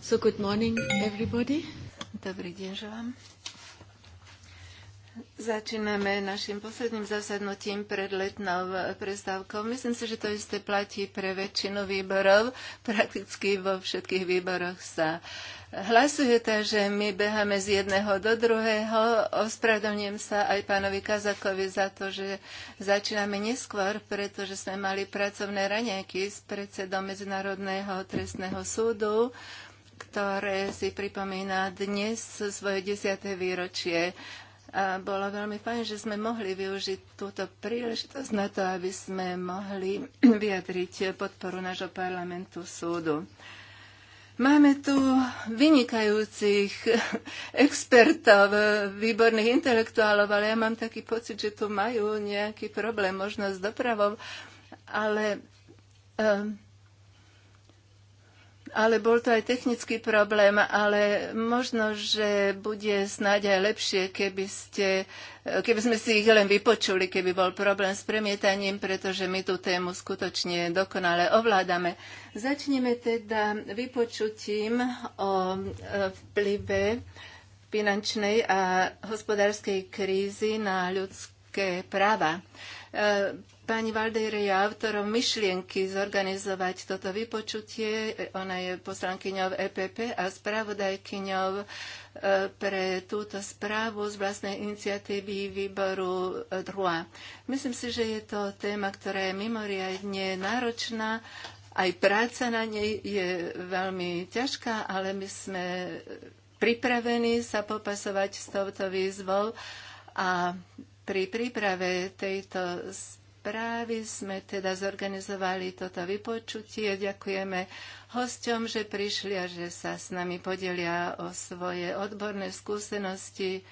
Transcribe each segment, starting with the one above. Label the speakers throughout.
Speaker 1: So good morning everybody. Dobrý deň želám. Začíname našim posledným zasadnutím pred letnou prestávkou. Myslím si, že to isté platí pre väčšinu výborov. Prakticky vo všetkých výboroch sa hlasuje, takže my beháme z jedného do druhého. Ospravedlňujem sa aj pánovi Kazakovi za to, že začíname neskôr, pretože sme mali pracovné raňajky s predsedom Medzinárodného trestného súdu ktoré si pripomína dnes svoje desiate výročie. A bolo veľmi fajn, že sme mohli využiť túto príležitosť na to, aby sme mohli vyjadriť podporu nášho parlamentu súdu. Máme tu vynikajúcich expertov, výborných intelektuálov, ale ja mám taký pocit, že tu majú nejaký problém, možno s dopravou, ale um, ale bol to aj technický problém, ale možno, že bude snáď aj lepšie, keby, ste, keby sme si ich len vypočuli, keby bol problém s premietaním, pretože my tú tému skutočne dokonale ovládame. Začneme teda vypočutím o e, vplyve finančnej a hospodárskej krízy na ľudské práva e, pani Valdejre je autorom myšlienky zorganizovať toto vypočutie. Ona je poslankyňou EPP a spravodajkyňou e, pre túto správu z vlastnej iniciatívy výboru e, DRUA. Myslím si, že je to téma, ktorá je mimoriadne náročná. Aj práca na nej je veľmi ťažká, ale my sme pripravení sa popasovať s touto výzvou a pri príprave tejto práve sme teda zorganizovali toto vypočutie. Ďakujeme hosťom, že prišli a že sa s nami podelia o svoje odborné skúsenosti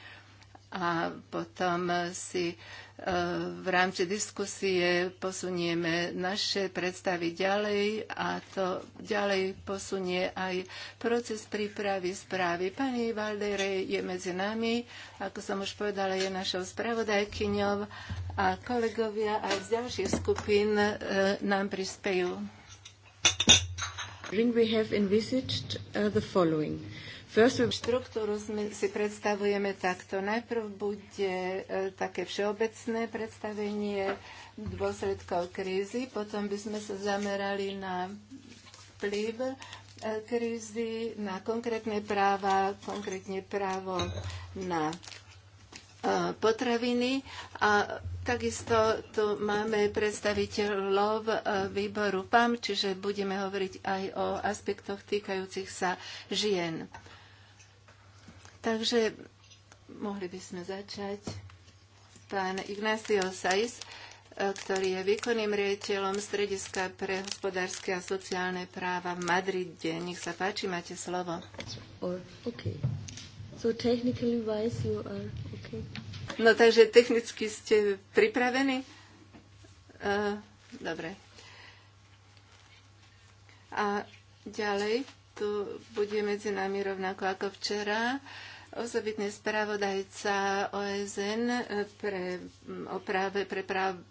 Speaker 1: a potom si v rámci diskusie posunieme naše predstavy ďalej a to ďalej posunie aj proces prípravy správy. Pani Valdere je medzi nami, ako som už povedala, je našou spravodajkyňou a kolegovia aj z ďalších skupín e, nám prispejú. We have envisaged
Speaker 2: uh, the following.
Speaker 1: Štruktúru sme, si predstavujeme takto. Najprv bude e, také všeobecné predstavenie dôsledkov krízy, potom by sme sa zamerali na vplyv e, krízy na konkrétne práva, konkrétne právo na e, potraviny a takisto tu máme predstaviteľov výboru PAM, čiže budeme hovoriť aj o aspektoch týkajúcich sa žien. Takže mohli by sme začať. Pán Ignacio Sais, e, ktorý je výkonným riaditeľom Strediska pre hospodárske a sociálne práva v Madride. Nech sa páči, máte slovo.
Speaker 3: okay. So you are okay.
Speaker 1: No takže technicky ste pripravení? Uh, dobre. A ďalej, tu bude medzi nami rovnako ako včera osobitný spravodajca OSN pre, mm, oprave pre práve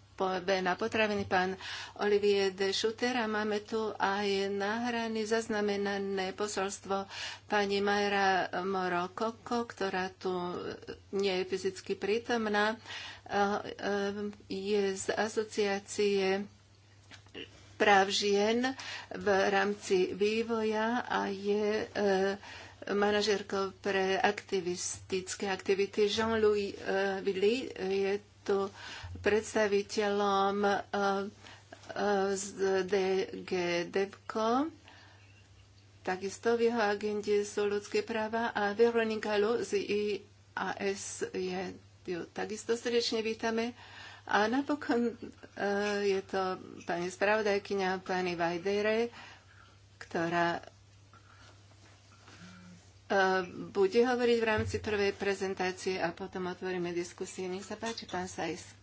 Speaker 1: na potraviny, pán Olivier de Schutter. A máme tu aj nahrané, zaznamenané posolstvo pani Majra Morokoko, ktorá tu nie je fyzicky prítomná. E, je z asociácie práv žien v rámci vývoja a je e, manažérkou pre aktivistické aktivity. Jean-Louis Villy eh, je tu predstaviteľom eh, z DG Debko. Takisto v jeho agende sú ľudské práva a Veronika Lu z IAS je ju takisto srdečne vítame. A napokon eh, je to pani spravodajkynia, pani Vajdere, ktorá Eh, bude hovoriť v rámci prvej prezentácie a potom otvoríme diskusie. Nech sa páči, pán Sajs.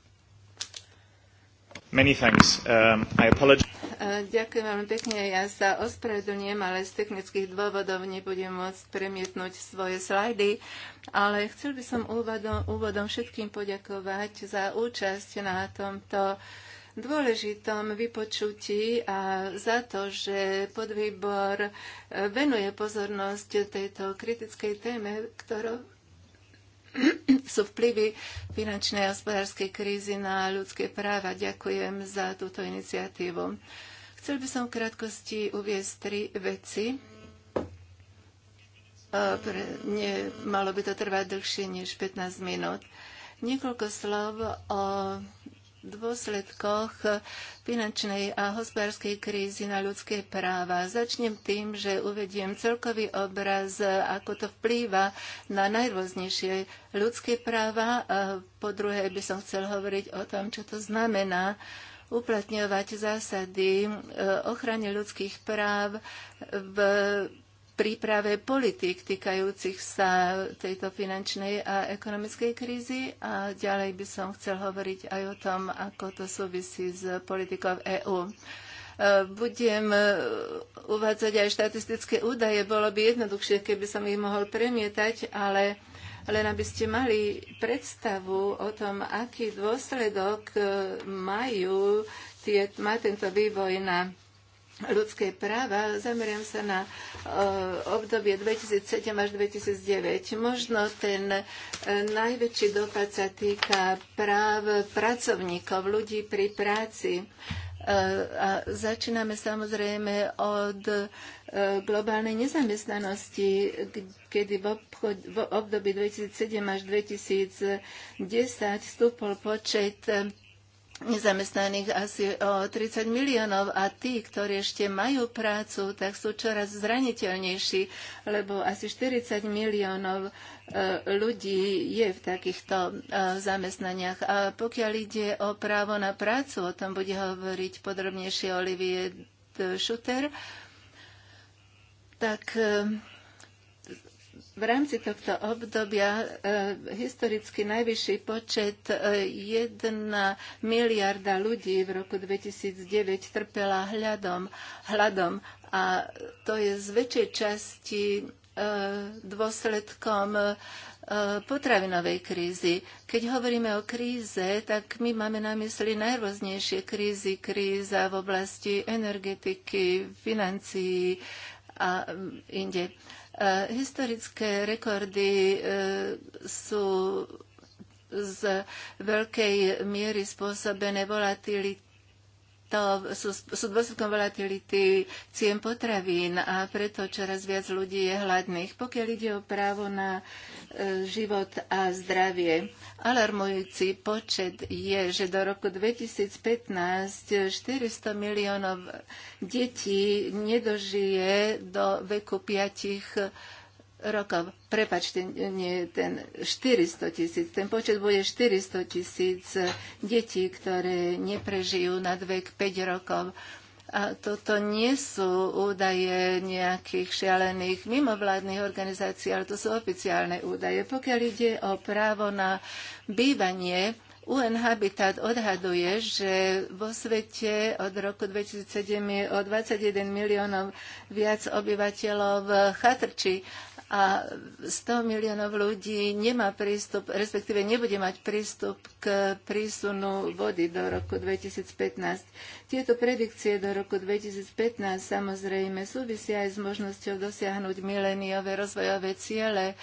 Speaker 1: Many thanks. Um, I apologize. Eh, ďakujem veľmi pekne. Ja sa ospravedlňujem, ale z technických dôvodov nebudem môcť premietnúť svoje slajdy, ale chcel by som úvodom, úvodom všetkým poďakovať za účasť na tomto uh, dôležitom vypočutí a za to, že podvýbor eh, venuje pozornosť tejto kritickej téme, ktorou sú vplyvy finančnej a hospodárskej krízy na ľudské práva. Ďakujem za túto iniciatívu. Chcel by som v krátkosti uviezť tri veci. Eh, pre, nie, malo by to trvať dlhšie než 15 minút. Niekoľko slov o dôsledkoch finančnej a hospodárskej krízy na ľudské práva. Začnem tým, že uvediem celkový obraz, ako to vplýva na najrôznejšie ľudské práva. A po druhé by som chcel hovoriť o tom, čo to znamená uplatňovať zásady e, ochrany ľudských práv v príprave politik týkajúcich sa tejto finančnej a ekonomickej krízy a ďalej by som chcel hovoriť aj o tom, ako to súvisí s politikou EÚ. E, budem e, uvádzať aj štatistické údaje, bolo by jednoduchšie, keby som ich mohol premietať, ale len aby ste mali predstavu o tom, aký dôsledok e, majú tie, má tento vývoj na ľudské práva, zameriam sa na eh, obdobie 2007 až 2009. Možno ten eh, najväčší dopad sa týka práv pracovníkov, ľudí pri práci. Eh, a začíname samozrejme od globálnej nezamestnanosti, kedy v, obchod, v období 2007 až 2010 stúpol počet nezamestnaných asi o 30 miliónov a tí, ktorí ešte majú prácu, tak sú čoraz zraniteľnejší, lebo asi 40 miliónov e, ľudí je v takýchto e, zamestnaniach. A pokiaľ ide o právo na prácu, o tom bude hovoriť podrobnejšie Olivier Schutter, tak e, v rámci tohto obdobia e, historicky najvyšší počet 1 e, miliarda ľudí v roku 2009 trpela hľadom, hľadom a to je z väčšej časti e, dôsledkom potravinovej krízy. Keď hovoríme o kríze, tak my máme na mysli najrôznejšie krízy. Kríza v oblasti energetiky, financií a inde. E, historické rekordy e, sú z veľkej miery spôsobené volatilitou to sú, sú dôsledkom volatility cien potravín a preto čoraz viac ľudí je hladných. Pokiaľ ide o právo na e, život a zdravie, alarmujúci počet je, že do roku 2015 400 miliónov detí nedožije do veku 5 rokov. Prepačte, nie ten 400 tisíc. Ten počet bude 400 tisíc detí, ktoré neprežijú nad vek 5 rokov. A toto nie sú údaje nejakých šialených mimovládnych organizácií, ale to sú oficiálne údaje. Pokiaľ ide o právo na bývanie, UN Habitat odhaduje, že vo svete od roku 2007 je o 21 miliónov viac obyvateľov chatrčí a 100 miliónov ľudí nemá prístup, respektíve nebude mať prístup k prísunu vody do roku 2015. Tieto predikcie do roku 2015 samozrejme súvisia aj s možnosťou dosiahnuť mileniové rozvojové ciele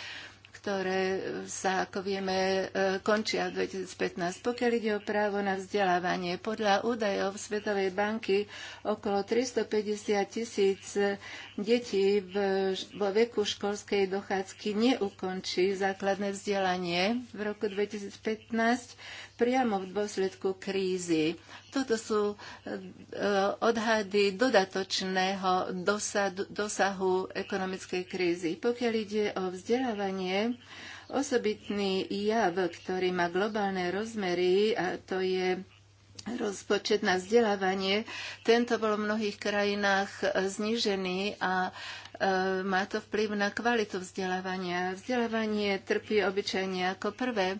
Speaker 1: ktoré sa, ako vieme, e, končia v 2015. Pokiaľ ide o právo na vzdelávanie, podľa údajov Svetovej banky okolo 350 tisíc detí v, vo veku školskej dochádzky neukončí základné vzdelanie v roku 2015, priamo v dôsledku krízy. Toto sú e, odhady dodatočného dosahu ekonomickej krízy. Pokiaľ ide o vzdelávanie, osobitný jav, ktorý má globálne rozmery, a to je rozpočet na vzdelávanie, tento bol v mnohých krajinách e, znížený a e, má to vplyv na kvalitu vzdelávania. Vzdelávanie trpí obyčajne ako prvé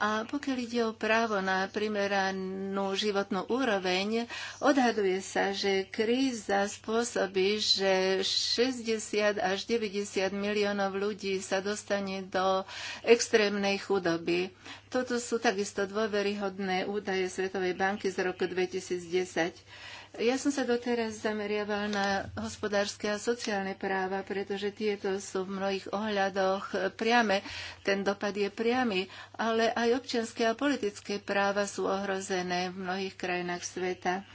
Speaker 1: a pokiaľ ide o právo na primeranú životnú úroveň, odhaduje sa, že kríza spôsobí, že 60 až 90 miliónov ľudí sa dostane do extrémnej chudoby. Toto sú takisto dôveryhodné údaje Svetovej banky z roku 2010. Ja som sa doteraz zameriaval na hospodárske a sociálne práva, pretože tieto sú v mnohých ohľadoch priame. Ten dopad je priamy, ale aj občianské a politické práva sú ohrozené v mnohých krajinách sveta.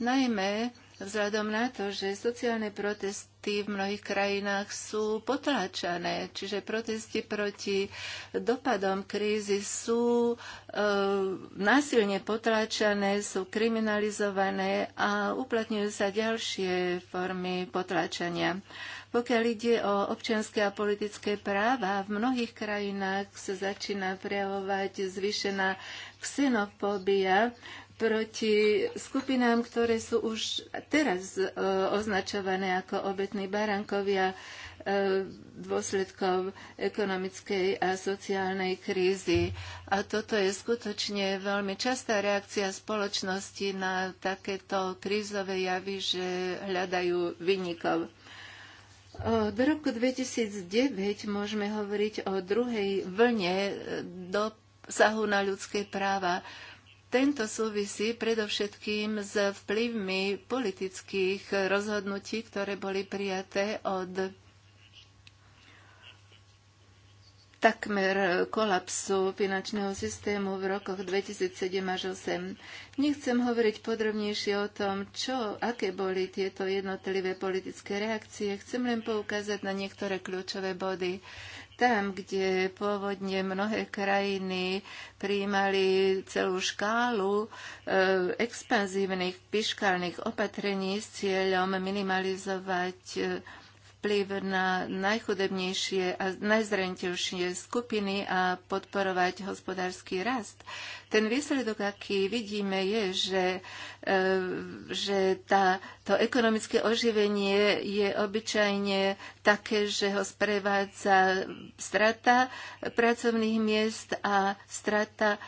Speaker 1: Najmä vzhľadom na to, že sociálne protesty protesty v mnohých krajinách sú potláčané, čiže protesty proti dopadom krízy sú e, násilne potláčané, sú kriminalizované a uplatňujú sa ďalšie formy potláčania. Pokiaľ ide o občianské a politické práva, v mnohých krajinách sa začína prejavovať zvýšená ksenofóbia, proti skupinám, ktoré sú už teraz e, označované ako obetní barankovia e, dôsledkov ekonomickej a sociálnej krízy. A toto je skutočne veľmi častá reakcia spoločnosti na takéto krízové javy, že hľadajú vynikov. Do roku 2009 môžeme hovoriť o druhej vlne e, dosahu na ľudské práva tento súvisí predovšetkým s vplyvmi politických rozhodnutí, ktoré boli prijaté od takmer kolapsu finančného systému v rokoch 2007 až 2008. Nechcem hovoriť podrobnejšie o tom, čo, aké boli tieto jednotlivé politické reakcie. Chcem len poukázať na niektoré kľúčové body. Tam, kde pôvodne mnohé krajiny príjmali celú škálu e, expanzívnych piškálnych opatrení s cieľom minimalizovať e, vplyv na najchudobnejšie a najzraniteľšie skupiny a podporovať hospodársky rast. Ten výsledok, aký vidíme, je, že, e, že tá, to ekonomické oživenie je obyčajne také, že ho sprevádza strata pracovných miest a strata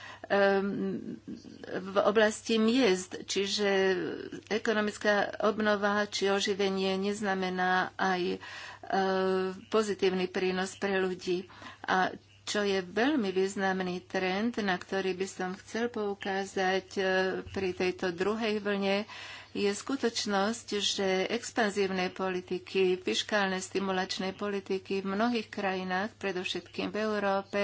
Speaker 1: v oblasti miest, čiže ekonomická obnova či oživenie neznamená aj e, pozitívny prínos pre ľudí. A čo je veľmi významný trend, na ktorý by som chcel poukázať e, pri tejto druhej vlne, je skutočnosť, že expanzívne politiky, fiskálne stimulačné politiky v mnohých krajinách, predovšetkým v Európe,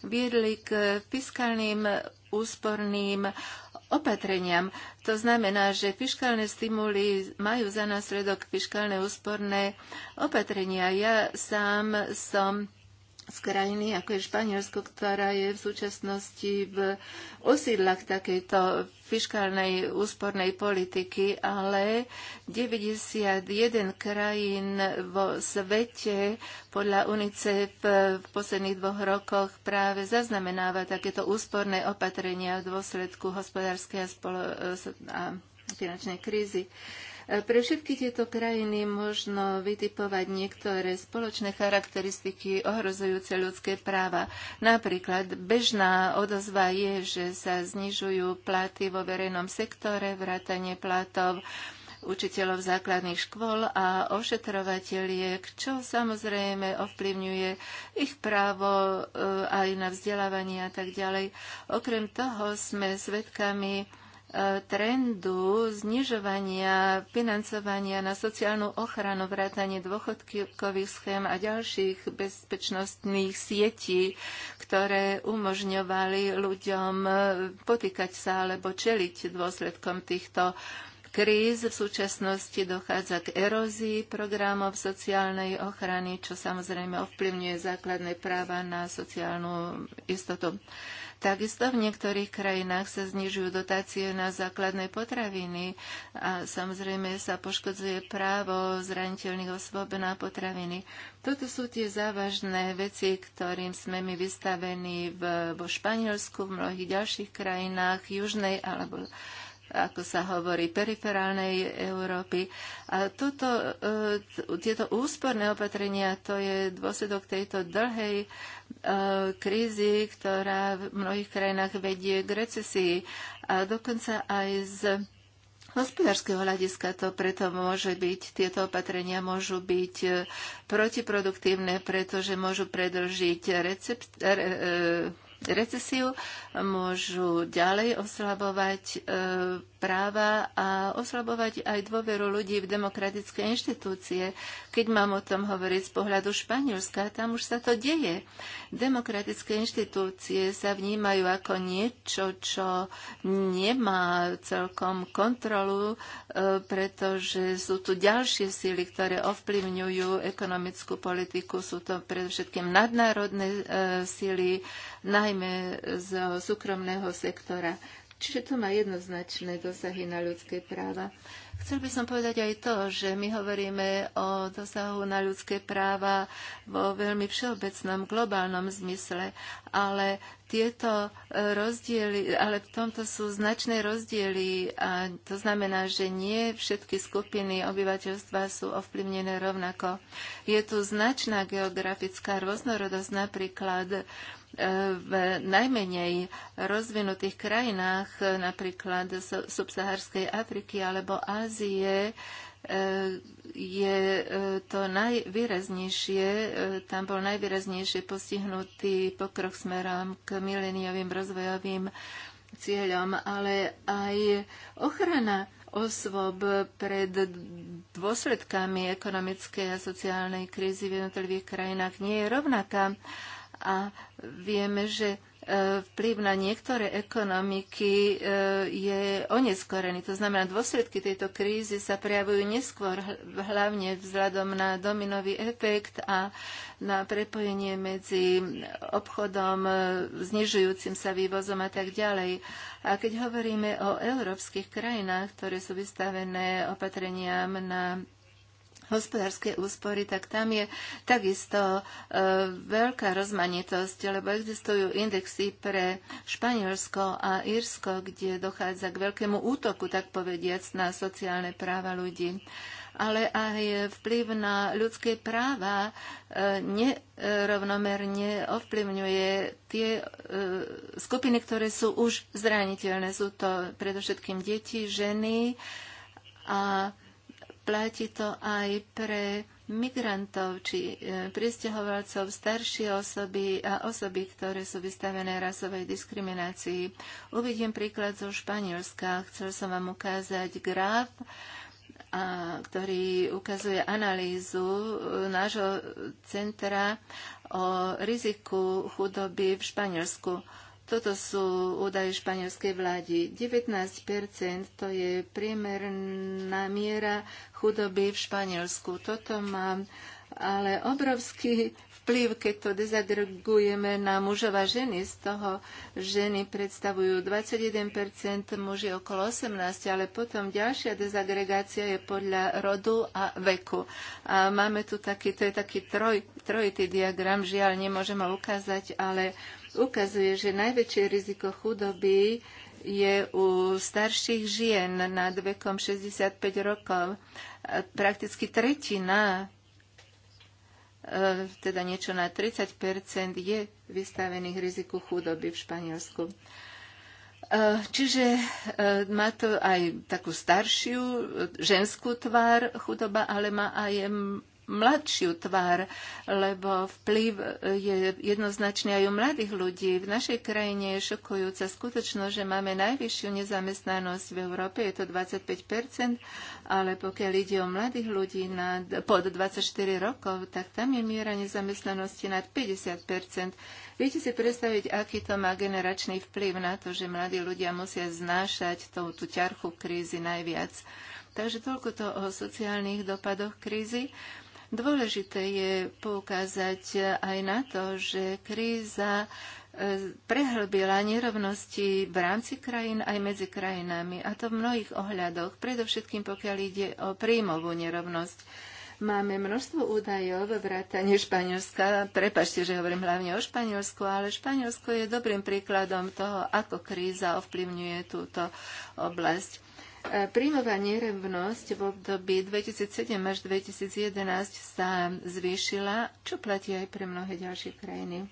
Speaker 1: viedli k fiskálnym úsporným opatreniam. To znamená, že fiskálne stimuly majú za následok fiskálne úsporné opatrenia. Ja sám som z krajiny, ako je Španielsko, ktorá je v súčasnosti v osídlach takejto fiskálnej úspornej politiky, ale 91 krajín vo svete podľa UNICEF v posledných dvoch rokoch práve zaznamenáva takéto úsporné opatrenia v dôsledku hospodárskej a, spolo- a finančnej krízy. Pre všetky tieto krajiny možno vytipovať niektoré spoločné charakteristiky ohrozujúce ľudské práva. Napríklad bežná odozva je, že sa znižujú platy vo verejnom sektore, vrátanie platov učiteľov základných škôl a ošetrovateľiek, čo samozrejme ovplyvňuje ich právo e, aj na vzdelávanie a tak ďalej. Okrem toho sme svedkami trendu znižovania financovania na sociálnu ochranu, vrátanie dôchodkových schém a ďalších bezpečnostných sietí, ktoré umožňovali ľuďom potýkať sa alebo čeliť dôsledkom týchto kríz. V súčasnosti dochádza k erózii programov sociálnej ochrany, čo samozrejme ovplyvňuje základné práva na sociálnu istotu. Takisto v niektorých krajinách sa znižujú dotácie na základné potraviny a samozrejme sa poškodzuje právo zraniteľných osôb na potraviny. Toto sú tie závažné veci, ktorým sme my vystavení v, vo Španielsku, v mnohých ďalších krajinách, južnej alebo ako sa hovorí, periferálnej Európy. A tuto, e, tieto úsporné opatrenia, to je dôsledok tejto dlhej e, krízy, ktorá v mnohých krajinách vedie k recesii. A dokonca aj z hospodárskeho hľadiska to preto môže byť, tieto opatrenia môžu byť e, protiproduktívne, pretože môžu predlžiť recept, re, recesiu, môžu ďalej oslabovať e, práva a oslabovať aj dôveru ľudí v demokratické inštitúcie. Keď mám o tom hovoriť z pohľadu Španielska, tam už sa to deje. Demokratické inštitúcie sa vnímajú ako niečo, čo nemá celkom kontrolu, e, pretože sú tu ďalšie síly, ktoré ovplyvňujú ekonomickú politiku. Sú to predovšetkým nadnárodné e, síly, najmä najmä z súkromného sektora. Čiže to má jednoznačné dosahy na ľudské práva. Chcel by som povedať aj to, že my hovoríme o dosahu na ľudské práva vo veľmi všeobecnom globálnom zmysle, ale tieto rozdiely, ale v tomto sú značné rozdiely a to znamená, že nie všetky skupiny obyvateľstva sú ovplyvnené rovnako. Je tu značná geografická rôznorodosť, napríklad v najmenej rozvinutých krajinách, napríklad subsaharskej Afriky alebo Ázie, e, je e, to najvýraznejšie, e, tam bol najvýraznejšie postihnutý pokrok smerom k mileniovým rozvojovým cieľom, ale aj ochrana osôb pred dôsledkami ekonomickej a sociálnej krízy v jednotlivých krajinách nie je rovnaká. A Vieme, že e, vplyv na niektoré ekonomiky e, je oneskorený. To znamená, dôsledky tejto krízy sa prejavujú neskôr, hlavne vzhľadom na dominový efekt a na prepojenie medzi obchodom, e, znižujúcim sa vývozom a tak ďalej. A keď hovoríme o európskych krajinách, ktoré sú vystavené opatreniam na hospodárske úspory, tak tam je takisto e, veľká rozmanitosť, lebo existujú indexy pre Španielsko a Írsko, kde dochádza k veľkému útoku, tak povediac, na sociálne práva ľudí ale aj vplyv na ľudské práva e, nerovnomerne ovplyvňuje tie e, skupiny, ktoré sú už zraniteľné. Sú to predovšetkým deti, ženy a platí to aj pre migrantov či e, pristahovalcov, staršie osoby a osoby, ktoré sú vystavené rasovej diskriminácii. Uvidím príklad zo Španielska. Chcel som vám ukázať graf, a, ktorý ukazuje analýzu e, nášho centra o riziku chudoby v Španielsku. Toto sú údaje španielskej vlády. 19 to je priemerná miera chudoby v Španielsku. Toto má ale obrovský vplyv, keď to dezagregujeme na mužov a ženy. Z toho ženy predstavujú 21%, muži okolo 18%, ale potom ďalšia dezagregácia je podľa rodu a veku. A máme tu taký, to je taký troj, trojitý diagram, žiaľ, nemôžem ho ukázať, ale ukazuje, že najväčšie riziko chudoby je u starších žien nad vekom 65 rokov. Prakticky tretina, e, teda niečo na 30 je vystavených riziku chudoby v Španielsku. E, čiže e, má to aj takú staršiu ženskú tvár chudoba, ale má aj mladšiu tvár, lebo vplyv je jednoznačný aj u mladých ľudí. V našej krajine je šokujúca skutočnosť, že máme najvyššiu nezamestnanosť v Európe, je to 25%, ale pokiaľ ide o mladých ľudí nad, pod 24 rokov, tak tam je miera nezamestnanosti nad 50%. Viete si predstaviť, aký to má generačný vplyv na to, že mladí ľudia musia znášať tú, tú ťarchu krízy najviac. Takže toľko to o sociálnych dopadoch krízy. Dôležité je poukázať aj na to, že kríza e, prehlbila nerovnosti v rámci krajín aj medzi krajinami, a to v mnohých ohľadoch, predovšetkým pokiaľ ide o príjmovú nerovnosť. Máme množstvo údajov v vrátane Španielska. Prepašte, že hovorím hlavne o Španielsku, ale Španielsko je dobrým príkladom toho, ako kríza ovplyvňuje túto oblasť. Príjmová nerevnosť v období 2007 až 2011 sa zvýšila, čo platí aj pre mnohé ďalšie krajiny.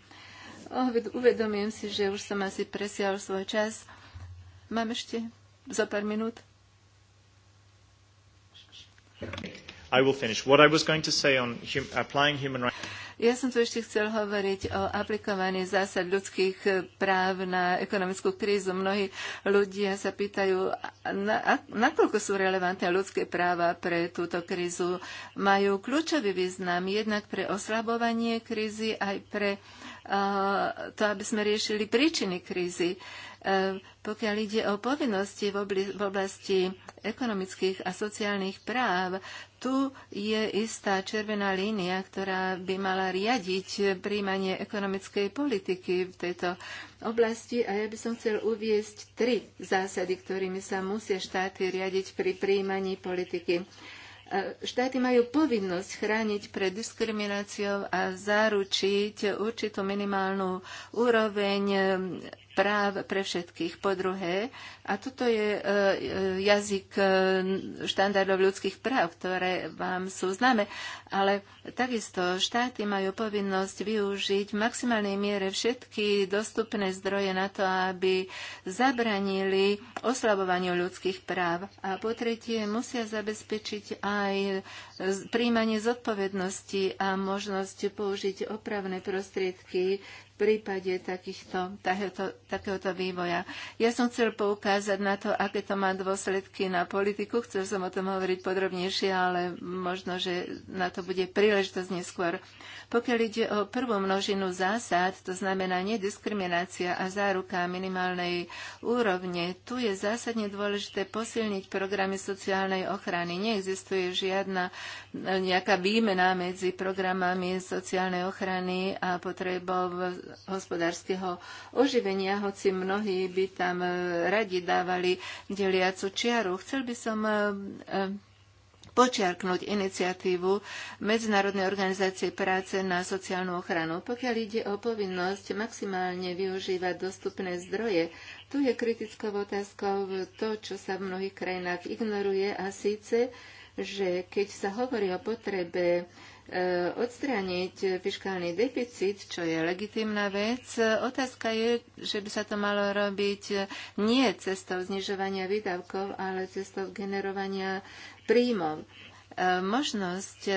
Speaker 1: Uvedomím si, že už som asi presial svoj čas. Mám ešte za pár minút?
Speaker 2: I will finish. What I was going to say on applying human rights
Speaker 1: ja som tu ešte chcel hovoriť o aplikovaní zásad ľudských práv na ekonomickú krízu. Mnohí ľudia sa pýtajú, nakoľko na sú relevantné ľudské práva pre túto krízu. Majú kľúčový význam jednak pre oslabovanie krízy, aj pre to, aby sme riešili príčiny krízy. E, pokiaľ ide o povinnosti v oblasti ekonomických a sociálnych práv, tu je istá červená línia, ktorá by mala riadiť príjmanie ekonomickej politiky v tejto oblasti. A ja by som chcel uviesť tri zásady, ktorými sa musia štáty riadiť pri príjmaní politiky. Štáty majú povinnosť chrániť pred diskrimináciou a zaručiť určitú minimálnu úroveň práv pre všetkých. Po druhé, a toto je e, e, jazyk e, štandardov ľudských práv, ktoré vám sú známe, ale takisto štáty majú povinnosť využiť v maximálnej miere všetky dostupné zdroje na to, aby zabranili oslabovaniu ľudských práv. A po tretie, musia zabezpečiť aj príjmanie zodpovednosti a možnosť použiť opravné prostriedky prípade takýchto, takéhoto, takéhoto vývoja. Ja som chcel poukázať na to, aké to má dôsledky na politiku. Chcel som o tom hovoriť podrobnejšie, ale možno, že na to bude príležitosť neskôr. Pokiaľ ide o prvú množinu zásad, to znamená nediskriminácia a záruka minimálnej úrovne, tu je zásadne dôležité posilniť programy sociálnej ochrany. Neexistuje žiadna nejaká výmena medzi programami sociálnej ochrany a potrebou hospodárskeho oživenia, hoci mnohí by tam e, radi dávali deliacu čiaru. Chcel by som e, e, počiarknúť iniciatívu Medzinárodnej organizácie práce na sociálnu ochranu. Pokiaľ ide o povinnosť maximálne využívať dostupné zdroje, tu je kritickou otázkou to, čo sa v mnohých krajinách ignoruje a síce, že keď sa hovorí o potrebe E, odstrániť fiskálny deficit, čo je legitimná vec. Otázka je, že by sa to malo robiť nie cestou znižovania výdavkov, ale cestou generovania príjmov. E, možnosť e,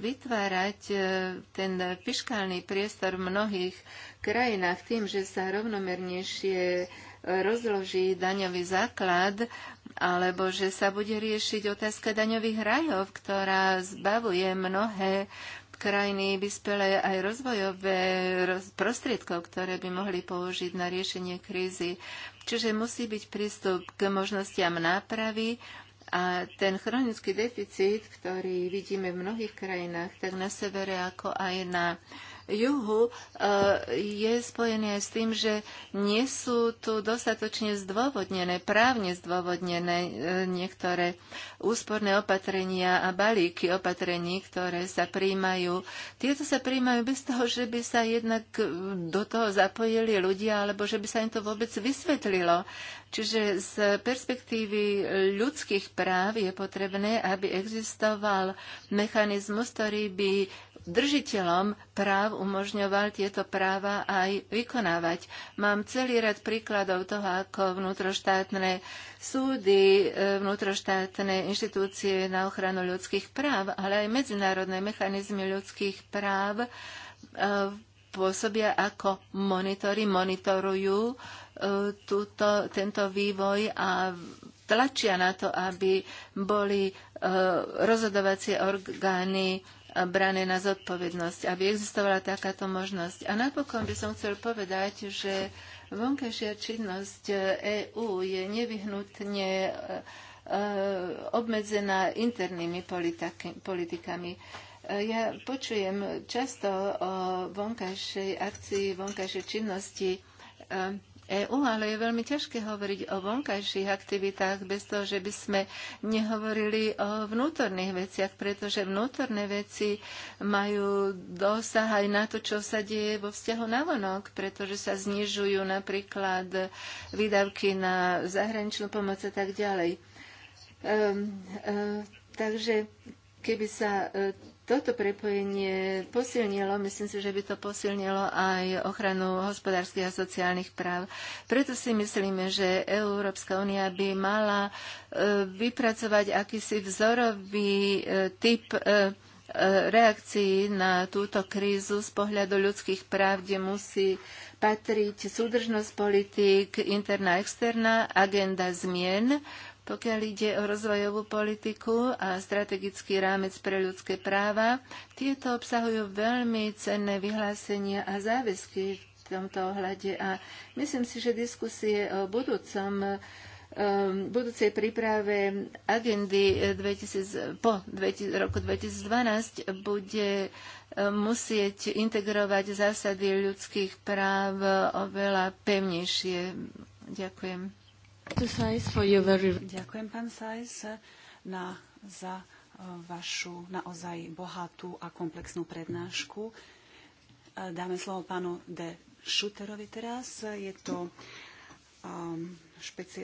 Speaker 1: vytvárať ten fiskálny priestor v mnohých krajinách tým, že sa rovnomernejšie rozloží daňový základ, alebo že sa bude riešiť otázka daňových rajov, ktorá zbavuje mnohé krajiny vyspelé aj rozvojové prostriedkov, ktoré by mohli použiť na riešenie krízy. Čiže musí byť prístup k možnostiam nápravy a ten chronický deficit, ktorý vidíme v mnohých krajinách, tak na severe ako aj na juhu e, je spojený aj s tým, že nie sú tu dostatočne zdôvodnené, právne zdôvodnené e, niektoré úsporné opatrenia a balíky opatrení, ktoré sa príjmajú. Tieto sa príjmajú bez toho, že by sa jednak do toho zapojili ľudia, alebo že by sa im to vôbec vysvetlilo. Čiže z perspektívy ľudských práv je potrebné, aby existoval mechanizmus, ktorý by držiteľom práv umožňoval tieto práva aj vykonávať. Mám celý rad príkladov toho, ako vnútroštátne súdy, e, vnútroštátne inštitúcie na ochranu ľudských práv, ale aj medzinárodné mechanizmy ľudských práv e, pôsobia ako monitory, monitorujú e, túto, tento vývoj a tlačia na to, aby boli rozhodovacie orgány brané na zodpovednosť, aby existovala takáto možnosť. A napokon by som chcel povedať, že vonkajšia činnosť EÚ je nevyhnutne eh, obmedzená internými politikami. Ja počujem často o vonkajšej akcii, vonkajšej činnosti eh, EÚ, ale je veľmi ťažké hovoriť o vonkajších aktivitách bez toho, že by sme nehovorili o vnútorných veciach, pretože vnútorné veci majú dosah aj na to, čo sa deje vo vzťahu na vonok, pretože sa znižujú napríklad výdavky na zahraničnú pomoc a tak ďalej. Um, um, takže keby sa e, toto prepojenie posilnilo, myslím si, že by to posilnilo aj ochranu hospodárskych a sociálnych práv. Preto si myslíme, že Európska únia by mala e, vypracovať akýsi vzorový e, typ e, reakcií na túto krízu z pohľadu ľudských práv, kde musí patriť súdržnosť politik, interná, a externá, agenda zmien, pokiaľ ide o rozvojovú politiku a strategický rámec pre ľudské práva, tieto obsahujú veľmi cenné vyhlásenia a záväzky v tomto ohľade a myslím si, že diskusie o budúcom um, budúcej príprave agendy 2000, eh, po 2000, roku 2012 bude eh, musieť integrovať zásady ľudských práv eh, oveľa pevnejšie. Ďakujem.
Speaker 2: Ďakujem, pán Sajs, na, za e, vašu naozaj bohatú a komplexnú prednášku. E, dáme slovo pánu De Šuterovi teraz. Je to um,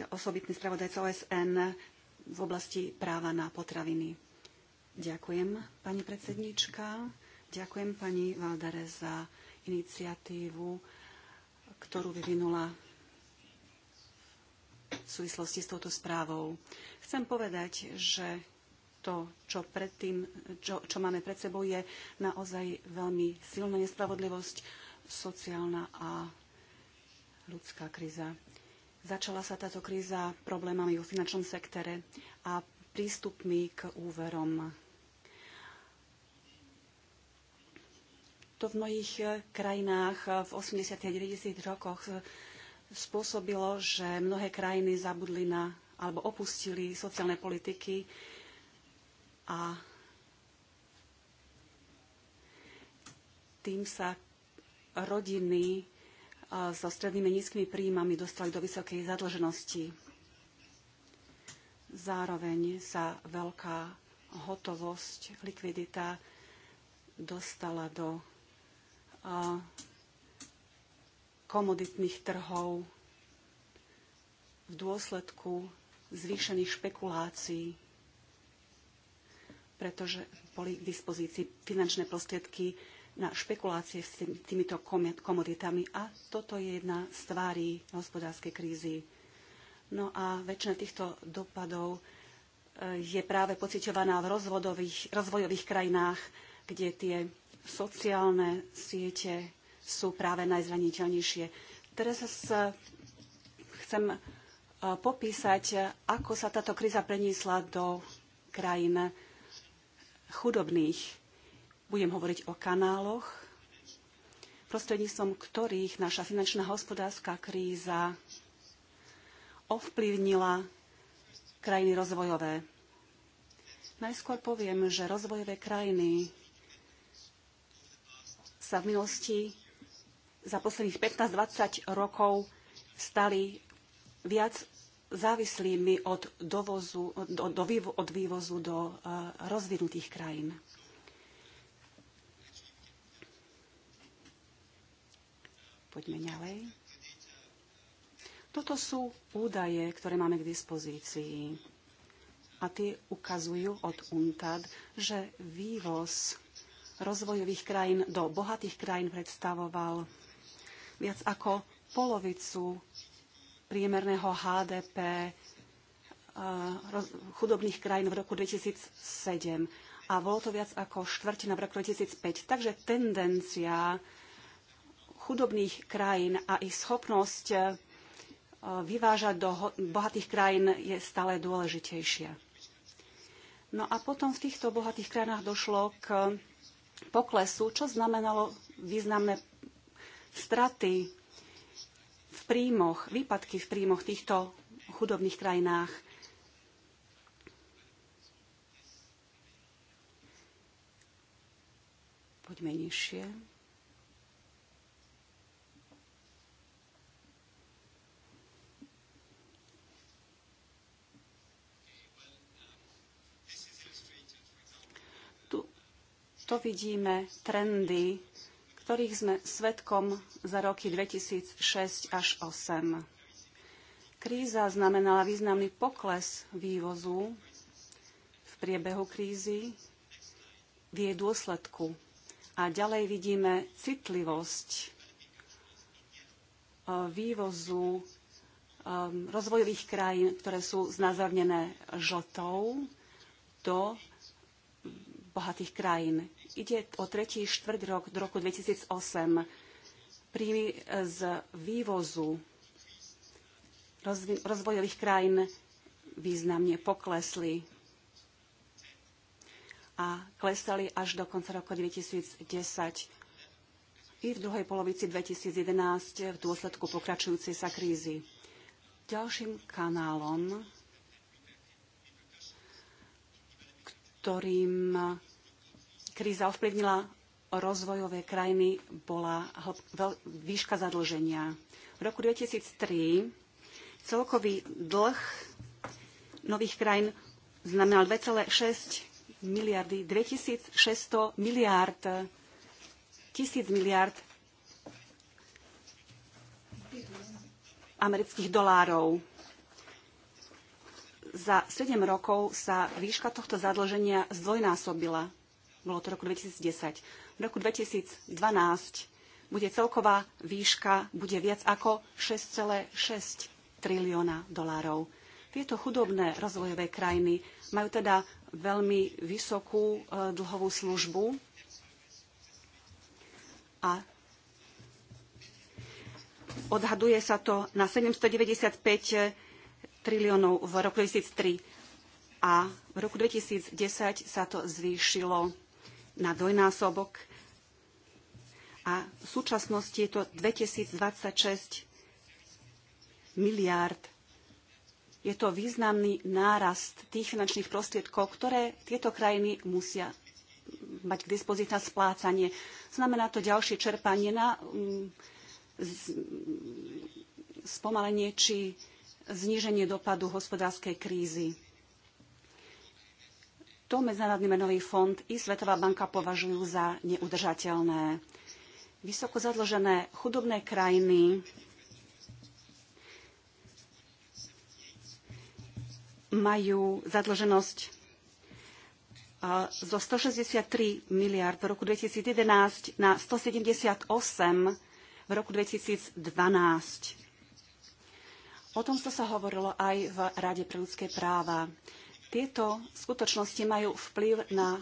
Speaker 2: osobitný spravodajca OSN v oblasti práva na potraviny. Ďakujem, pani predsednička. Ďakujem pani Valdare za iniciatívu, ktorú vyvinula v súvislosti s touto správou. Chcem povedať, že to, čo, predtým, čo, čo máme pred sebou, je naozaj veľmi silná nespravodlivosť, sociálna a ľudská kríza. Začala sa táto kríza problémami vo finančnom sektore a prístupmi k úverom. To v mnohých eh, krajinách eh, v 80. a 90. rokoch eh, spôsobilo, že mnohé krajiny zabudli na alebo opustili sociálne politiky a tým sa rodiny e, so strednými nízkymi príjmami dostali do vysokej zadlženosti. Zároveň sa veľká hotovosť, likvidita dostala do e, komoditných trhov v dôsledku zvýšených špekulácií, pretože boli k dispozícii finančné prostriedky na špekulácie s týmito komoditami a toto je jedna z tvári hospodárskej krízy. No a väčšina týchto dopadov e, je práve pociťovaná v rozvojových krajinách, kde tie sociálne siete sú práve najzraniteľnejšie. Teraz sa chcem e, popísať, ako sa táto kríza preniesla do krajín chudobných. Budem hovoriť o kanáloch, prostredníctvom ktorých naša finančná hospodárska kríza ovplyvnila krajiny rozvojové. Najskôr poviem, že rozvojové krajiny sa v minulosti za posledných 15-20 rokov stali viac závislými od, dovozu, od, od vývozu do eh, rozvinutých krajín. Poďme ďalej. Toto sú údaje, ktoré máme k dispozícii. A tie ukazujú od UNTAD, že vývoz rozvojových krajín do bohatých krajín predstavoval viac ako polovicu priemerného HDP eh, chudobných krajín v roku 2007 a bolo to viac ako štvrtina v roku 2005. Takže tendencia chudobných krajín a ich schopnosť eh, vyvážať do bohatých krajín je stále dôležitejšia. No a potom v týchto bohatých krajinách došlo k poklesu, čo znamenalo významné straty v príjmoch, výpadky v príjmoch v týchto chudobných krajinách. Poďme nižšie. to vidíme trendy ktorých sme svetkom za roky 2006 až 2008. Kríza znamenala významný pokles vývozu v priebehu krízy, v jej dôsledku. A ďalej vidíme citlivosť e, vývozu e, rozvojových krajín, ktoré sú znázornené žltou, do bohatých krajín. Ide o tretí štvrť rok do roku 2008. Príjmy e, z vývozu rozvojových krajín významne poklesli a klesali až do konca roku 2010 i v druhej polovici 2011 v dôsledku pokračujúcej sa krízy. Ďalším kanálom, ktorým kríza ovplyvnila rozvojové krajiny, bola výška zadlženia. V roku 2003 celkový dlh nových krajín znamenal 2,6 miliardy, 2600 miliard, tisíc miliard amerických dolárov. Za 7 rokov sa výška tohto zadlženia zdvojnásobila bolo to roku 2010. V roku 2012 bude celková výška bude viac ako 6,6 trilióna dolárov. Tieto chudobné rozvojové krajiny majú teda veľmi vysokú e, dlhovú službu a odhaduje sa to na 795 e, triliónov v roku 2003 a v roku 2010 sa to zvýšilo na dvojnásobok a v súčasnosti je to 2026 miliárd. Je to významný nárast tých finančných prostriedkov, ktoré tieto krajiny musia mať k dispozícii na splácanie. Znamená to ďalšie čerpanie na mm, spomalenie či zníženie dopadu hospodárskej krízy to Medzinárodný menový fond i Svetová banka považujú za neudržateľné. Vysoko zadlžené chudobné krajiny majú zadlženosť zo 163 miliard v roku 2011 na 178 v roku 2012. O tomto sa hovorilo aj v Rade pre ľudské práva. Tieto skutočnosti majú vplyv na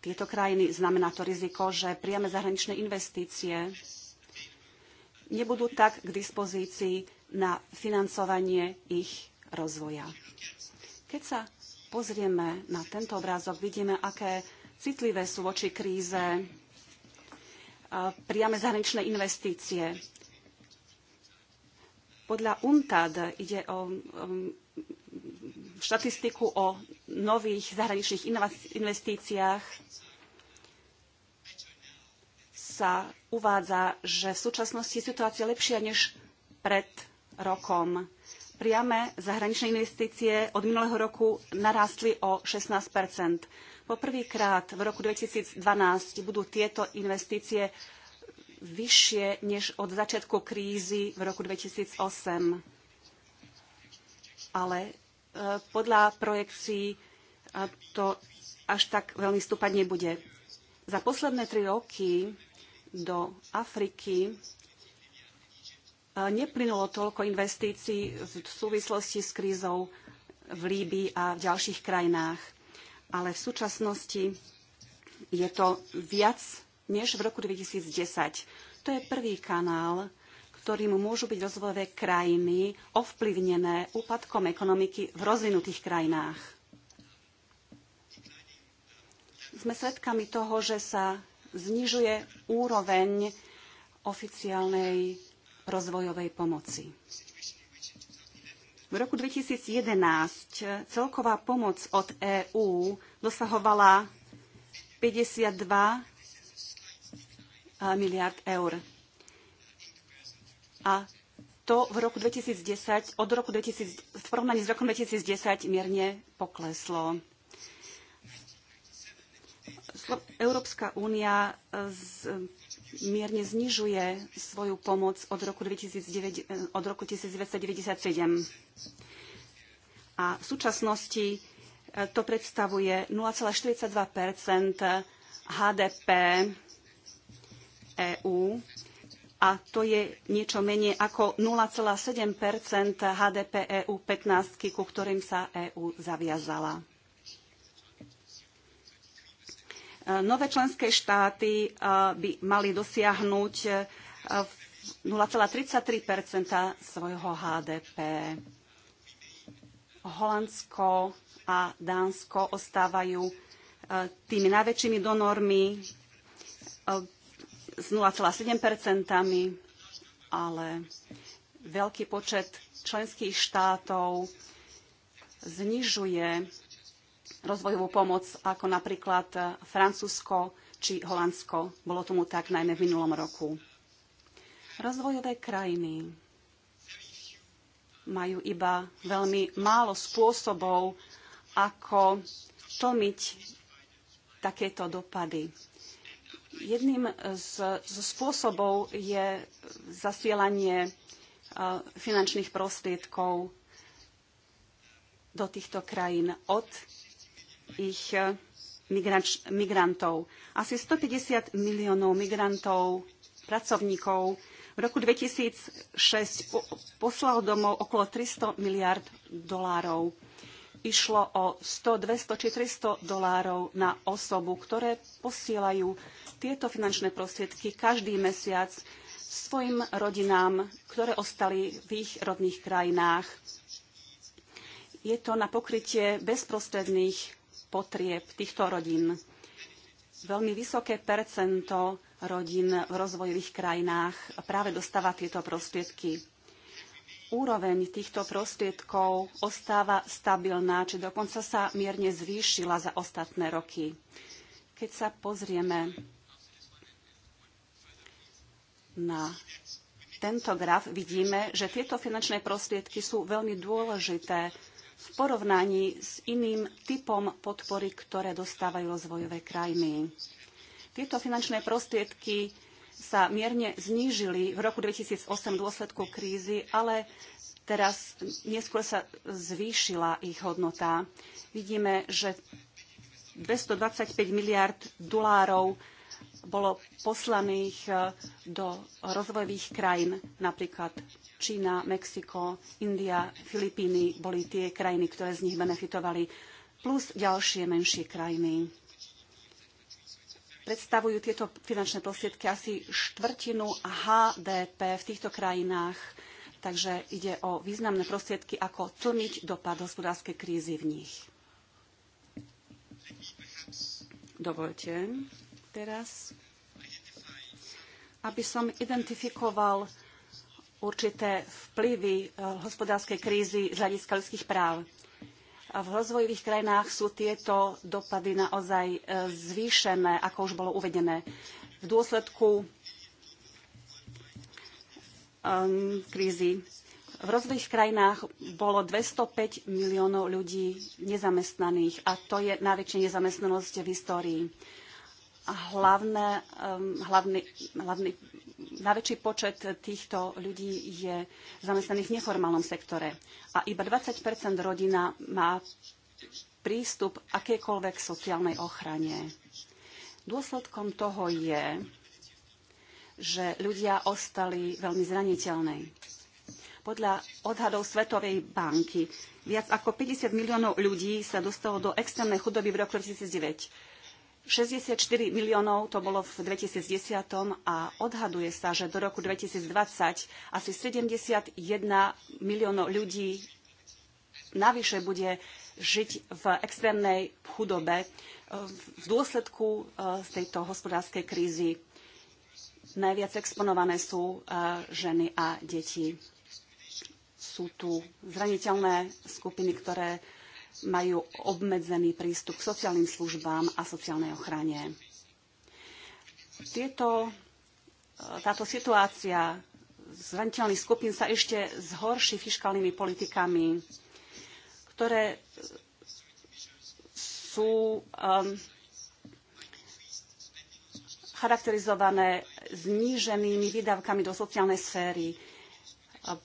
Speaker 2: tieto krajiny. Znamená to riziko, že priame zahraničné investície nebudú tak k dispozícii na financovanie ich rozvoja. Keď sa pozrieme na tento obrázok, vidíme, aké citlivé sú voči kríze priame zahraničné investície. Podľa UNTAD ide o um, štatistiku o nových zahraničných investíciách sa uvádza, že v súčasnosti je situácia lepšia než pred rokom. Priame zahraničné investície od minulého roku narástli o 16 Poprvýkrát v roku 2012 budú tieto investície vyššie než od začiatku krízy v roku 2008. Ale podľa projekcií to až tak veľmi stúpať nebude. Za posledné tri roky do Afriky e, neplynulo toľko investícií v súvislosti s krízou v Líbii a v ďalších krajinách. Ale v súčasnosti je to viac než v roku 2010. To je prvý kanál, ktorým môžu byť rozvojové krajiny ovplyvnené úpadkom ekonomiky v rozvinutých krajinách. Sme svedkami toho, že sa znižuje úroveň oficiálnej rozvojovej pomoci. V roku 2011 celková pomoc od EÚ dosahovala 52 miliard eur a to v roku 2010, od roku 2000, v porovnaní s rokom 2010 mierne pokleslo. Európska únia e, z, mierne znižuje svoju pomoc od roku, 2009, e, od roku 1997. A v súčasnosti e, to predstavuje 0,42 HDP EÚ a to je niečo menej ako 0,7 HDP EU 15, ku ktorým sa EÚ zaviazala. E, nové členské štáty e, by mali dosiahnuť 0,33 e, svojho HDP. Holandsko a Dánsko ostávajú tými najväčšími donormi s 0,7 ale veľký počet členských štátov znižuje rozvojovú pomoc, ako napríklad Francúzsko či Holandsko. Bolo tomu tak najmä v minulom roku. Rozvojové krajiny majú iba veľmi málo spôsobov, ako tlmiť takéto dopady. Jedným z, z spôsobov je zasielanie e, finančných prostriedkov do týchto krajín od ich e, migrantov. Asi 150 miliónov migrantov, pracovníkov v roku 2006 poslal domov okolo 300 miliard dolárov. Išlo o 100, 200 či 300 dolárov na osobu, ktoré posielajú tieto finančné prostriedky každý mesiac svojim rodinám, ktoré ostali v ich rodných krajinách. Je to na pokrytie bezprostredných potrieb týchto rodín. Veľmi vysoké percento rodín v rozvojových krajinách práve dostáva tieto prostriedky. Úroveň týchto prostriedkov ostáva stabilná, či dokonca sa mierne zvýšila za ostatné roky. Keď sa pozrieme na tento graf vidíme, že tieto finančné prostriedky sú veľmi dôležité v porovnaní s iným typom podpory, ktoré dostávajú rozvojové krajiny. Tieto finančné prostriedky sa mierne znížili v roku 2008 v dôsledku krízy, ale teraz neskôr sa zvýšila ich hodnota. Vidíme, že 225 miliard dolárov bolo poslaných e, do rozvojových krajín, napríklad Čína, Mexiko, India, Filipíny boli tie krajiny, ktoré z nich benefitovali, plus ďalšie menšie krajiny. Predstavujú tieto finančné prostriedky asi štvrtinu HDP v týchto krajinách, takže ide o významné prostriedky, ako tlmiť dopad hospodárskej krízy v nich. Dovolte teraz, aby som identifikoval určité vplyvy eh, hospodárskej krízy z hľadiska ľudských práv. v rozvojových krajinách sú tieto dopady naozaj eh, zvýšené, ako už bolo uvedené. V dôsledku ehm, krízy v rozvojových krajinách bolo 205 miliónov ľudí nezamestnaných a to je najväčšia nezamestnanosť v histórii hlavné, um, hlavný, hlavný, najväčší počet týchto ľudí je zamestnaných v neformálnom sektore a iba 20 rodina má prístup akékoľvek sociálnej ochrane. Dôsledkom toho je, že ľudia ostali veľmi zraniteľní. Podľa odhadov Svetovej banky viac ako 50 miliónov ľudí sa dostalo do extrémnej chudoby v roku 2009 64 miliónov to bolo v 2010 a odhaduje sa, že do roku 2020 asi 71 miliónov ľudí navyše bude žiť v extrémnej chudobe e, v dôsledku e, z tejto hospodárskej krízy. Najviac exponované sú e, ženy a deti. Sú tu zraniteľné skupiny, ktoré majú obmedzený prístup k sociálnym službám a sociálnej ochrane. Tieto, e, táto situácia zraniteľných skupín sa ešte zhorší fiškálnymi politikami, ktoré e, sú um, charakterizované zníženými výdavkami do sociálnej sféry, e,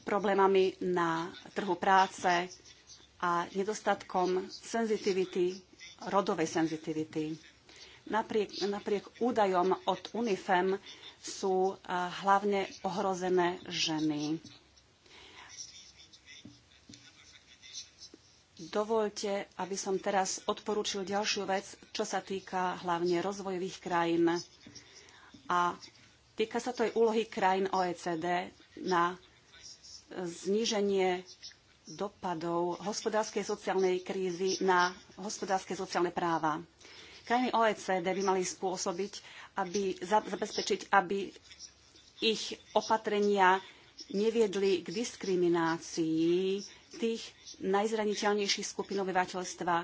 Speaker 2: problémami na trhu práce, a nedostatkom senzitivity, rodovej senzitivity. Napriek, napriek údajom od UNIFEM sú e, hlavne ohrozené ženy. Dovolte, aby som teraz odporúčil ďalšiu vec, čo sa týka hlavne rozvojových krajín. A týka sa to aj úlohy krajín OECD na zníženie dopadov hospodárskej sociálnej krízy na hospodárske sociálne práva. Krajiny OECD by mali spôsobiť, aby, zabezpečiť, aby ich opatrenia neviedli k diskriminácii tých najzraniteľnejších skupín obyvateľstva,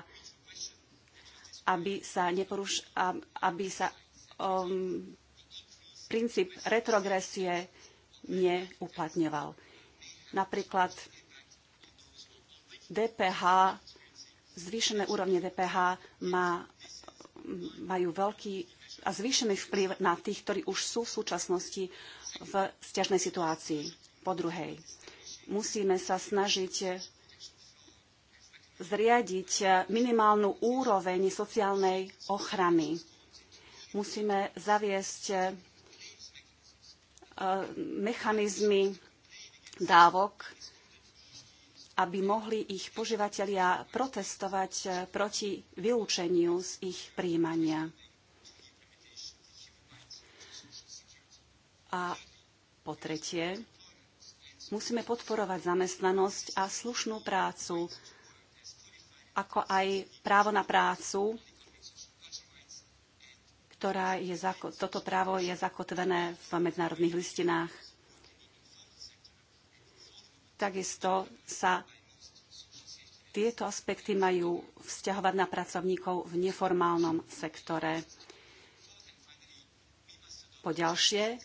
Speaker 2: aby sa, neporuš, aby sa um, princíp retrogresie neuplatňoval. Napríklad DPH, zvýšené úrovne DPH má, majú veľký a zvýšený vplyv na tých, ktorí už sú v súčasnosti v stiažnej situácii. Po druhej, musíme sa snažiť zriadiť minimálnu úroveň sociálnej ochrany. Musíme zaviesť e, mechanizmy dávok aby mohli ich požívateľia protestovať eh, proti vylúčeniu z ich príjmania. A po tretie, musíme podporovať zamestnanosť a slušnú prácu, ako aj právo na prácu, ktorá je, toto právo je zakotvené v medzinárodných listinách. Takisto sa tieto aspekty majú vzťahovať na pracovníkov v neformálnom sektore. Po ďalšie,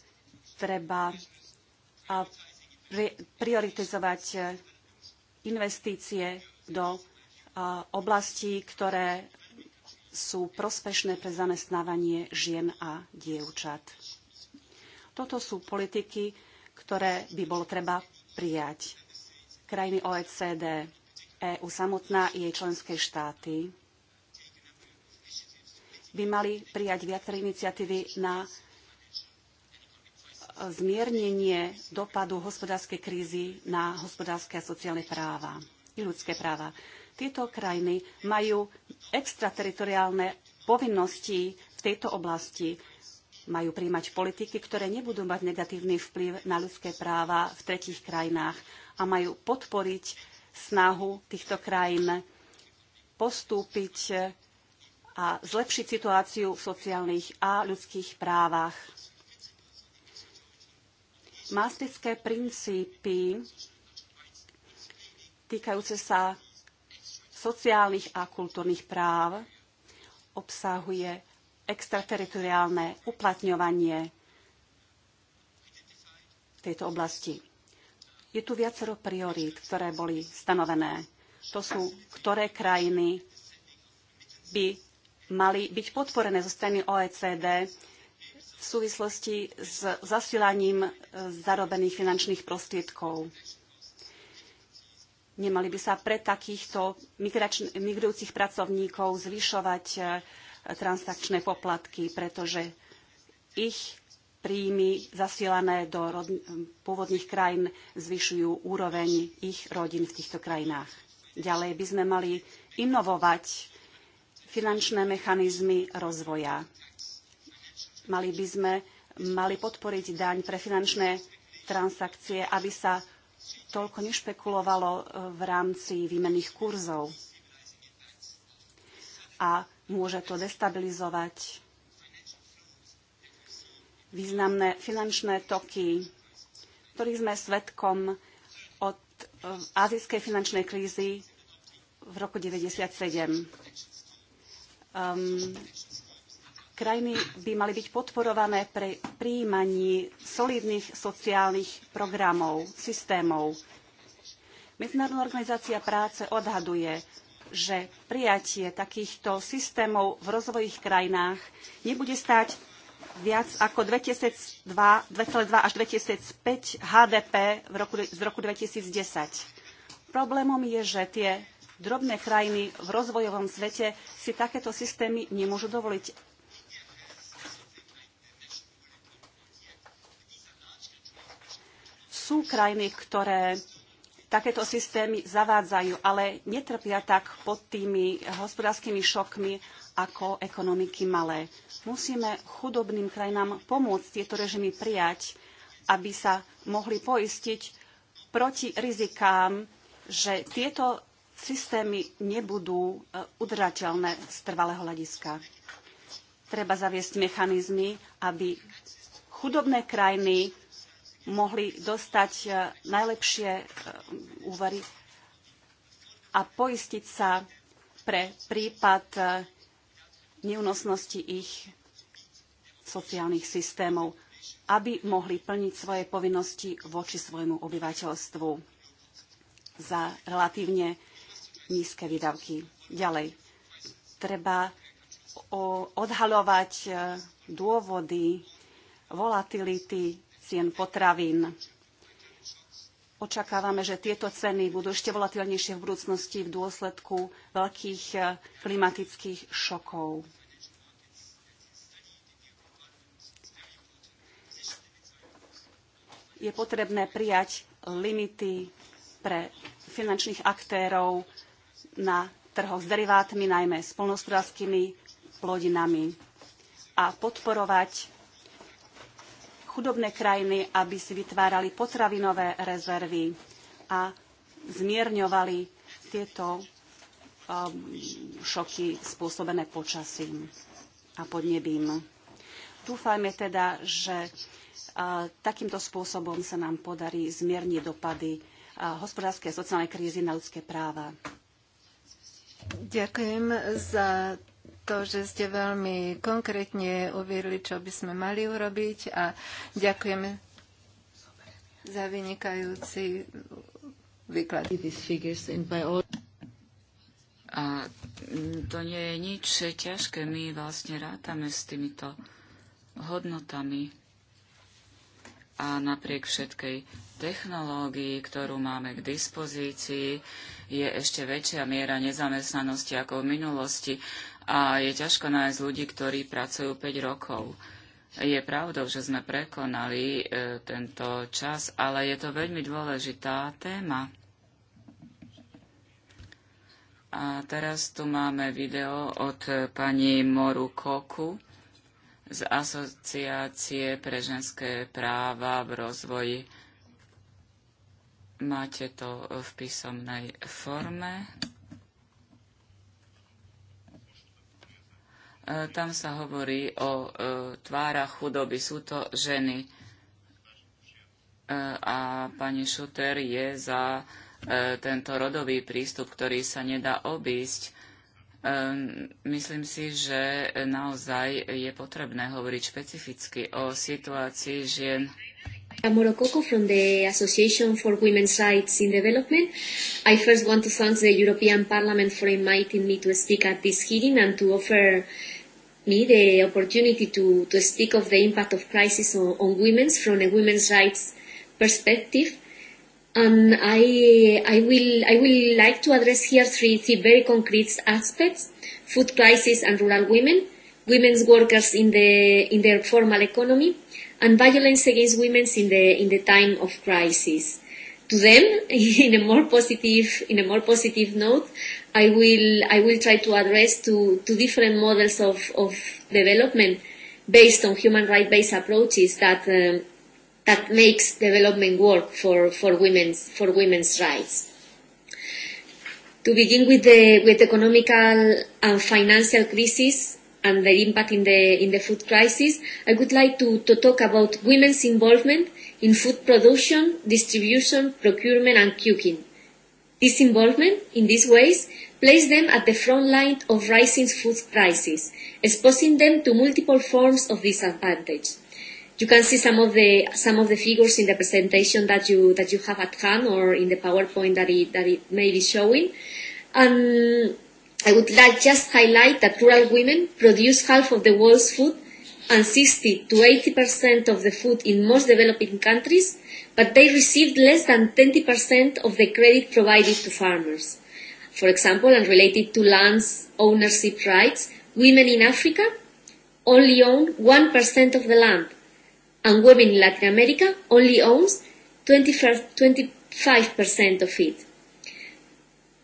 Speaker 2: treba prioritizovať investície do oblastí, ktoré sú prospešné pre zamestnávanie žien a dievčat. Toto sú politiky, ktoré by bolo treba prijať krajiny OECD, EÚ samotná i jej členské štáty by mali prijať viaceré iniciatívy na zmiernenie dopadu hospodárskej krízy na hospodárske a sociálne práva i ľudské práva. Tieto krajiny majú extrateritoriálne povinnosti v tejto oblasti majú príjmať politiky, ktoré nebudú mať negatívny vplyv na ľudské práva v tretích krajinách a majú podporiť snahu týchto krajín postúpiť a zlepšiť situáciu v sociálnych a ľudských právach. Mastické princípy týkajúce sa sociálnych a kultúrnych práv obsahuje extrateritoriálne uplatňovanie v tejto oblasti. Je tu viacero priorít, ktoré boli stanovené. To sú, ktoré krajiny by mali byť podporené zo strany OECD v súvislosti s zasilaním e, zarobených finančných prostriedkov. Nemali by sa pre takýchto migrujúcich pracovníkov zvyšovať e, transakčné poplatky, pretože ich príjmy zasielané do pôvodných krajín zvyšujú úroveň ich rodín v týchto krajinách. Ďalej by sme mali inovovať finančné mechanizmy rozvoja. Mali by sme mali podporiť daň pre finančné transakcie, aby sa toľko nešpekulovalo v rámci výmenných kurzov. A môže to destabilizovať významné finančné toky, ktorých sme svetkom od eh, azijskej finančnej krízy v roku 1997. Um, ehm, krajiny by mali byť podporované pre príjmaní solidných sociálnych programov, systémov. Medzinárodná organizácia práce odhaduje, že prijatie takýchto systémov v rozvojových krajinách nebude stáť viac ako 2,2 až 2005 HDP v roku, z roku 2010. Problémom je, že tie drobné krajiny v rozvojovom svete si takéto systémy nemôžu dovoliť. Sú krajiny, ktoré takéto systémy zavádzajú, ale netrpia tak pod tými hospodárskymi šokmi ako ekonomiky malé. Musíme chudobným krajinám pomôcť tieto režimy prijať, aby sa mohli poistiť proti rizikám, že tieto systémy nebudú e, udržateľné z trvalého hľadiska. Treba zaviesť mechanizmy, aby chudobné krajiny mohli dostať e, najlepšie e, úvery a poistiť sa pre prípad e, neúnosnosti ich sociálnych systémov, aby mohli plniť svoje povinnosti voči svojmu obyvateľstvu za relatívne nízke výdavky. Ďalej, treba odhaľovať dôvody volatility cien potravín. Očakávame, že tieto ceny budú ešte volatilnejšie v budúcnosti v dôsledku veľkých eh, klimatických šokov. Je potrebné prijať limity pre finančných aktérov na trhoch s derivátmi, najmä s polnohospodárskymi plodinami a podporovať chudobné krajiny, aby si vytvárali potravinové rezervy a zmierňovali tieto um, šoky spôsobené počasím a podnebím. Dúfajme teda, že uh, takýmto spôsobom sa nám podarí zmierniť dopady uh, hospodárskej a sociálnej krízy na ľudské práva.
Speaker 1: Ďakujem za to, že ste veľmi konkrétne uvierili, čo by sme mali urobiť a ďakujeme za vynikajúci výklad.
Speaker 4: A to nie je nič ťažké. My vlastne rátame s týmito hodnotami a napriek všetkej technológii, ktorú máme k dispozícii, je ešte väčšia miera nezamestnanosti ako v minulosti a je ťažko nájsť ľudí, ktorí pracujú 5 rokov. Je pravdou, že sme prekonali e, tento čas, ale je to veľmi dôležitá téma. A teraz tu máme video od pani Moru Koku z Asociácie pre ženské práva v rozvoji. Máte to v písomnej forme. E, tam sa hovorí o e, tvárach chudoby. Sú to ženy. E, a pani Šuter je za tento rodový prístup, ktorý sa nedá obísť. Myslím si, že naozaj je potrebné hovoriť špecificky o situácii žien.
Speaker 3: Morokoko from the Association for Women's Rights in Development. I first want to thank the European Parliament for inviting me to speak at this hearing and to offer uh, me the opportunity to, to speak of the impact of crisis on, on women from a women's rights perspective. And I, I, will, I will like to address here three, three very concrete aspects, food crisis and rural women, women's workers in, the, in their formal economy, and violence against women in the, in the time of crisis. To them, in a more positive, in a more positive note, i will I will try to address to, to different models of, of development based on human rights based approaches that um, that makes development work for, for women's for women's rights. To begin with the with economical and financial crisis and their impact in the in the food crisis, I would like to, to talk about women's involvement in food production, distribution, procurement, and cooking This involvement in these ways placed them at the front line of rising food prices, exposing them to multiple forms of disadvantage. You can see some of the some of the figures in the presentation that you that you have at hand or in the PowerPoint that it that it may be showing. Um, I would like just highlight that rural women produce half of the world's food and 60 to 80% of the food in most developing countries, but they received less than 20% of the credit provided to farmers. For example, and related to land ownership rights, women in Africa only own 1% of the land, and women in Latin America only own 25% of it.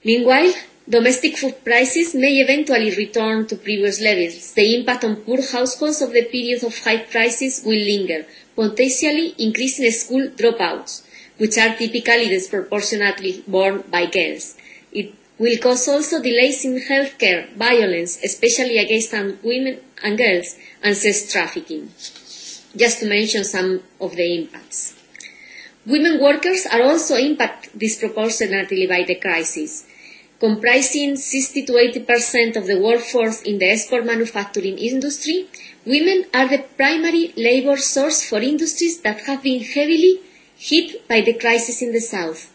Speaker 3: Meanwhile, Domestic food prices may eventually return to previous levels. The impact on poor households of the period of high prices will linger, potentially increasing school dropouts, which are typically disproportionately borne by girls. It will cause also delays in healthcare, violence, especially against women and girls, and sex trafficking, just to mention some of the impacts. Women workers are also impacted disproportionately by the crisis. Comprising 60 to 80% of the workforce in the export manufacturing industry, women are the primary labor source for industries that have been heavily hit by the crisis in the South.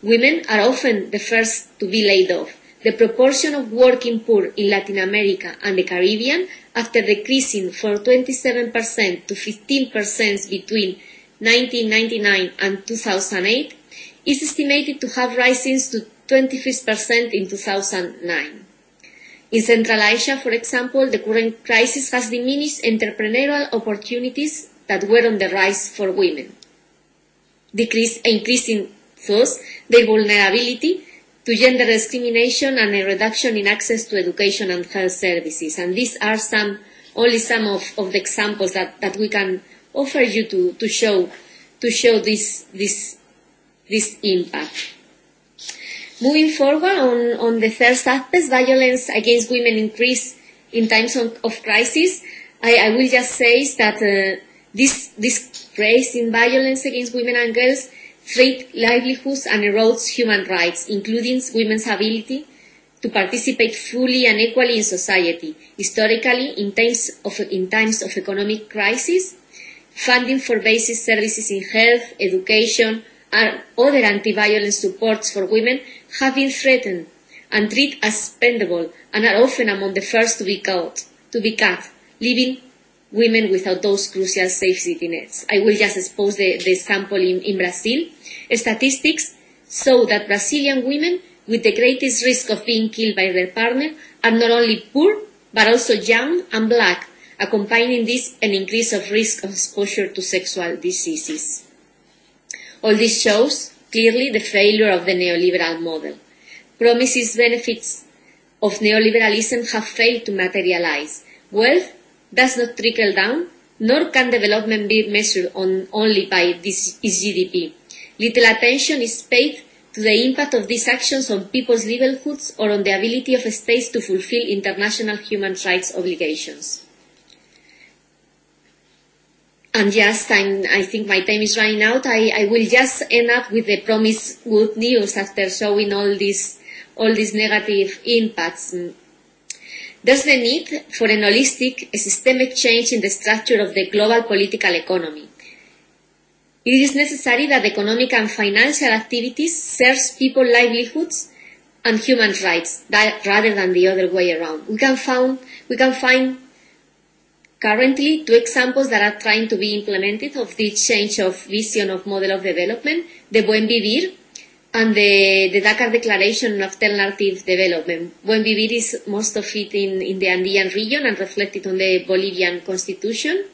Speaker 3: Women are often the first to be laid off. The proportion of working poor in Latin America and the Caribbean, after decreasing from 27% to 15% between 1999 and 2008, is estimated to have risen to 25% in 2009. In Central Asia, for example, the current crisis has diminished entrepreneurial opportunities that were on the rise for women, decrease, increasing thus their vulnerability to gender discrimination and a reduction in access to education and health services. And these are some, only some of, of the examples that, that we can offer you to, to show, to show this, this, this impact. Moving forward on, on the first aspect, violence against women increase in times of, of crisis. I, I will just say that uh, this, this rise in violence against women and girls threat livelihoods and erodes human rights, including women's ability to participate fully and equally in society. Historically, in times of, in times of economic crisis, funding for basic services in health, education, and other anti-violence supports for women have been threatened and treated as spendable and are often among the first to be caught, to be cut, leaving women without those crucial safety nets. I will just expose the, the sample in, in Brazil. Statistics show that Brazilian women with the greatest risk of being killed by their partner are not only poor, but also young and black, accompanying this an increase of risk of exposure to sexual diseases. All this shows clearly the failure of the neoliberal model. Promises benefits of neoliberalism have failed to materialize. Wealth does not trickle down, nor can development be measured on, only by this GDP. Little attention is paid to the impact of these actions on people's livelihoods or on the ability of states to fulfill international human rights obligations. And just, I'm, I think my time is running out. I, I will just end up with the promised good news after showing all these, all these negative impacts. There's the need for an holistic, a systemic change in the structure of the global political economy. It is necessary that economic and financial activities serve people's livelihoods and human rights that, rather than the other way around. We can, found, we can find Currently, two examples that are trying to be implemented of this change of vision of model of development, the Buen Vivir and the, the Dakar Declaration of Alternative Development. Buen Vivir is most of it in, in the Andean region and reflected on the Bolivian constitution.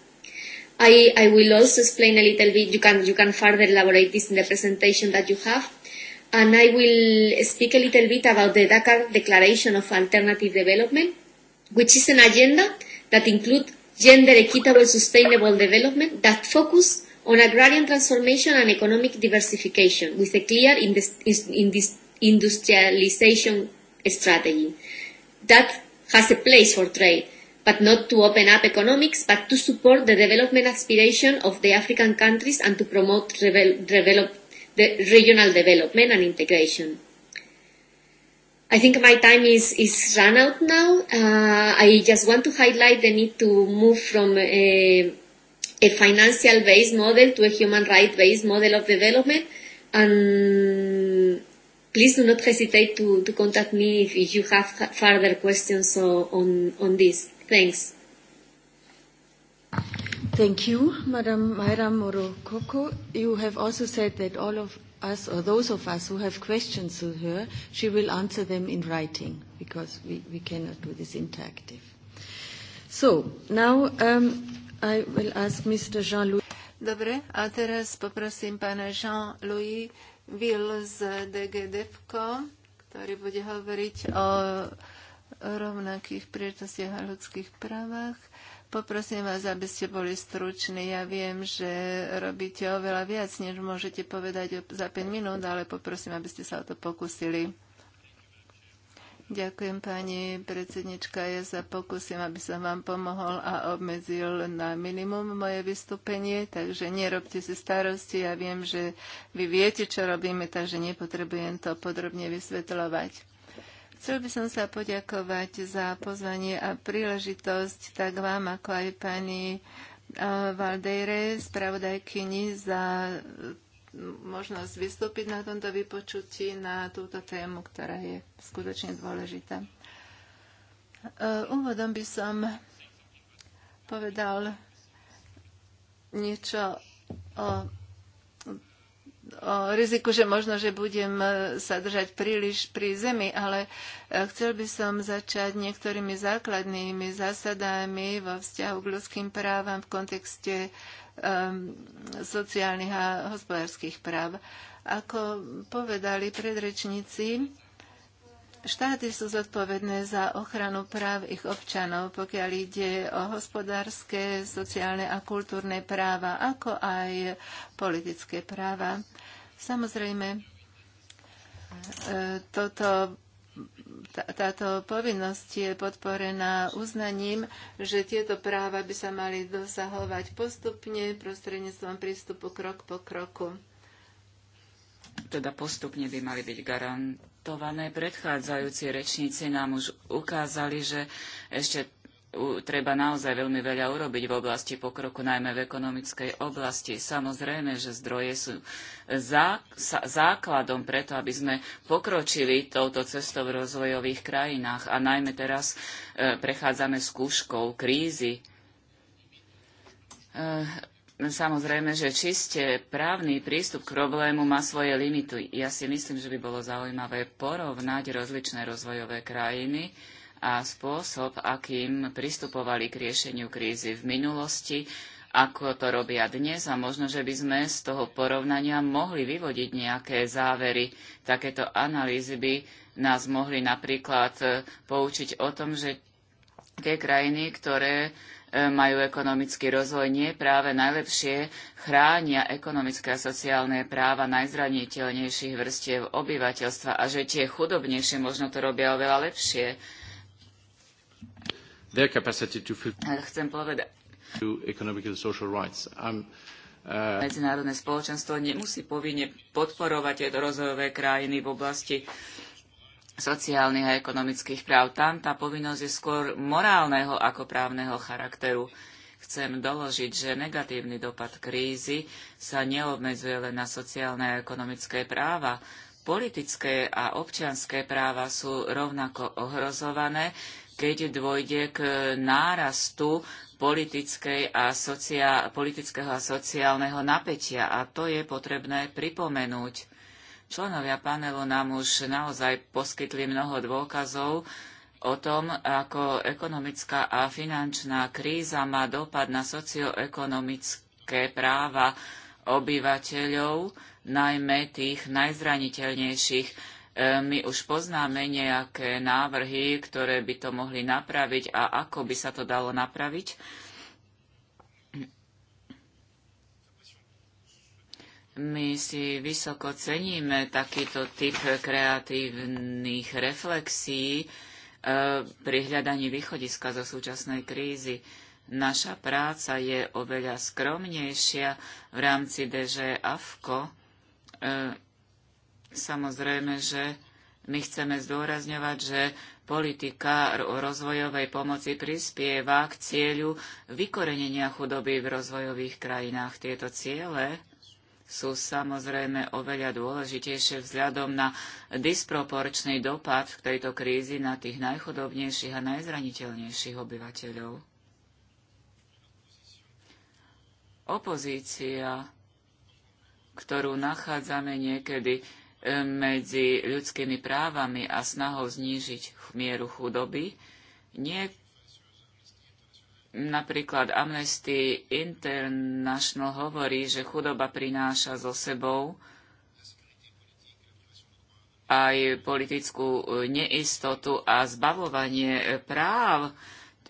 Speaker 3: I, I will also explain a little bit, you can, you can further elaborate this in the presentation that you have, and I will speak a little bit about the Dakar Declaration of Alternative Development, which is an agenda that includes gender equitable sustainable development that focus on agrarian transformation and economic diversification with a clear industrialization strategy that has a place for trade, but not to open up economics, but to support the development aspiration of the African countries and to promote revel develop the regional development and integration. I think my time is, is run out now. Uh, I just want to highlight the need to move from a, a financial based model to a human right based model of development. And please do not hesitate to, to contact me if, if you have further questions on, on this. Thanks.
Speaker 2: Thank you, Madam Mayra Morococo. You have also said that all of us or those of us who have questions to her, she will answer them in writing because we, we cannot do this interactive. So, now um,
Speaker 1: I will ask Mr. Jean-Louis. Dobre, a teraz poprosím pána Jean-Louis Will z DGDFCO, ktorý bude hovoriť o rovnakých príležitostiach a ľudských právach. Poprosím vás, aby ste boli struční. Ja viem, že robíte oveľa viac, než môžete povedať za 5 minút, ale poprosím, aby ste sa o to pokusili. Ďakujem pani predsednička, ja sa pokusím, aby som vám pomohol a obmedzil na minimum moje vystúpenie, takže nerobte si starosti, ja viem, že vy viete, čo robíme, takže nepotrebujem to podrobne vysvetľovať. Chcel by som sa poďakovať za pozvanie a príležitosť tak vám, ako aj pani eh, Valdejre, spravodajkyni, za možnosť vystúpiť na tomto vypočutí na túto tému, ktorá je skutočne dôležitá. Eh, úvodom by som povedal niečo o o riziku, že možno, že budem e, sa držať príliš pri zemi, ale e, chcel by som začať niektorými základnými zásadami vo vzťahu k ľudským právam v kontekste um, e, sociálnych a hospodárskych práv. Ako povedali predrečníci, štáty sú zodpovedné za ochranu práv ich občanov, pokiaľ ide o hospodárske, sociálne a kultúrne práva, ako aj politické práva. Samozrejme, e, toto táto povinnosť je podporená uznaním, že tieto práva by sa mali dosahovať postupne prostredníctvom prístupu krok po kroku.
Speaker 4: Teda postupne by mali byť garantované. Predchádzajúci rečníci nám už ukázali, že ešte treba naozaj veľmi veľa urobiť v oblasti pokroku, najmä v ekonomickej oblasti. Samozrejme, že zdroje sú základom preto, aby sme pokročili touto cestou v rozvojových krajinách. A najmä teraz e, prechádzame skúškou krízy. E, samozrejme, že čiste právny prístup k problému má svoje limity. Ja si myslím, že by bolo zaujímavé porovnať rozličné rozvojové krajiny, a spôsob, akým pristupovali k riešeniu krízy v minulosti, ako to robia dnes a možno, že by sme z toho porovnania mohli vyvodiť nejaké závery. Takéto analýzy by nás mohli napríklad e, poučiť o tom, že tie krajiny, ktoré e, majú ekonomický rozvoj, nie práve najlepšie chránia ekonomické a sociálne práva najzraniteľnejších vrstiev obyvateľstva a že tie chudobnejšie možno to robia oveľa lepšie
Speaker 1: their capacity to Chcem povedať, to economic and social rights. Um, uh,
Speaker 4: medzinárodné spoločenstvo nemusí povinne podporovať tieto rozvojové krajiny v oblasti sociálnych a ekonomických práv. Tam tá povinnosť je skôr morálneho ako právneho charakteru. Chcem doložiť, že negatívny dopad krízy sa neobmedzuje len na sociálne a ekonomické práva. Politické a občianské práva sú rovnako ohrozované, keď dôjde k nárastu politickej a socia- politického a sociálneho napätia. A to je potrebné pripomenúť. Členovia panelu nám už naozaj poskytli mnoho dôkazov o tom, ako ekonomická a finančná kríza má dopad na socioekonomické práva obyvateľov, najmä tých najzraniteľnejších. E, my už poznáme nejaké návrhy, ktoré by to mohli napraviť a ako by sa to dalo napraviť. My si vysoko ceníme takýto typ kreatívnych reflexí e, pri hľadaní východiska zo súčasnej krízy. Naša práca je oveľa skromnejšia v rámci DŽ AFKO e, Samozrejme, že my chceme zdôrazňovať, že politika rozvojovej pomoci prispieva k cieľu vykorenenia chudoby v rozvojových krajinách. Tieto ciele sú samozrejme oveľa dôležitejšie vzhľadom na disproporčný dopad tejto krízi na tých najchudobnejších a najzraniteľnejších obyvateľov. Opozícia, ktorú nachádzame niekedy medzi ľudskými právami a snahou znížiť mieru chudoby, nie Napríklad Amnesty International hovorí, že chudoba prináša so sebou aj politickú e, neistotu a zbavovanie e, práv,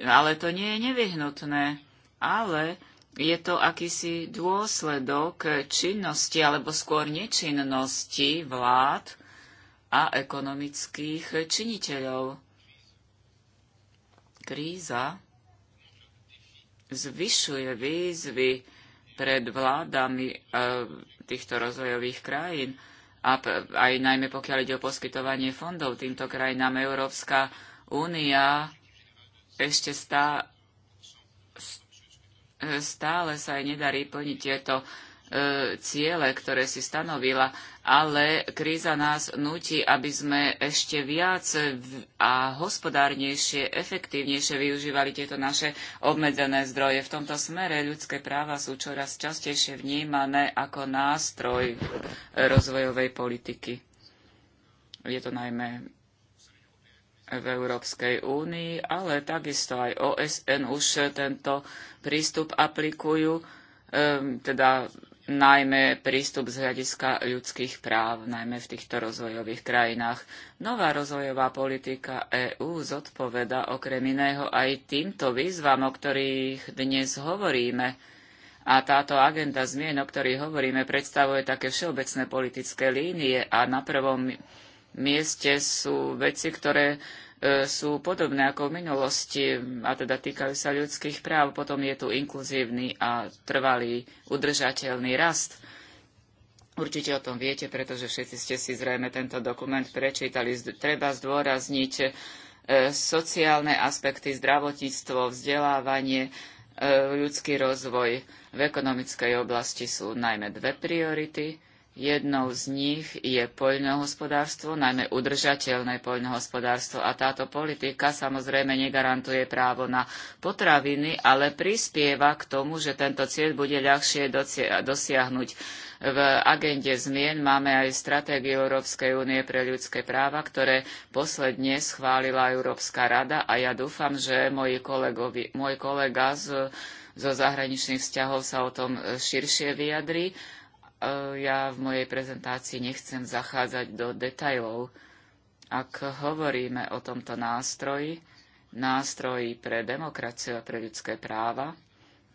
Speaker 4: ale to nie je nevyhnutné. Ale je to akýsi dôsledok činnosti alebo skôr nečinnosti vlád a ekonomických činiteľov. Kríza zvyšuje výzvy pred vládami e, týchto rozvojových krajín a aj najmä pokiaľ ide o poskytovanie fondov týmto krajinám Európska únia ešte stále stále sa aj nedarí plniť tieto e, ciele, ktoré si stanovila, ale kríza nás nutí, aby sme ešte viac a hospodárnejšie, efektívnejšie využívali tieto naše obmedzené zdroje. V tomto smere ľudské práva sú čoraz častejšie vnímané ako nástroj rozvojovej politiky. Je to najmä v Európskej únii, ale takisto aj OSN už tento prístup aplikujú, ehm, teda najmä prístup z hľadiska ľudských práv, najmä v týchto rozvojových krajinách. Nová rozvojová politika EÚ zodpoveda okrem iného aj týmto výzvam, o ktorých dnes hovoríme. A táto agenda zmien, o ktorých hovoríme, predstavuje také všeobecné politické línie a na prvom mieste sú veci, ktoré e, sú podobné ako v minulosti a teda týkajú sa ľudských práv. Potom je tu inkluzívny a trvalý udržateľný rast. Určite o tom viete, pretože všetci ste si zrejme tento dokument prečítali. Treba zdôrazniť e, sociálne aspekty, zdravotníctvo, vzdelávanie, e, ľudský rozvoj. V ekonomickej oblasti sú najmä dve priority Jednou z nich je poľnohospodárstvo, najmä udržateľné poľnohospodárstvo. A táto politika samozrejme negarantuje právo na potraviny, ale prispieva k tomu, že tento cieľ bude ľahšie dosiahnuť. V agende zmien máme aj stratégiu Európskej únie pre ľudské práva, ktoré posledne schválila Európska rada a ja dúfam, že kolegovi, môj kolega z, zo zahraničných vzťahov sa o tom širšie vyjadrí E, ja v mojej prezentácii nechcem zachádzať do detajlov. Ak hovoríme o tomto nástroji, nástroji pre demokraciu a pre ľudské práva,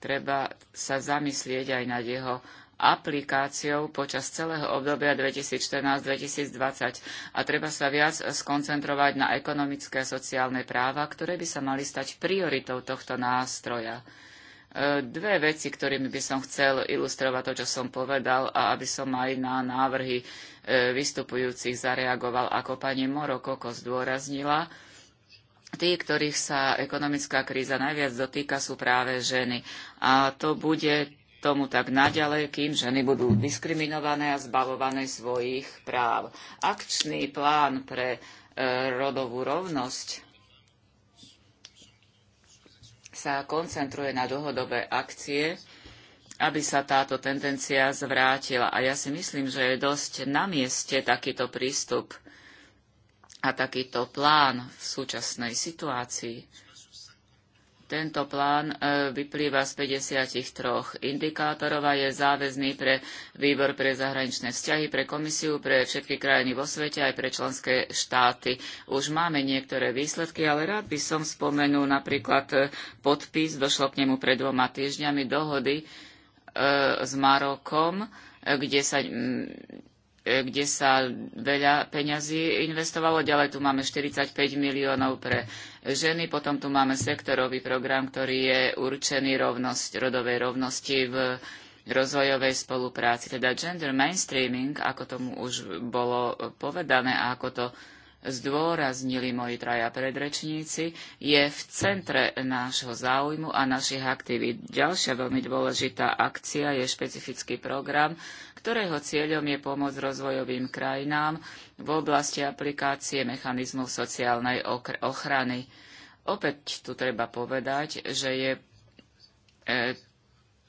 Speaker 4: treba sa zamyslieť aj nad jeho aplikáciou počas celého obdobia 2014-2020 a treba sa viac skoncentrovať na ekonomické a sociálne práva, ktoré by sa mali stať prioritou tohto nástroja dve veci, ktorými by som chcel ilustrovať to, čo som povedal a aby som aj na návrhy e, vystupujúcich zareagoval, ako pani Koko zdôraznila. Tí, ktorých sa ekonomická kríza najviac dotýka, sú práve ženy. A to bude tomu tak naďalej, kým ženy budú diskriminované a zbavované svojich práv. Akčný plán pre e, rodovú rovnosť sa koncentruje na dlhodobé akcie, aby sa táto tendencia zvrátila. A ja si myslím, že je dosť na mieste takýto prístup a takýto plán v súčasnej situácii. Tento plán e, vyplýva z 53 indikátorov a je záväzný pre výbor pre zahraničné vzťahy, pre komisiu, pre všetky krajiny vo svete aj pre členské štáty. Už máme niektoré výsledky, ale rád by som spomenul napríklad e, podpis, došlo k nemu pred dvoma týždňami, dohody e, s Marokom, kde sa E, kde sa veľa peňazí investovalo. Ďalej tu máme 45 miliónov pre ženy, potom tu máme sektorový program, ktorý je určený rovnosť, rodovej rovnosti v rozvojovej spolupráci. Teda gender mainstreaming, ako tomu už bolo povedané a ako to zdôraznili moji traja predrečníci, je v centre nášho záujmu a našich aktivít. Ďalšia veľmi dôležitá akcia je špecifický program ktorého cieľom je pomôcť rozvojovým krajinám v oblasti aplikácie mechanizmov sociálnej ochrany. Opäť tu treba povedať, že je e,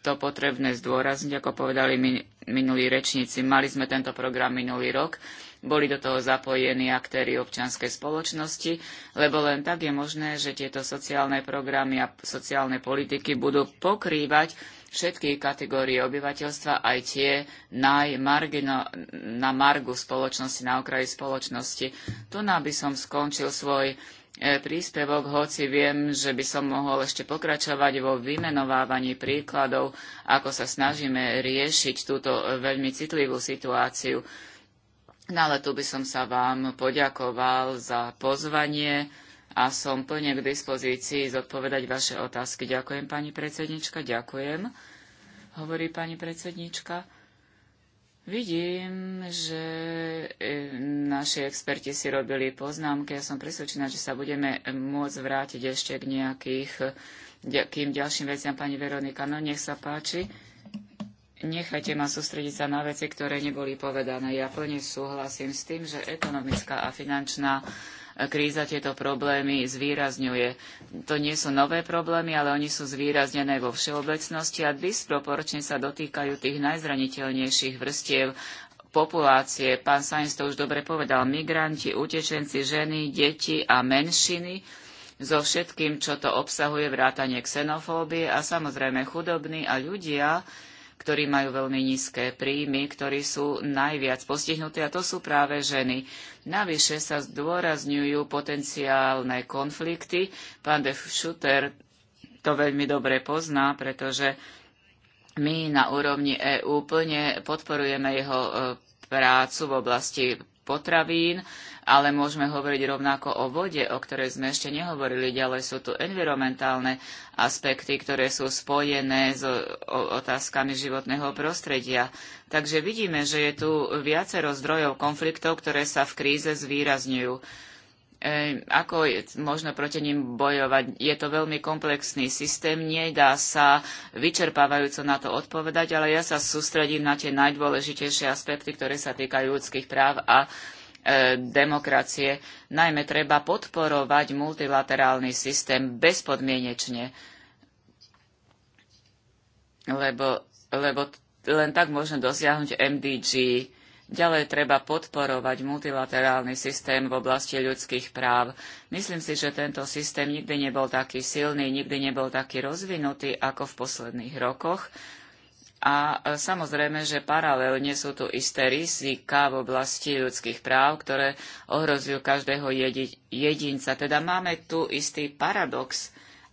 Speaker 4: to potrebné zdôrazniť, ako povedali minulí rečníci. Mali sme tento program minulý rok, boli do toho zapojení aktéry občianskej spoločnosti, lebo len tak je možné, že tieto sociálne programy a sociálne politiky budú pokrývať všetky kategórie obyvateľstva, aj tie najmargino, na margu spoločnosti, na okraji spoločnosti. Tu by som skončil svoj e, príspevok, hoci viem, že by som mohol ešte pokračovať vo vymenovávaní príkladov, ako sa snažíme riešiť túto e, veľmi citlivú situáciu. No ale tu by som sa vám poďakoval za pozvanie a som plne k dispozícii zodpovedať vaše otázky. Ďakujem, pani predsednička, ďakujem, hovorí pani predsednička. Vidím, že e, naši experti si robili poznámky. Ja som presvedčená, že sa budeme môcť vrátiť ešte k nejakých kým ďalším veciam, pani Veronika. No nech sa páči. Nechajte ma sústrediť sa na veci, ktoré neboli povedané. Ja plne súhlasím s tým, že ekonomická a finančná kríza tieto problémy zvýrazňuje. To nie sú nové problémy, ale oni sú zvýraznené vo všeobecnosti a disproporčne sa dotýkajú tých najzraniteľnejších vrstiev populácie. Pán Sainz to už dobre povedal, migranti, utečenci, ženy, deti a menšiny so všetkým, čo to obsahuje, vrátanie xenofóbie a samozrejme chudobní a ľudia, ktorí majú veľmi nízke príjmy, ktorí sú najviac postihnutí a to sú práve ženy. Navyše sa zdôrazňujú potenciálne konflikty. Pán de Schutter to veľmi dobre pozná, pretože my na úrovni EÚ plne podporujeme jeho e, prácu v oblasti potravín, ale môžeme hovoriť rovnako o vode, o ktorej sme ešte nehovorili. Ďalej sú tu environmentálne aspekty, ktoré sú spojené s otázkami životného prostredia. Takže vidíme, že je tu viacero zdrojov konfliktov, ktoré sa v kríze zvýrazňujú ako možno proti ním bojovať. Je to veľmi komplexný systém, nedá sa vyčerpávajúco na to odpovedať, ale ja sa sústredím na tie najdôležitejšie aspekty, ktoré sa týkajú ľudských práv a e, demokracie. Najmä treba podporovať multilaterálny systém bezpodmienečne, lebo, lebo len tak možno dosiahnuť MDG Ďalej treba podporovať multilaterálny systém v oblasti ľudských práv. Myslím si, že tento systém nikdy nebol taký silný, nikdy nebol taký rozvinutý ako v posledných rokoch. A e, samozrejme, že paralelne sú tu isté rizika v oblasti ľudských práv, ktoré ohrozujú každého jedinca. Teda máme tu istý paradox.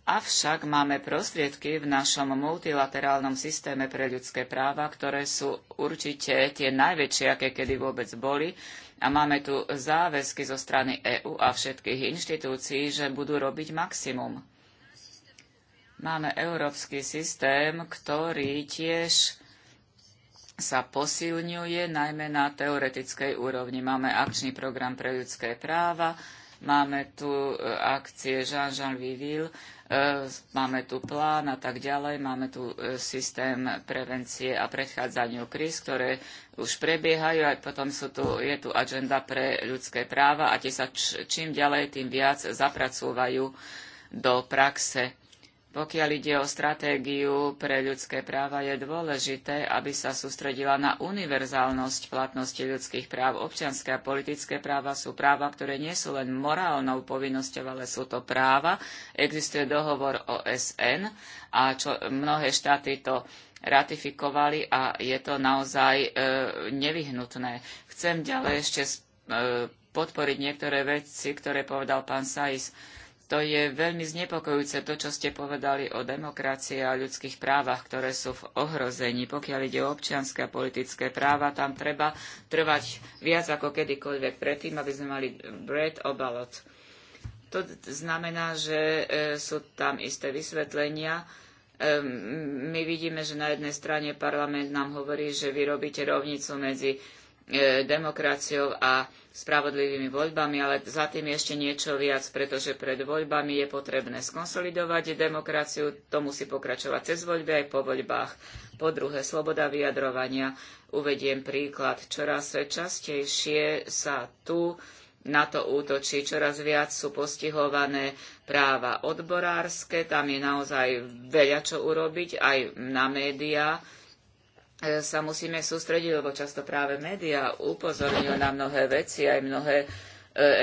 Speaker 4: Avšak máme prostriedky v našom multilaterálnom systéme pre ľudské práva, ktoré sú určite tie najväčšie, aké kedy vôbec boli. A máme tu záväzky zo strany EÚ a všetkých inštitúcií, že budú robiť maximum. Máme európsky systém, ktorý tiež sa posilňuje, najmä na teoretickej úrovni. Máme akčný program pre ľudské práva, máme tu e, akcie Jean-Jean Viville, E, máme tu plán a tak ďalej, máme tu e, systém prevencie a predchádzaniu kríz, ktoré už prebiehajú a potom sú tu, je tu agenda pre ľudské práva a tie sa čím ďalej, tým viac zapracúvajú do praxe. Pokiaľ ide o stratégiu pre ľudské práva, je dôležité, aby sa sústredila na univerzálnosť platnosti ľudských práv. Občianske a politické práva sú práva, ktoré nie sú len morálnou povinnosťou, ale sú to práva. Existuje dohovor OSN a čo, mnohé štáty to ratifikovali a je to naozaj e, nevyhnutné. Chcem ďalej ešte e, podporiť niektoré veci, ktoré povedal pán Sais to je veľmi znepokojúce to, čo ste povedali o demokracii a ľudských právach, ktoré sú v ohrození. Pokiaľ ide o občianske a politické práva, tam treba trvať viac ako kedykoľvek predtým, aby sme mali bread o ballot. To znamená, že e, sú tam isté vysvetlenia. E, my vidíme, že na jednej strane parlament nám hovorí, že vy robíte rovnicu medzi E, demokraciou a spravodlivými voľbami, ale za tým ešte niečo viac, pretože pred voľbami je potrebné skonsolidovať demokraciu, to musí pokračovať cez voľby aj po voľbách. Po druhé, sloboda vyjadrovania. Uvediem príklad. Čoraz častejšie sa tu na to útočí. Čoraz viac sú postihované práva odborárske, tam je naozaj veľa čo urobiť, aj na médiá E, sa musíme sústrediť, lebo často práve médiá upozorňujú na mnohé veci, aj mnohé e,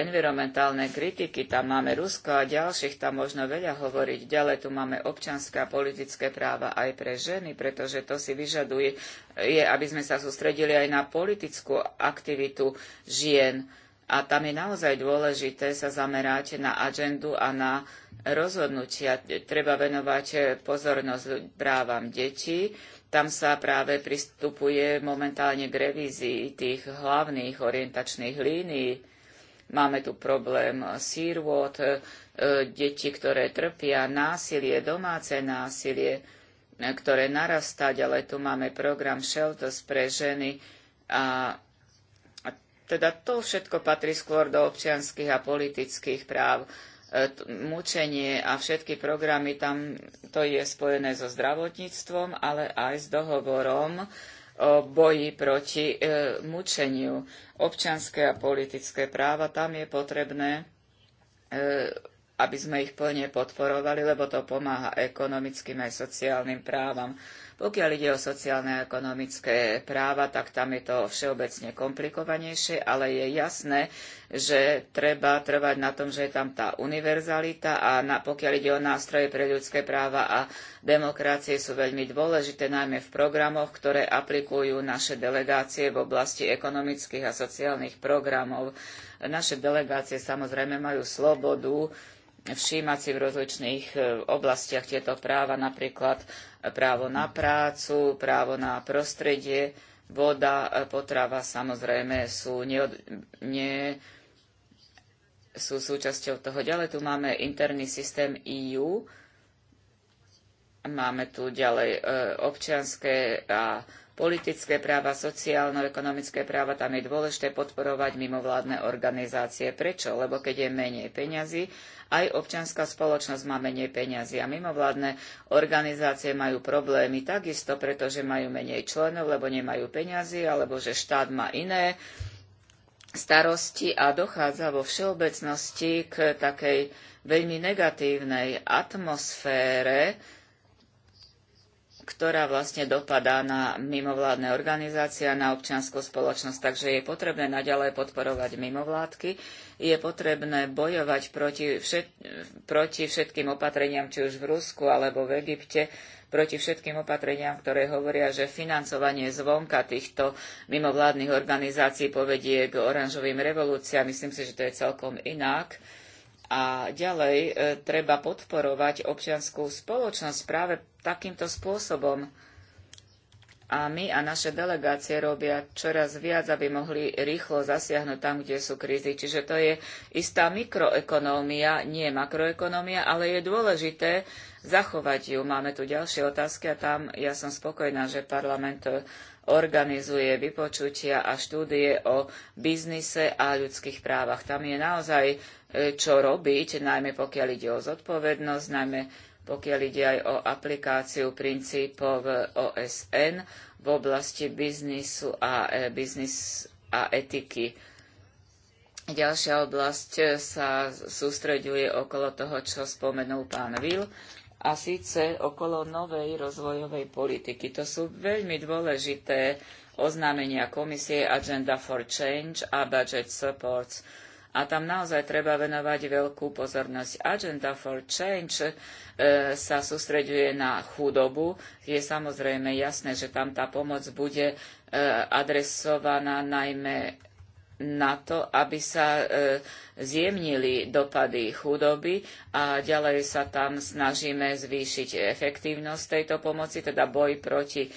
Speaker 4: environmentálne kritiky, tam máme Rusko a ďalších, tam možno veľa hovoriť. Ďalej tu máme občianske a politické práva aj pre ženy, pretože to si vyžaduje, je, aby sme sa sústredili aj na politickú aktivitu žien. A tam je naozaj dôležité sa zamerať na agendu a na rozhodnutia. Treba venovať pozornosť právam detí, tam sa práve pristupuje momentálne k revízii tých hlavných orientačných línií. Máme tu problém sírvot, e, deti, ktoré trpia násilie, domáce násilie, e, ktoré narastá, ale tu máme program Shelters pre ženy a, a teda to všetko patrí skôr do občianskych a politických práv. E, mučenie a všetky programy tam to je spojené so zdravotníctvom, ale aj s dohovorom o boji proti e, mučeniu. Občanské a politické práva, tam je potrebné, e, aby sme ich plne podporovali, lebo to pomáha ekonomickým aj sociálnym právam. Pokiaľ ide o sociálne a ekonomické práva, tak tam je to všeobecne komplikovanejšie, ale je jasné, že treba trvať na tom, že je tam tá univerzalita a na, pokiaľ ide o nástroje pre ľudské práva a demokracie sú veľmi dôležité, najmä v programoch, ktoré aplikujú naše delegácie v oblasti ekonomických a sociálnych programov. Naše delegácie samozrejme majú slobodu všímať si v rozličných e, oblastiach tieto práva, napríklad právo na prácu, právo na prostredie, voda, e, potrava samozrejme sú, ne, sú súčasťou toho. Ďalej tu máme interný systém EU, máme tu ďalej e, občianske a politické práva, sociálno-ekonomické práva, tam je dôležité podporovať mimovládne organizácie. Prečo? Lebo keď je menej peňazí, aj občianská spoločnosť má menej peňazí a mimovládne organizácie majú problémy takisto, pretože majú menej členov, lebo nemajú peňazí, alebo že štát má iné starosti a dochádza vo všeobecnosti k takej veľmi negatívnej atmosfére, ktorá vlastne dopadá na mimovládne organizácie a na občianskú spoločnosť. Takže je potrebné naďalej podporovať mimovládky, je potrebné bojovať proti, všet, proti všetkým opatreniam, či už v Rusku alebo v Egypte, proti všetkým opatreniam, ktoré hovoria, že financovanie zvonka týchto mimovládnych organizácií povedie k oranžovým revolúciám. Myslím si, že to je celkom inak a ďalej e, treba podporovať občianskú spoločnosť práve takýmto spôsobom. A my a naše delegácie robia čoraz viac, aby mohli rýchlo zasiahnuť tam, kde sú krízy. Čiže to je istá mikroekonómia, nie makroekonómia, ale je dôležité zachovať ju. Máme tu ďalšie otázky a tam ja som spokojná, že parlament organizuje vypočutia a štúdie o biznise a ľudských právach. Tam je naozaj E, čo robiť, najmä pokiaľ ide o zodpovednosť, najmä pokiaľ ide aj o aplikáciu princípov OSN v oblasti biznisu a, e, biznis a etiky. Ďalšia oblasť sa sústreďuje okolo toho, čo spomenul pán Will, a síce okolo novej rozvojovej politiky. To sú veľmi dôležité oznámenia komisie Agenda for Change a Budget Supports a tam naozaj treba venovať veľkú pozornosť. Agenda for Change e, sa sústreďuje na chudobu. Je samozrejme jasné, že tam tá pomoc bude e, adresovaná najmä na to, aby sa e, zjemnili dopady chudoby a ďalej sa tam snažíme zvýšiť efektívnosť tejto pomoci, teda boj proti e,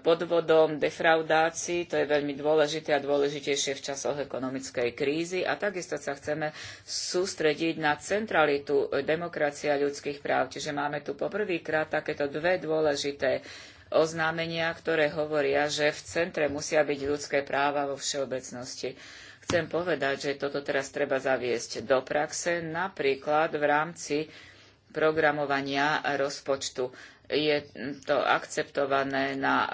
Speaker 4: podvodom, defraudácii. To je veľmi dôležité a dôležitejšie v časoch ekonomickej krízy. A takisto sa chceme sústrediť na centralitu e, demokracia ľudských práv. Čiže máme tu poprvýkrát takéto dve dôležité oznámenia, ktoré hovoria, že v centre musia byť ľudské práva vo všeobecnosti. Chcem povedať, že toto teraz treba zaviesť do praxe, napríklad v rámci programovania rozpočtu. Je to akceptované na e,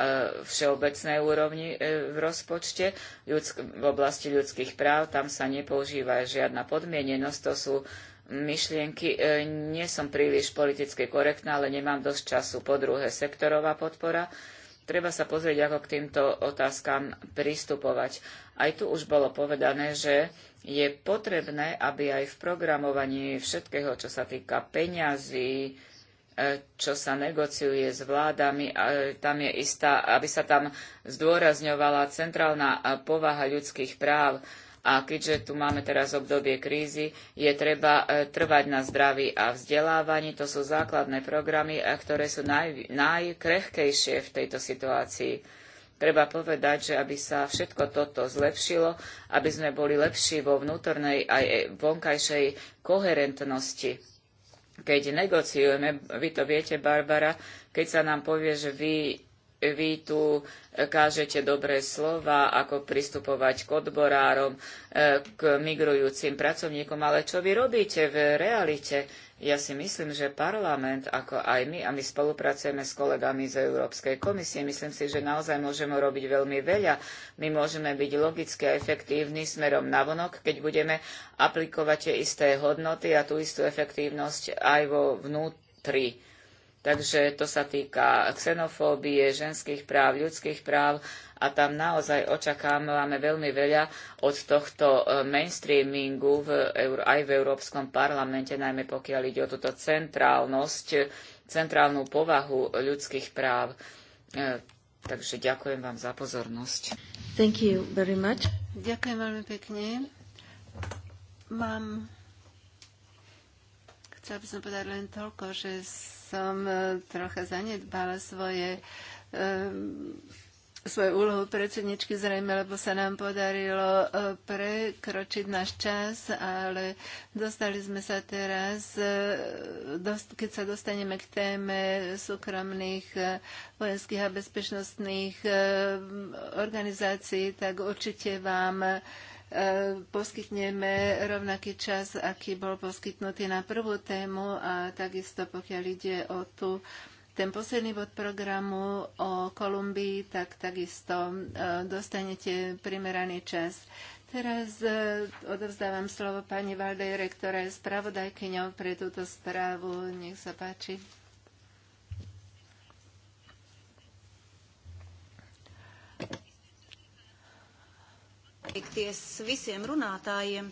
Speaker 4: všeobecnej úrovni e, v rozpočte v oblasti ľudských práv. Tam sa nepoužíva žiadna podmienenosť. To sú myšlienky. E, nie som príliš politicky korektná, ale nemám dosť času. Po druhé, sektorová podpora. Treba sa pozrieť, ako k týmto otázkam pristupovať. Aj tu už bolo povedané, že je potrebné, aby aj v programovaní všetkého, čo sa týka peňazí, e, čo sa negociuje s vládami, e, tam je istá, aby sa tam zdôrazňovala centrálna povaha ľudských práv a keďže tu máme teraz obdobie krízy, je treba e, trvať na zdraví a vzdelávaní. To sú základné programy, e, ktoré sú naj, najkrehkejšie v tejto situácii. Treba povedať, že aby sa všetko toto zlepšilo, aby sme boli lepší vo vnútornej aj e, vonkajšej koherentnosti. Keď negociujeme, vy to viete, Barbara, keď sa nám povie, že vy vy tu kážete dobré slova, ako pristupovať k odborárom, e, k migrujúcim pracovníkom, ale čo vy robíte v realite? Ja si myslím, že parlament, ako aj my, a my spolupracujeme s kolegami z Európskej komisie, myslím si, že naozaj môžeme robiť veľmi veľa. My môžeme byť logicky a efektívni smerom navonok, keď budeme aplikovať tie isté hodnoty a tú istú efektívnosť aj vo vnútri Takže to sa týka xenofóbie, ženských práv, ľudských práv a tam naozaj očakávame veľmi veľa od tohto e, mainstreamingu v, aj v Európskom parlamente, najmä pokiaľ ide o túto centrálnosť, centrálnu povahu ľudských práv. E, takže ďakujem vám za pozornosť.
Speaker 1: Thank you very much. Ďakujem veľmi pekne. Mám, chcela by som povedať len toľko, že som e, trocha zanedbala svoje um, svoju úlohu predsedničky zrejme, lebo sa nám podarilo e, prekročiť náš čas, ale dostali sme sa teraz, keď sa dostaneme k téme súkromných vojenských a bezpečnostných organizácií, tak určite vám E, poskytneme rovnaký čas, aký bol poskytnutý na prvú tému a takisto pokiaľ ide o tú ten posledný bod programu o Kolumbii, tak takisto e, dostanete primeraný čas. Teraz e, odovzdávam slovo pani Valdejre, ktorá je spravodajkyňou pre túto správu. Nech sa páči.
Speaker 2: pateikties visiem runātājiem,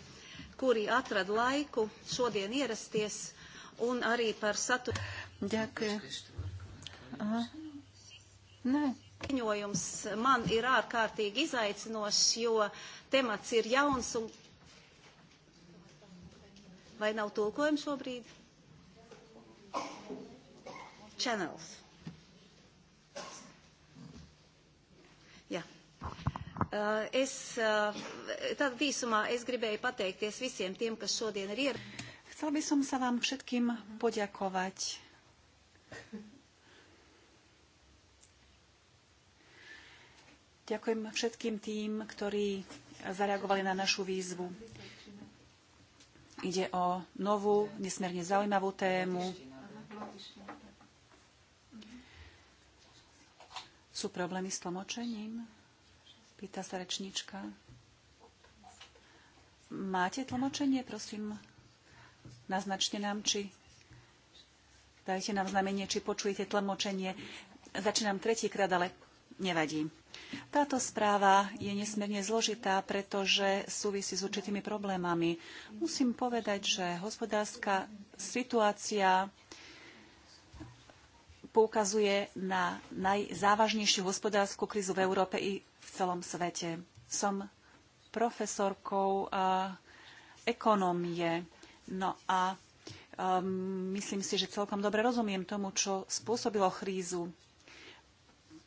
Speaker 2: kuri atrada laiku šodien ierasties un arī par saturu.
Speaker 1: Ďakujem. Aha.
Speaker 2: Nē. Ziņojums man ir ārkārtīgi izaicinošs, jo temats ir jauns un. Vai nav tulkojums šobrīd? Channels. Jā. Yeah. Eh, es, eh, es gribēju pateikties visiem tiem, kas šodien ir Chcel by som sa vám všetkým poďakovať. Ďakujem všetkým tým, ktorí zareagovali na našu výzvu. Ide o novú, nesmierne zaujímavú tému. Sú problémy s tlmočením? Pýta sa rečnička. Máte tlmočenie, prosím? Naznačte nám, či... Dajte nám znamenie, či počujete tlmočenie. Začínam tretíkrát, ale nevadí. Táto správa je nesmierne zložitá, pretože súvisí s určitými problémami. Musím povedať, že hospodárska situácia poukazuje na najzávažnejšiu hospodárskú krízu v Európe i celom svete. Som profesorkou e, ekonomie, No a e, myslím si, že celkom dobre rozumiem tomu, čo spôsobilo krízu.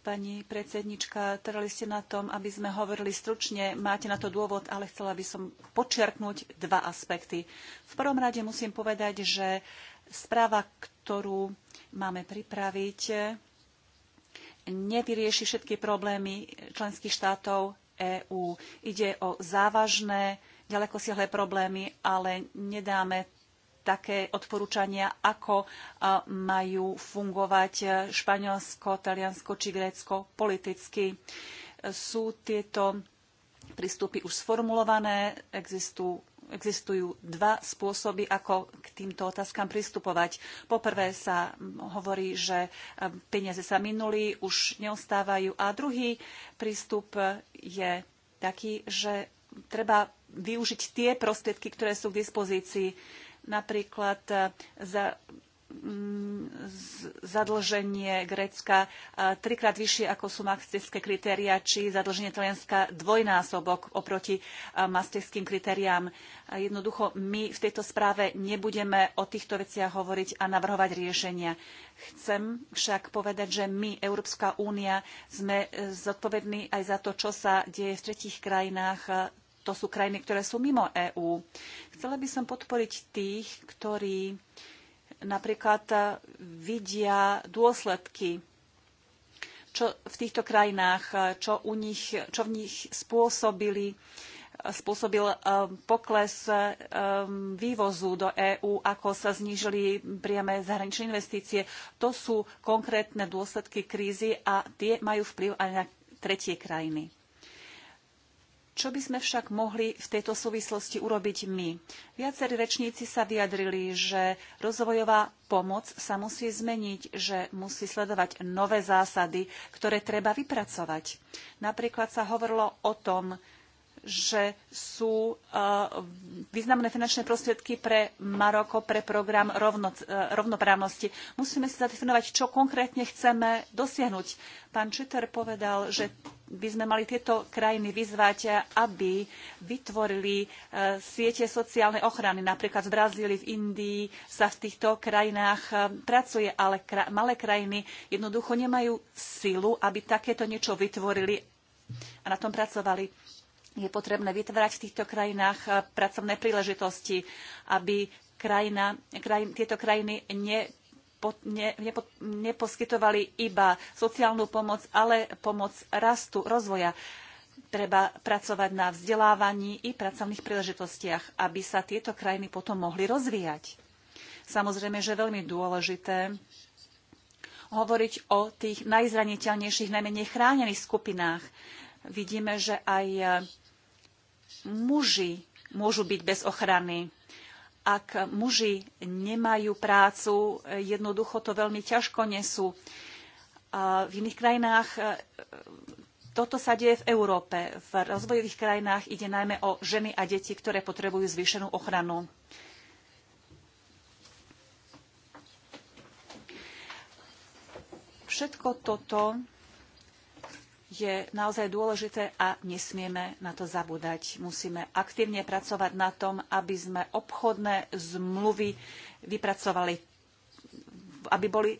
Speaker 2: Pani predsednička, trvali ste na tom, aby sme hovorili stručne. Máte na to dôvod, ale chcela by som počiarknúť dva aspekty. V prvom rade musím povedať, že správa, ktorú máme pripraviť, nevyrieši všetky problémy členských štátov EÚ. Ide o závažné, ďalekosiahle problémy, ale nedáme také odporúčania, ako majú fungovať Španielsko, Taliansko či Grécko politicky. Sú tieto prístupy už sformulované, existujú existujú dva spôsoby, ako k týmto otázkam pristupovať. Poprvé sa hovorí, že eh, peniaze sa minuli, už neostávajú. A druhý prístup je taký, že treba využiť tie prostriedky, ktoré sú k dispozícii. Napríklad eh, za Mm, zadlženie Grécka trikrát vyššie ako sú maastrichtské kritéria, či zadlženie Talianska dvojnásobok oproti maastrichtským kritériám. Jednoducho my v tejto správe nebudeme o týchto veciach hovoriť a navrhovať riešenia. Chcem však povedať, že my, Európska únia, sme e, zodpovední aj za to, čo sa deje v tretích krajinách. To sú krajiny, ktoré sú mimo EÚ. Chcela by som podporiť tých, ktorí napríklad e, vidia dôsledky čo v týchto krajinách, e, čo, u nich, čo v nich spôsobili, e, spôsobil pokles vývozu do EÚ, ako sa znížili priame zahraničné investície. To sú konkrétne dôsledky krízy a tie majú vplyv aj na tretie krajiny. Čo by sme však mohli v tejto súvislosti urobiť my? Viacerí rečníci sa vyjadrili, že rozvojová pomoc sa musí zmeniť, že musí sledovať nové zásady, ktoré treba vypracovať. Napríklad sa hovorilo o tom, že sú e, významné finančné prostriedky pre Maroko, pre program rovno, e, rovnoprávnosti. Musíme si zadefinovať, čo konkrétne chceme dosiahnuť. Pán Čiter povedal, že by sme mali tieto krajiny vyzvať, aby vytvorili e, siete sociálnej ochrany. Napríklad v Brazílii, v Indii sa v týchto krajinách pracuje, ale malé krajiny jednoducho nemajú silu, aby takéto niečo vytvorili a na tom pracovali je potrebné vytvárať v týchto krajinách eh, pracovné príležitosti, aby krajina, kraj, tieto krajiny ne, po, ne, ne, neposkytovali iba sociálnu pomoc, ale pomoc rastu, rozvoja. Treba pracovať na vzdelávaní i pracovných príležitostiach, aby sa tieto krajiny potom mohli rozvíjať. Samozrejme, že veľmi dôležité hovoriť o tých najzraniteľnejších, najmenej chránených skupinách, vidíme, že aj eh, muži môžu byť bez ochrany. Ak muži nemajú prácu, jednoducho to veľmi ťažko nesú. V iných krajinách e, toto sa deje v Európe. V rozvojových krajinách ide najmä o ženy a deti, ktoré potrebujú zvýšenú ochranu. Všetko toto je naozaj dôležité a nesmieme na to zabúdať. Musíme aktívne pracovať na tom, aby sme obchodné zmluvy vypracovali, aby boli e,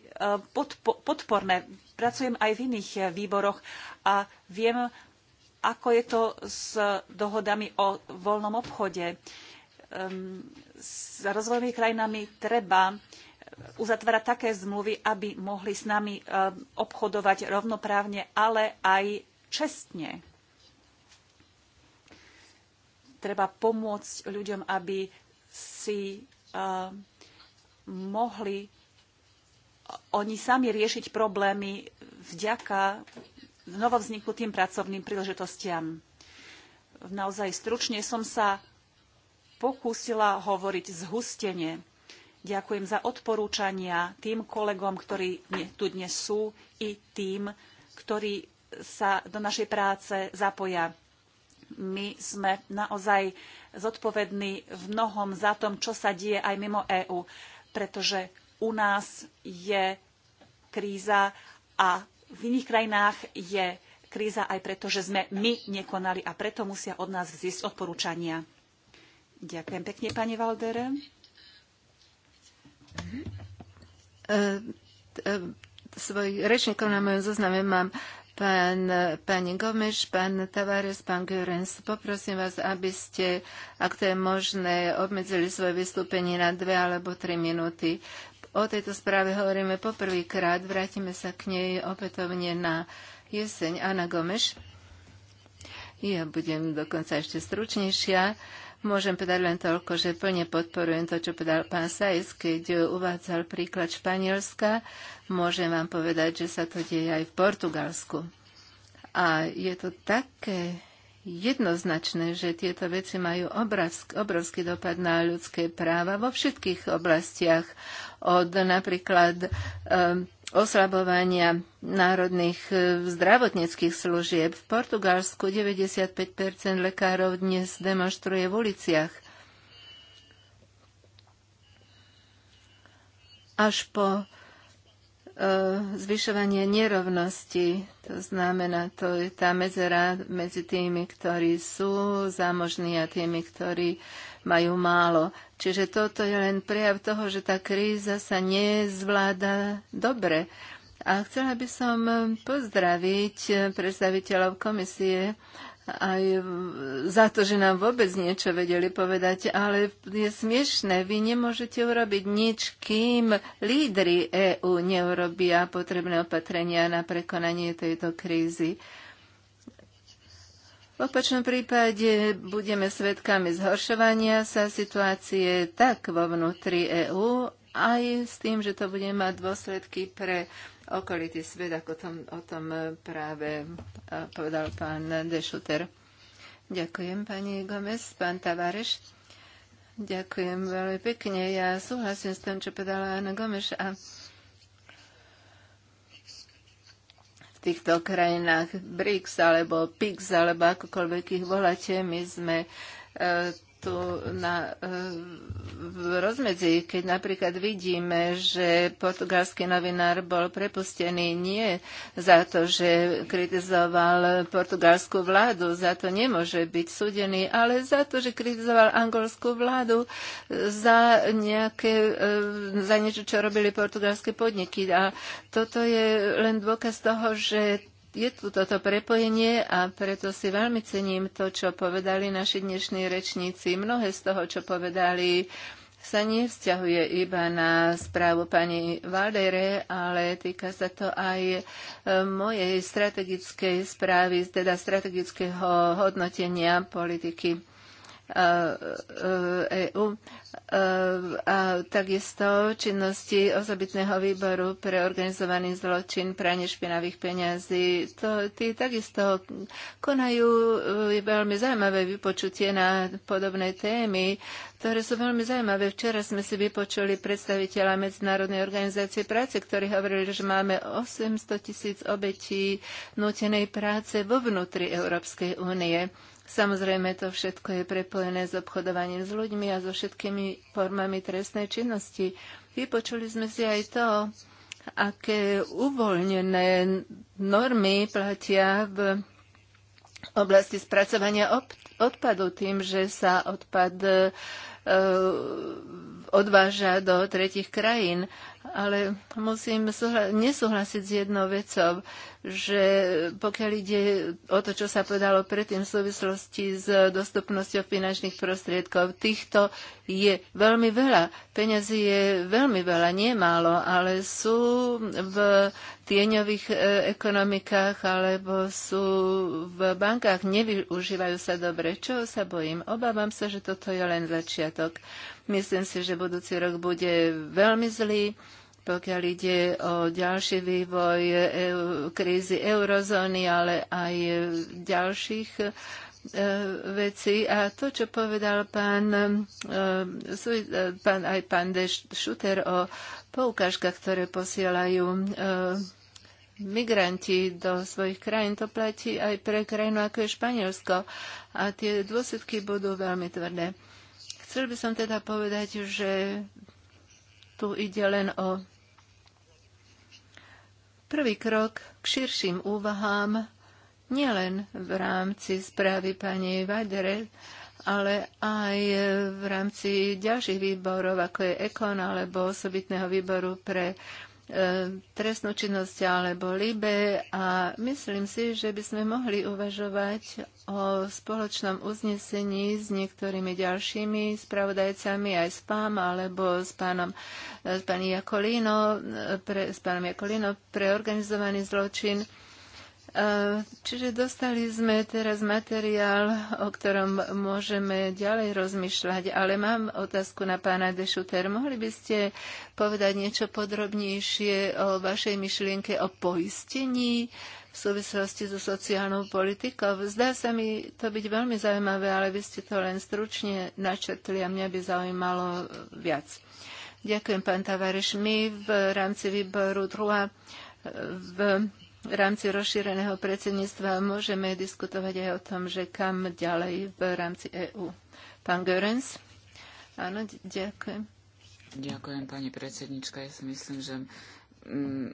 Speaker 2: podporné. Pracujem aj v iných e, výboroch a viem, ako je to s dohodami o voľnom obchode. S rozvojovými krajinami treba uzatvárať také zmluvy, aby mohli s nami e, obchodovať rovnoprávne, ale aj čestne. Treba pomôcť ľuďom, aby si e, mohli oni sami riešiť problémy vďaka novovzniknutým pracovným príležitostiam. Naozaj stručne som sa pokúsila hovoriť zhustenie Ďakujem za odporúčania tým kolegom, ktorí tu dnes sú, i tým, ktorí sa do našej práce zapoja. My sme naozaj zodpovední v mnohom za tom, čo sa deje aj mimo EÚ, pretože u nás je kríza a v iných krajinách je kríza aj preto, že sme my nekonali a preto musia od nás zísť odporúčania. Ďakujem pekne, pani Valdere.
Speaker 1: Ehm, ehm, Svojich rečníkov na mojom zozname mám pán, pani Gomeš, pán Tavares, pán Görens, poprosím vás, aby ste, ak to je možné, obmedzili svoje vystúpenie na dve alebo tri minúty. O tejto správe hovoríme poprvýkrát, vrátime sa k nej opätovne na jeseň. Anna Gomeš. Ja budem dokonca ešte stručnejšia. Môžem povedať len toľko, že plne podporujem to, čo povedal pán Sajs, keď uvádzal príklad Španielska. Môžem vám povedať, že sa to deje aj v Portugalsku. A je to také jednoznačné, že tieto veci majú obrovský, obrovský dopad na ľudské práva vo všetkých oblastiach, od napríklad um, oslabovania národných e, zdravotníckých služieb. V Portugalsku 95 lekárov dnes demonstruje v uliciach. Až po E, zvyšovanie nerovnosti, to znamená, to je tá medzera medzi tými, ktorí sú zámožní a tými, ktorí majú málo. Čiže toto je len prejav toho, že tá kríza sa nezvláda dobre. A chcela by som pozdraviť predstaviteľov komisie, aj za to, že nám vôbec niečo vedeli povedať, ale je smiešné, vy nemôžete urobiť nič, kým lídry EÚ neurobia potrebné opatrenia na prekonanie tejto krízy. V opačnom prípade budeme svedkami zhoršovania sa situácie tak vo vnútri EÚ, aj s tým, že to bude mať dôsledky pre okolitý svet, ako tom, o tom e, práve e, povedal pán Dešuter. Ďakujem, pani Gomez, pán Tavareš. Ďakujem veľmi pekne. Ja súhlasím s tým, čo povedala Anna Gomeš a v týchto krajinách BRICS alebo PIX alebo akokoľvek ich voláte, my sme e, tu na, e, v rozmedzi, keď napríklad vidíme, že portugalský novinár bol prepustený nie za to, že kritizoval portugalskú vládu, za to nemôže byť súdený, ale za to, že kritizoval angolskú vládu e, za, nejaké, e, za niečo, čo robili portugalské podniky. A toto je len dôkaz toho, že je tu toto prepojenie a preto si veľmi cením to, čo povedali naši dnešní rečníci. Mnohé z toho, čo povedali, sa nevzťahuje iba na správu pani Valdere, ale týka sa to aj e, mojej strategickej správy, teda strategického hodnotenia politiky EÚ e, e, e, a takisto činnosti osobitného výboru pre organizovaný zločin, pranie špinavých peňazí. To, tí takisto konajú veľmi zaujímavé vypočutie na podobné témy, ktoré sú veľmi zaujímavé. Včera sme si vypočuli predstaviteľa Medzinárodnej organizácie práce, ktorí hovorili, že máme 800 tisíc obetí nutenej práce vo vnútri Európskej únie. Samozrejme, to všetko je prepojené s obchodovaním s ľuďmi a so všetkými formami trestnej činnosti. Vypočuli sme si aj to, aké uvoľnené normy platia v oblasti spracovania odpadu tým, že sa odpad e, odváža do tretich krajín. Ale musím nesúhlasiť s jednou vecou, že pokiaľ ide o to, čo sa povedalo predtým v súvislosti s dostupnosťou finančných prostriedkov, týchto je veľmi veľa. Peňazí je veľmi veľa, nie málo, ale sú v tieňových e, ekonomikách alebo sú v bankách, nevyužívajú sa dobre. Čo sa bojím? Obávam sa, že toto je len začiatok. Myslím si, že budúci rok bude veľmi zlý pokiaľ ide o ďalší vývoj krízy eurozóny, ale aj ďalších e, veci. A to, čo povedal pán, e, e, pán aj pán De Schutter o poukážkach, ktoré posielajú migranti do svojich krajín. To platí aj pre krajinu, ako je Španielsko. A tie dôsledky budú veľmi tvrdé. Chcel by som teda povedať, že tu ide len o prvý krok k širším úvahám, nielen v rámci správy pani Vajdere, ale aj v rámci ďalších výborov, ako je EKON alebo osobitného výboru pre E, trestnú činnosť alebo LIBE a myslím si, že by sme mohli uvažovať o spoločnom uznesení s niektorými ďalšími spravodajcami, aj s pám alebo s pánom e, s pani Jakolino, e, pre, s pánom Jakolino pre organizovaný zločin E, čiže dostali sme teraz materiál, o ktorom môžeme ďalej rozmýšľať, ale mám otázku na pána Dešuter. Mohli by ste povedať niečo podrobnejšie o vašej myšlienke o poistení v súvislosti so sociálnou politikou? Zdá sa mi to byť veľmi zaujímavé, ale vy ste to len stručne načetli a mňa by zaujímalo viac. Ďakujem, pán Tavareš. My v rámci výboru druhá e, v v rámci rozšíreného predsedníctva môžeme diskutovať aj o tom, že kam ďalej v rámci EÚ. Pán Görens? Áno, ďakujem.
Speaker 4: Ďakujem, pani predsednička. Ja si myslím, že mm,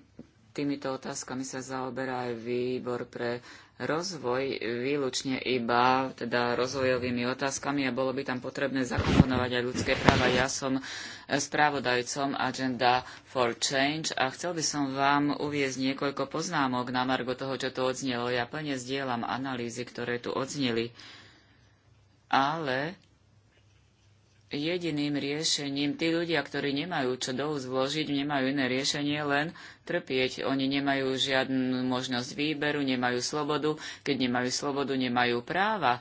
Speaker 4: Týmito otázkami sa zaoberá aj výbor pre rozvoj výlučne iba teda rozvojovými otázkami a bolo by tam potrebné zakomponovať aj ľudské práva. Ja som správodajcom Agenda for Change a chcel by som vám uviezť niekoľko poznámok na margo toho, čo tu odznelo. Ja plne zdieľam analýzy, ktoré tu odzneli, ale jediným riešením. Tí ľudia, ktorí nemajú čo do zložiť, nemajú iné riešenie, len trpieť. Oni nemajú žiadnu možnosť výberu, nemajú slobodu. Keď nemajú slobodu, nemajú práva.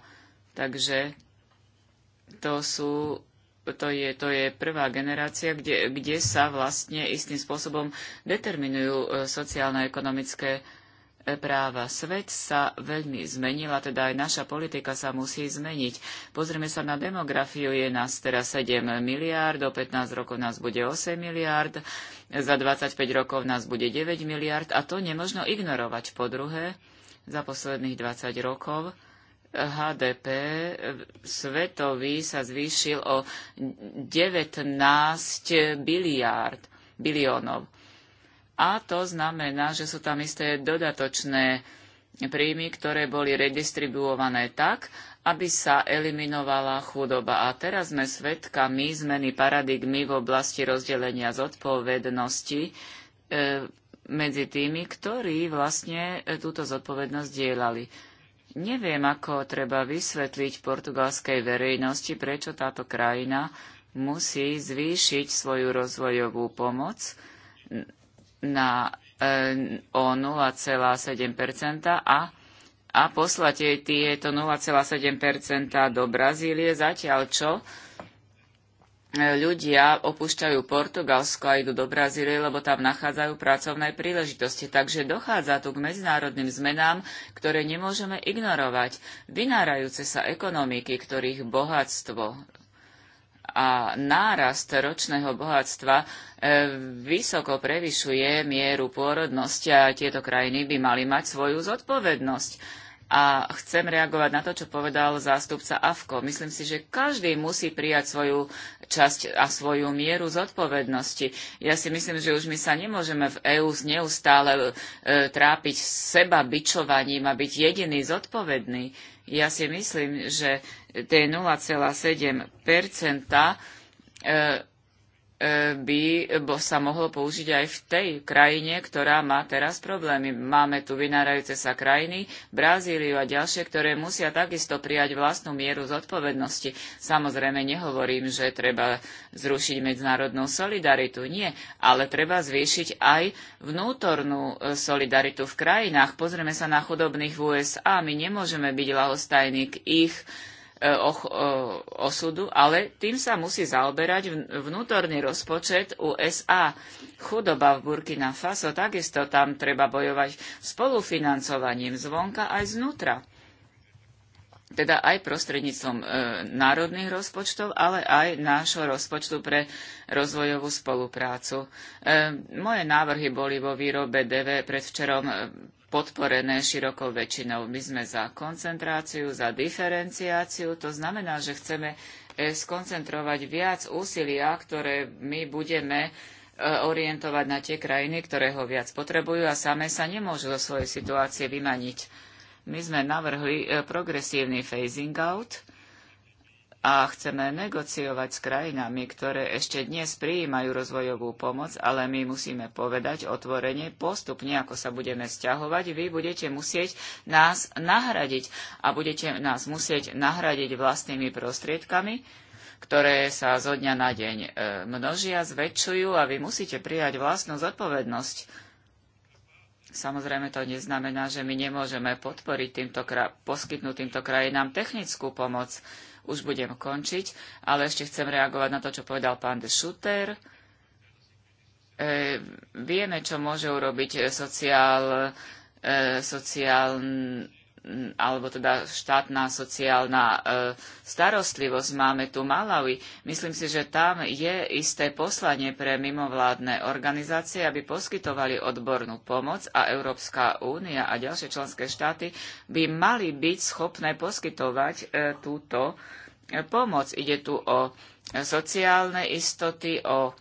Speaker 4: Takže to, sú, to, je, to je prvá generácia, kde, kde sa vlastne istým spôsobom determinujú e, sociálne-ekonomické práva. Svet sa veľmi zmenila, teda aj naša politika sa musí zmeniť. Pozrieme sa na demografiu, je nás teraz 7 miliárd, o 15 rokov nás bude 8 miliárd, za 25 rokov nás bude 9 miliárd a to nemožno ignorovať. Po druhé, za posledných 20 rokov HDP svetový sa zvýšil o 19 biliárd, biliónov a to znamená, že sú tam isté dodatočné príjmy, ktoré boli redistribuované tak, aby sa eliminovala chudoba. A teraz sme svedkami zmeny paradigmy v oblasti rozdelenia zodpovednosti e, medzi tými, ktorí vlastne e, túto zodpovednosť dielali. Neviem, ako treba vysvetliť portugalskej verejnosti, prečo táto krajina musí zvýšiť svoju rozvojovú pomoc na, e, o 0,7% a, a poslate tieto 0,7% do Brazílie, zatiaľ čo e, ľudia opúšťajú Portugalsko a idú do Brazílie, lebo tam nachádzajú pracovné príležitosti. Takže dochádza tu k medzinárodným zmenám, ktoré nemôžeme ignorovať. Vynárajúce sa ekonomiky, ktorých bohatstvo a nárast ročného bohatstva e, vysoko prevyšuje mieru pôrodnosti a tieto krajiny by mali mať svoju zodpovednosť. A chcem reagovať na to, čo povedal zástupca AFKO. Myslím si, že každý musí prijať svoju časť a svoju mieru zodpovednosti. Ja si myslím, že už my sa nemôžeme v EÚ neustále e, trápiť seba bičovaním a byť jediný zodpovedný ja si myslím, že tie 0,7 e, by sa mohlo použiť aj v tej krajine, ktorá má teraz problémy. Máme tu vynárajúce sa krajiny, Brazíliu a ďalšie, ktoré musia takisto prijať vlastnú mieru zodpovednosti. Samozrejme, nehovorím, že treba zrušiť medzinárodnú solidaritu. Nie, ale treba zvýšiť aj vnútornú e, solidaritu v krajinách. Pozrieme sa na chudobných v USA. My nemôžeme byť lahostajní k ich E, e, osudu, ale tým sa musí zaoberať vnútorný rozpočet USA. Chudoba v Burkina Faso takisto tam treba bojovať spolufinancovaním zvonka aj znútra. Teda aj prostredníctvom e, národných rozpočtov, ale aj nášho rozpočtu pre rozvojovú spoluprácu. E, moje návrhy boli vo výrobe DV predvčerom e, podporené širokou väčšinou. My sme za koncentráciu, za diferenciáciu, to znamená, že chceme eh, skoncentrovať viac úsilia, ktoré my budeme eh, orientovať na tie krajiny, ktoré ho viac potrebujú a same sa nemôžu zo svojej situácie vymaniť. My sme navrhli eh, progresívny phasing out, a chceme negociovať s krajinami, ktoré ešte dnes prijímajú rozvojovú pomoc, ale my musíme povedať otvorene, postupne, ako sa budeme sťahovať, vy budete musieť nás nahradiť a budete nás musieť nahradiť vlastnými prostriedkami, ktoré sa zo dňa na deň e, množia, zväčšujú a vy musíte prijať vlastnú zodpovednosť. Samozrejme to neznamená, že my nemôžeme podporiť týmto poskytnúť týmto krajinám technickú pomoc už budem končiť, ale ešte chcem reagovať na to, čo povedal pán de Schutter. E, vieme, čo môže urobiť e, sociál, e, sociálne alebo teda štátna sociálna e, starostlivosť. Máme tu Malawi. Myslím si, že tam je isté poslanie pre mimovládne organizácie, aby poskytovali odbornú pomoc a Európska únia a ďalšie členské štáty by mali byť schopné poskytovať e, túto e, pomoc. Ide tu o sociálne istoty, o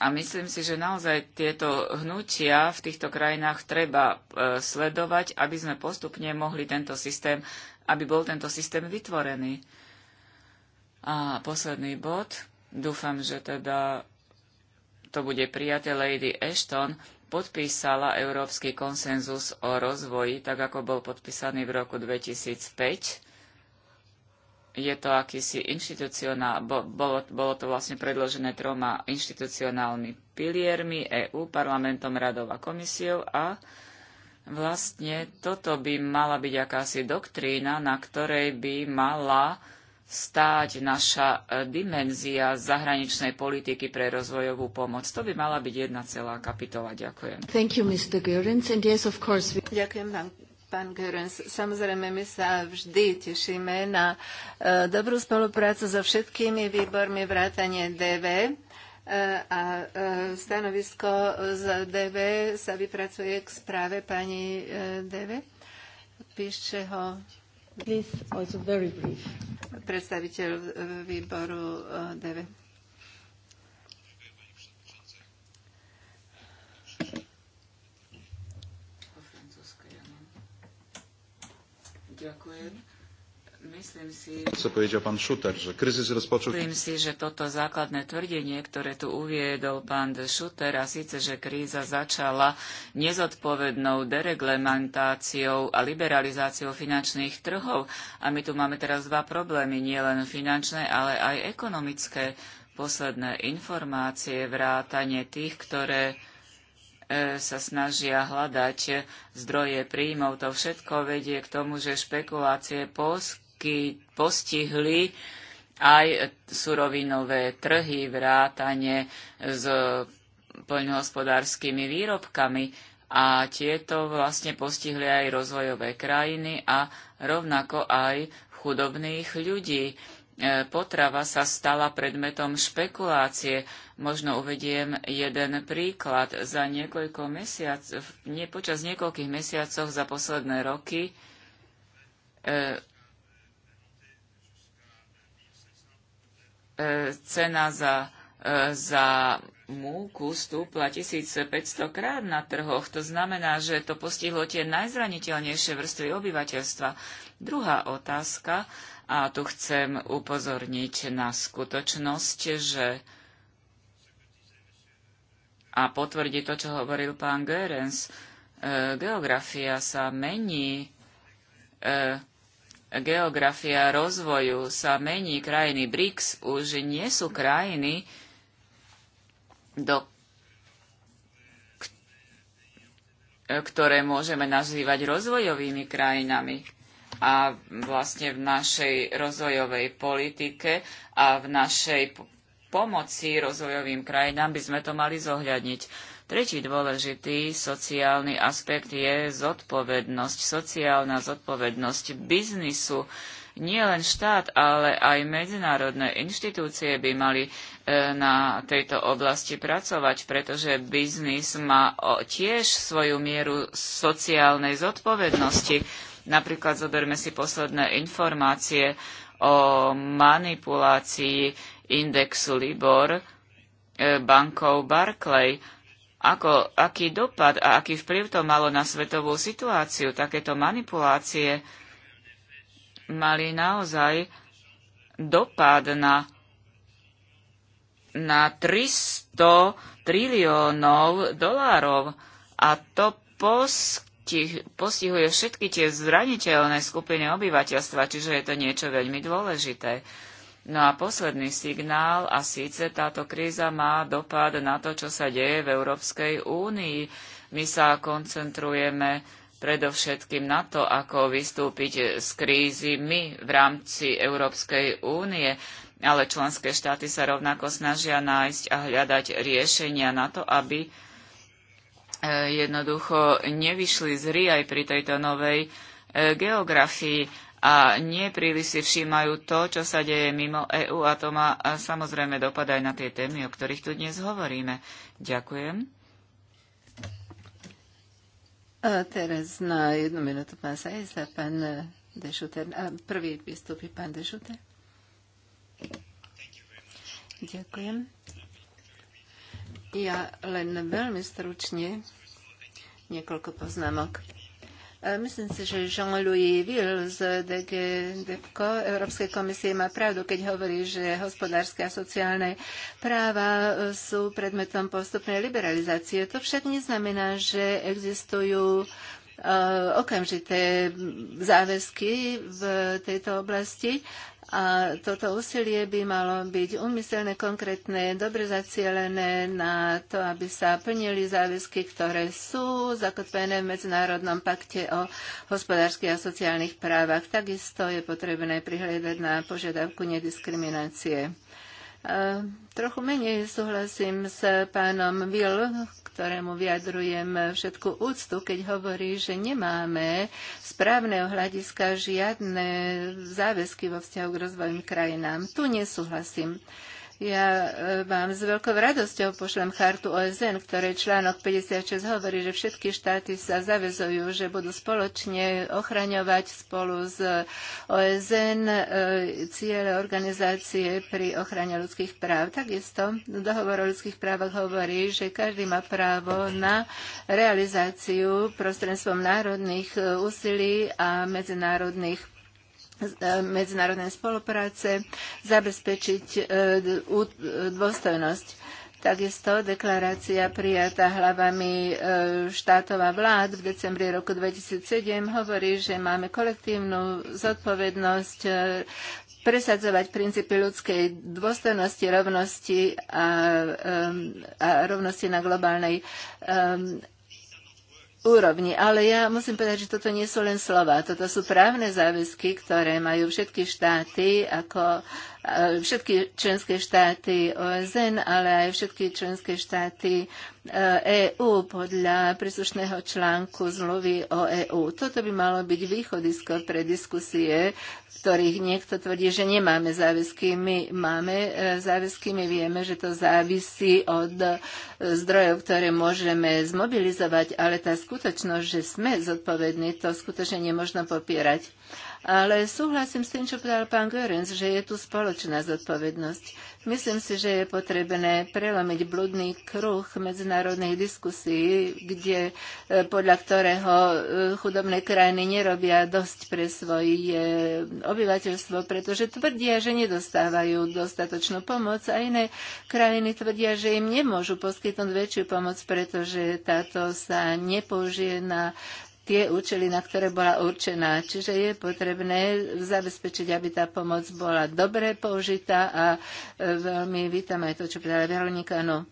Speaker 4: a myslím si, že naozaj tieto hnutia v týchto krajinách treba e, sledovať, aby sme postupne mohli tento systém, aby bol tento systém vytvorený. A posledný bod. Dúfam, že teda to bude prijaté Lady Ashton podpísala Európsky konsenzus o rozvoji, tak ako bol podpísaný v roku 2005 je to akýsi inštitucionál, bo, bolo, bolo to vlastne predložené troma inštitucionálnymi piliermi, EÚ, parlamentom, radov a komisiou a vlastne toto by mala byť akási doktrína, na ktorej by mala stáť naša e, dimenzia zahraničnej politiky pre rozvojovú pomoc. To by mala byť jedna celá kapitola. Ďakujem.
Speaker 2: You, yes, we...
Speaker 1: Ďakujem, pán Pán Görens, samozrejme my sa vždy tešíme na e, dobrú spoluprácu so všetkými výbormi vrátane DV e, a e, stanovisko z DV sa vypracuje k správe pani DV. Píše ho Predstaviteľ výboru DV.
Speaker 3: Myslím si, co
Speaker 2: pán Šuter, že krizis rozpočul... Myslím
Speaker 4: si, že toto základné tvrdenie, ktoré tu uviedol pán Šuter, a síce, že kríza začala nezodpovednou dereglementáciou a liberalizáciou finančných trhov. A my tu máme teraz dva problémy, nielen finančné, ale aj ekonomické. Posledné informácie, vrátanie tých, ktoré E, sa snažia hľadať zdroje príjmov. To všetko vedie k tomu, že špekulácie posky, postihli aj surovinové trhy, vrátane s poľnohospodárskymi výrobkami a tieto vlastne postihli aj rozvojové krajiny a rovnako aj chudobných ľudí. E, potrava sa stala predmetom špekulácie. Možno uvediem jeden príklad. Za niekoľko mesiacov, nie, počas niekoľkých mesiacov za posledné roky e, e, cena za, e, za múku stúpla 1500 krát na trhoch. To znamená, že to postihlo tie najzraniteľnejšie vrstvy obyvateľstva. Druhá otázka a tu chcem upozorniť na skutočnosť, že a potvrdí to, čo hovoril pán Goerens. E, geografia sa mení, e, geografia rozvoju sa mení, krajiny BRICS už nie sú krajiny, do e, ktoré môžeme nazývať rozvojovými krajinami a vlastne v našej rozvojovej politike a v našej pomoci rozvojovým krajinám by sme to mali zohľadniť. Tretí dôležitý sociálny aspekt je zodpovednosť, sociálna zodpovednosť biznisu. Nie len štát, ale aj medzinárodné inštitúcie by mali e, na tejto oblasti pracovať, pretože biznis má tiež svoju mieru sociálnej zodpovednosti Napríklad zoberme si posledné informácie o manipulácii indexu Libor e, bankou Barclay. Ako, aký dopad a aký vplyv to malo na svetovú situáciu? Takéto manipulácie mali naozaj dopad na, na 300 triliónov dolárov a to posk postih, postihuje všetky tie zraniteľné skupiny obyvateľstva, čiže je to niečo veľmi dôležité. No a posledný signál, a síce táto kríza má dopad na to, čo sa deje v Európskej únii. My sa koncentrujeme predovšetkým na to, ako vystúpiť z krízy my v rámci Európskej únie, ale členské štáty sa rovnako snažia nájsť a hľadať riešenia na to, aby E, jednoducho nevyšli z hry aj pri tejto novej e, geografii a nepríliš si všímajú to, čo sa deje mimo EÚ a to má a e, samozrejme dopad aj na tie témy, o ktorých tu dnes hovoríme. Ďakujem.
Speaker 1: A teraz na jednu minútu pán Sajza, pán Dešuter. A prvý vystúpi pán Dešuter. Ďakujem. Ja len veľmi stručne niekoľko poznámok. E, myslím si, že Jean-Louis Ville z DG DEPCO Európskej komisie má pravdu, keď hovorí, že hospodárske a sociálne práva e, sú predmetom postupnej liberalizácie. To však neznamená, že existujú Eh, okamžité záväzky v tejto oblasti a toto úsilie by malo byť úmyselné, konkrétne, dobre zacielené na to, aby sa plnili záväzky, ktoré sú zakotvené v Medzinárodnom pakte o hospodárskych a sociálnych právach. Takisto je potrebné prihľadať na požiadavku nediskriminácie. E, trochu menej súhlasím s pánom Will, ktorému vyjadrujem všetku úctu, keď hovorí, že nemáme správneho hľadiska žiadne záväzky vo vzťahu k rozvojovým krajinám. Tu nesúhlasím. Ja vám e, s veľkou radosťou pošlem chartu OSN, ktorej článok 56 hovorí, že všetky štáty sa zavezujú, že budú spoločne ochraňovať spolu s OSN e, ciele organizácie pri ochrane ľudských práv. Takisto dohovor o ľudských právach hovorí, že každý má právo na realizáciu prostredstvom národných e, úsilí a medzinárodných E, medzinárodnej spolupráce zabezpečiť e, e, dôstojnosť. Takisto deklarácia prijatá hlavami štátov a vlád v decembri roku 2007 hovorí, že máme kolektívnu zodpovednosť presadzovať princípy ľudskej dôstojnosti, rovnosti a, a rovnosti na globálnej úrovni. Ale ja musím povedať, že toto nie sú len slova. Toto sú právne záväzky, ktoré majú všetky štáty ako E, všetky členské štáty OSN, ale aj všetky členské štáty EÚ e podľa príslušného článku zmluvy o EÚ. Toto by malo byť východisko pre diskusie, v ktorých niekto tvrdí, že nemáme záväzky. My máme e, záväzky, my vieme, že to závisí od zdrojov, ktoré môžeme zmobilizovať, ale tá skutočnosť, že sme zodpovední, to skutočne nemôžno popierať. Ale súhlasím s tým, čo povedal pán Görens, že je tu spoločná zodpovednosť. Myslím si, že je potrebné prelomiť bludný kruh medzinárodných diskusí, kde, e, podľa ktorého e, chudobné krajiny nerobia dosť pre svoje e, obyvateľstvo, pretože tvrdia, že nedostávajú dostatočnú pomoc a iné krajiny tvrdia, že im nemôžu poskytnúť väčšiu pomoc, pretože táto sa nepoužije na tie účely, na ktoré bola určená. Čiže je potrebné zabezpečiť, aby tá pomoc bola dobre použitá a e, veľmi vítam aj to, čo povedala Veronika no,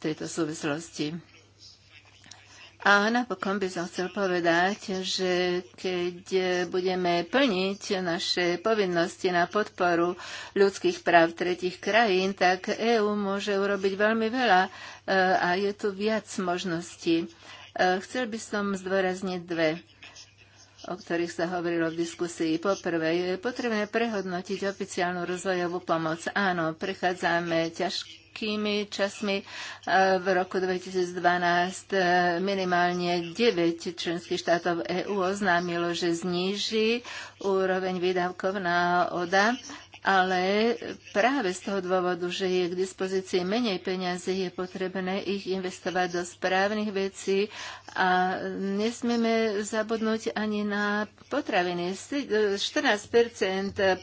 Speaker 1: v tejto súvislosti. A napokon by som chcel povedať, že keď budeme plniť naše povinnosti na podporu ľudských práv tretich krajín, tak EÚ môže urobiť veľmi veľa e, a je tu viac možností. Eh, chcel by som zdôrazniť dve o ktorých sa hovorilo v diskusii. Poprvé, je potrebné prehodnotiť oficiálnu rozvojovú pomoc. Áno, prechádzame ťažkými časmi. Eh, v roku 2012 eh, minimálne 9 členských štátov EÚ oznámilo, že zníži úroveň výdavkov na ODA ale práve z toho dôvodu, že je k dispozícii menej peňazí, je potrebné ich investovať do správnych vecí a nesmieme zabudnúť ani na potraviny. 14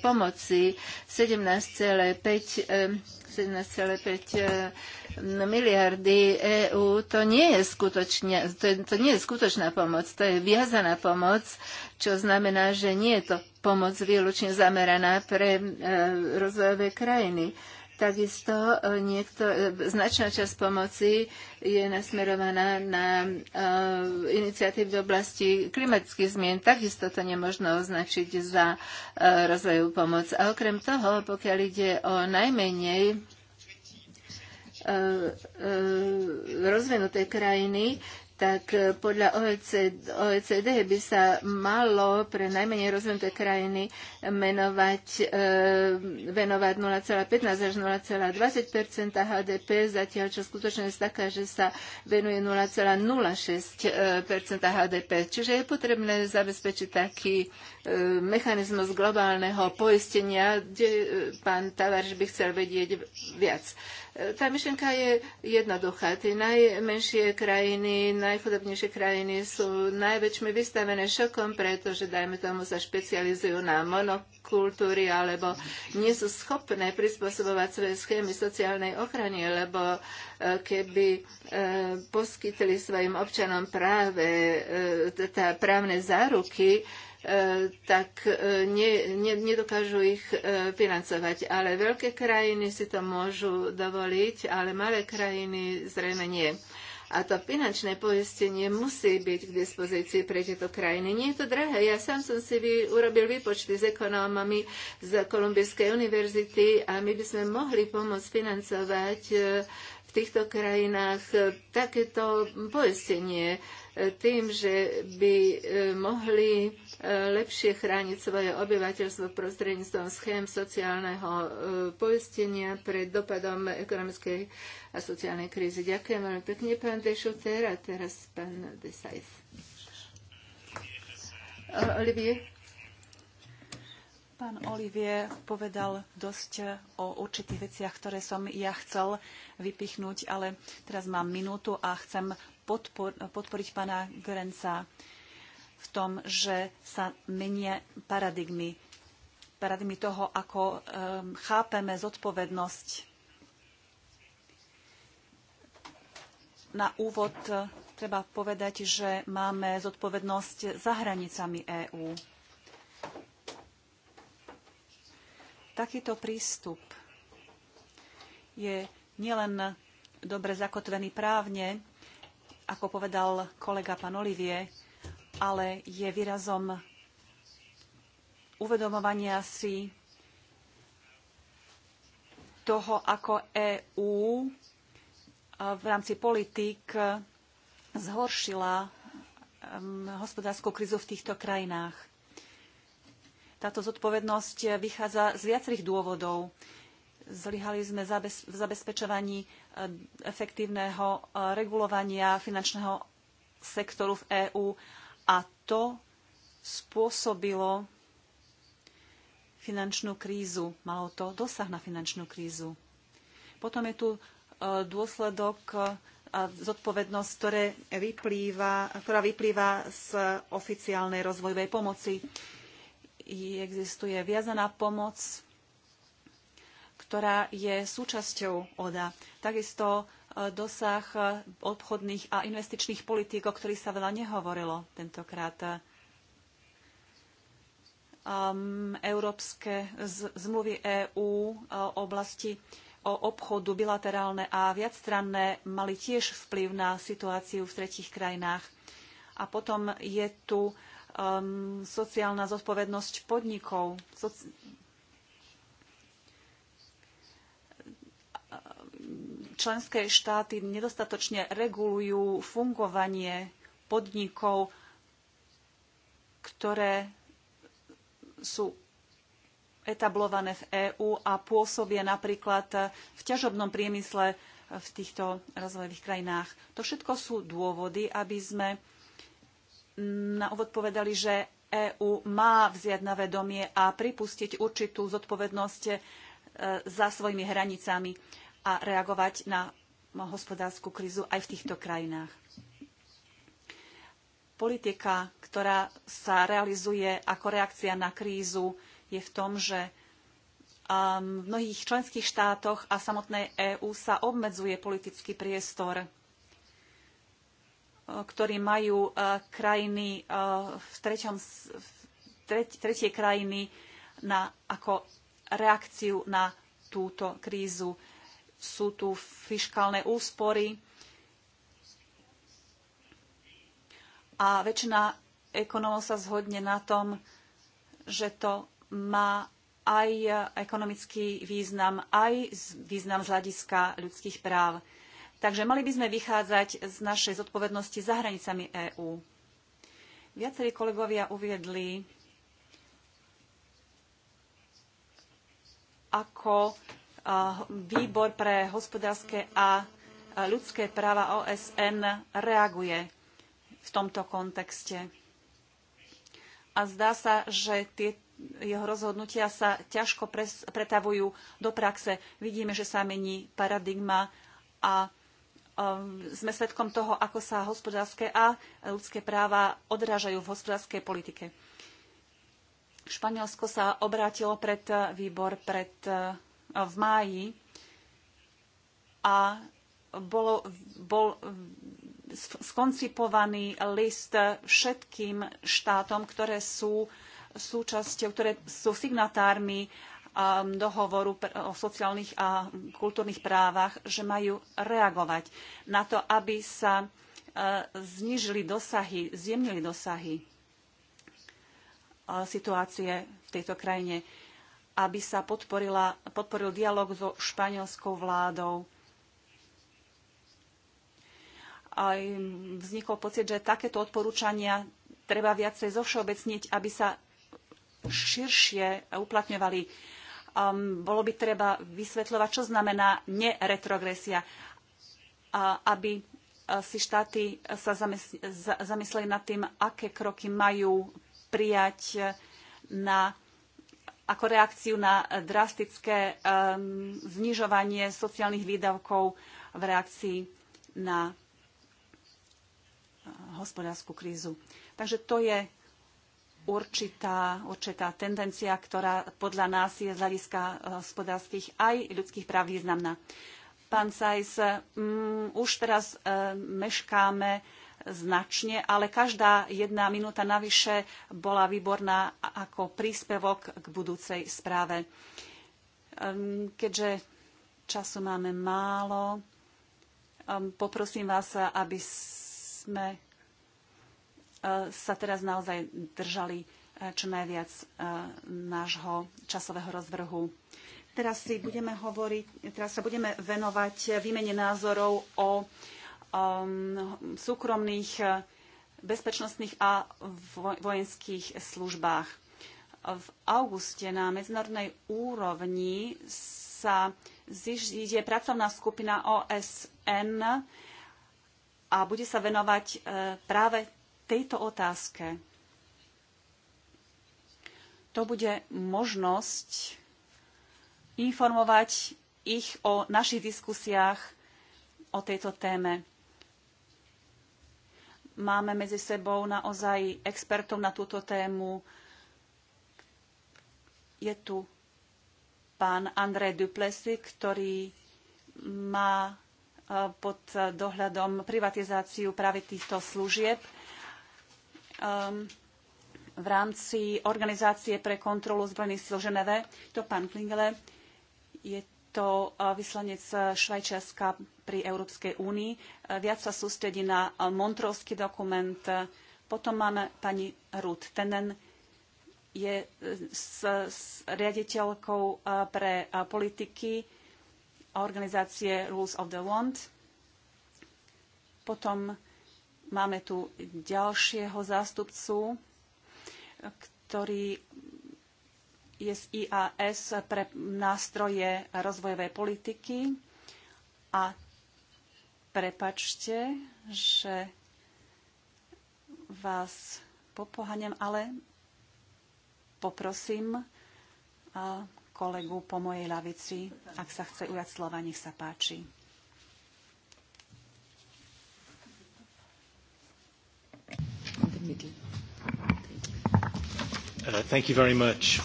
Speaker 1: pomoci, 17,5 17,5 eh, miliardy EÚ, to nie, je skutočne, to, je, to nie je skutočná pomoc, to je viazaná pomoc, čo znamená, že nie je to pomoc výlučne zameraná pre e, rozvojové krajiny. E, Takisto e, niekto, e, značná časť pomoci je nasmerovaná na e, iniciatívy v oblasti klimatických zmien. Takisto to nemožno označiť za rozvojovú pomoc. A okrem toho, pokiaľ ide o najmenej rozvinuté krajiny, tak eh, podľa OECD, by sa malo pre najmenej rozvinuté krajiny menovať, eh, venovať 0,15 až 0,20 HDP, zatiaľ čo je taká, že sa venuje 0,06 eh, HDP. Čiže je potrebné zabezpečiť taký mechanizmus globálneho poistenia, kde e, pán Tavarš by chcel vedieť viac. E, tá myšlenka je jednoduchá. Tie najmenšie krajiny, najchudobnejšie krajiny sú najväčšmi vystavené šokom, pretože, dajme tomu, sa špecializujú na monopol kultúry alebo nie sú schopné prispôsobovať svoje schémy sociálnej ochrany, lebo e, keby e, poskytli svojim občanom práve e, tá právne záruky, tak nedokážu ich financovať. Ale veľké krajiny si to môžu dovoliť, ale malé krajiny zrejme nie. A to finančné poistenie musí byť k dispozícii pre tieto krajiny. Nie je to drahé. Ja sám som si vy, urobil výpočty s ekonómami z Kolumbijskej univerzity a my by sme mohli pomôcť financovať eh, v týchto krajinách eh, takéto poistenie tým, že by e, mohli e, lepšie chrániť svoje obyvateľstvo prostredníctvom schém sociálneho e, poistenia pred dopadom ekonomickej a sociálnej krízy. Ďakujem veľmi pekne, pán Dešuter, a teraz pán Desajs.
Speaker 2: Olivier. Pán Olivier povedal dosť o určitých veciach, ktoré som ja chcel vypichnúť, ale teraz mám minútu a chcem podpor, podporiť pána Grenca v tom, že sa menia paradigmy. Paradigmy toho, ako um, chápeme zodpovednosť. Na úvod e, treba povedať, že máme zodpovednosť za hranicami EÚ. Takýto prístup je nielen dobre zakotvený právne, ako povedal kolega pán Olivie, ale je výrazom uvedomovania si toho, ako EÚ e, v rámci politík zhoršila hospodárskú krizu v týchto krajinách. Táto zodpovednosť vychádza z viacerých dôvodov. Zlyhali sme v zabezpečovaní e, efektívneho e, regulovania finančného sektoru v EÚ a to spôsobilo finančnú krízu. Malo to dosah na finančnú krízu. Potom je tu e, dôsledok a zodpovednosť, ktoré vyplýva, ktorá vyplýva z oficiálnej rozvojovej pomoci. Existuje viazaná pomoc ktorá je súčasťou ODA. Takisto e, dosah e, obchodných a investičných politík, o ktorých sa veľa nehovorilo tentokrát. Um, európske zmluvy EÚ o e, oblasti o obchodu bilaterálne a viacstranné mali tiež vplyv na situáciu v tretích krajinách. A potom je tu um, sociálna zodpovednosť podnikov, soci členské štáty nedostatočne regulujú fungovanie podnikov, ktoré sú etablované v EÚ a pôsobia napríklad v ťažobnom priemysle v týchto rozvojových krajinách. To všetko sú dôvody, aby sme na úvod povedali, že EÚ má vziať na vedomie a pripustiť určitú zodpovednosť e, za svojimi hranicami a reagovať na hospodárskú krízu aj v týchto krajinách. Politika, ktorá sa realizuje ako reakcia na krízu, je v tom, že um, v mnohých členských štátoch a samotnej EÚ sa obmedzuje politický priestor, uh, ktorý majú uh, krajiny uh, v, treťom, tretie krajiny na, ako reakciu na túto krízu sú tu fiškálne úspory a väčšina ekonomov sa zhodne na tom, že to má aj ekonomický význam, aj význam z hľadiska ľudských práv. Takže mali by sme vychádzať z našej zodpovednosti za hranicami EÚ. Viacerí kolegovia uviedli, ako Výbor pre hospodárske a ľudské práva OSN reaguje v tomto kontexte. A zdá sa, že tie, jeho rozhodnutia sa ťažko pres, pretavujú do praxe. Vidíme, že sa mení paradigma a sme svedkom toho, ako sa hospodárske a ľudské práva odrážajú v hospodárskej politike. Španielsko sa obrátilo pred výbor pred v máji a bolo, bol skoncipovaný list všetkým štátom, ktoré sú súčasťou, ktoré sú signatármi um, dohovoru o sociálnych a kultúrnych právach, že majú reagovať na to, aby sa uh, znížili dosahy, zjemnili dosahy uh, situácie v tejto krajine aby sa podporil dialog so španielskou vládou. Aj vznikol pocit, že takéto odporúčania treba viacej zovšeobecniť, aby sa širšie uplatňovali. Um, bolo by treba vysvetľovať, čo znamená neretrogresia, a, aby e, si štáty sa zamysleli nad tým, aké kroky majú prijať e, na ako reakciu na drastické um, znižovanie sociálnych výdavkov v reakcii na eh, hospodárskú krízu. Takže to je určitá, určitá tendencia, ktorá podľa nás je z hľadiska eh, hospodárskych aj ľudských práv významná. Pán Sajs, um, už teraz um, meškáme značne, ale každá jedna minúta navyše bola výborná ako príspevok k budúcej správe. Keďže času máme málo, poprosím vás, aby sme e, sa teraz naozaj držali e, čo najviac e, nášho časového rozvrhu. Teraz, si budeme hovoriť, teraz sa budeme venovať výmene názorov o Um, súkromných eh, bezpečnostných a vojenských službách. V auguste na medzinárodnej úrovni sa zíde pracovná skupina OSN a bude sa venovať eh, práve tejto otázke. To bude možnosť informovať ich o našich diskusiách o tejto téme. Máme medzi sebou naozaj expertov na túto tému. Je tu pán André Duplessis, ktorý má e, pod dohľadom privatizáciu práve týchto služieb. E, v rámci Organizácie pre kontrolu zbrojných síl Ženeve, to pán Klingele, je to e, vyslanec e, Švajčiarska pri Európskej únii. E, viac sa sústredí na Montrovský dokument. Potom máme pani Ruth Tenen, je s, s riaditeľkou pre politiky a organizácie Rules of the Wand. Potom máme tu ďalšieho zástupcu, ktorý ISIAS pre nástroje rozvojovej politiky. A prepačte, že vás popoháňam, ale poprosím kolegu po mojej lavici, ak sa chce ujať slova, nech sa páči.
Speaker 1: Uh, thank you very much.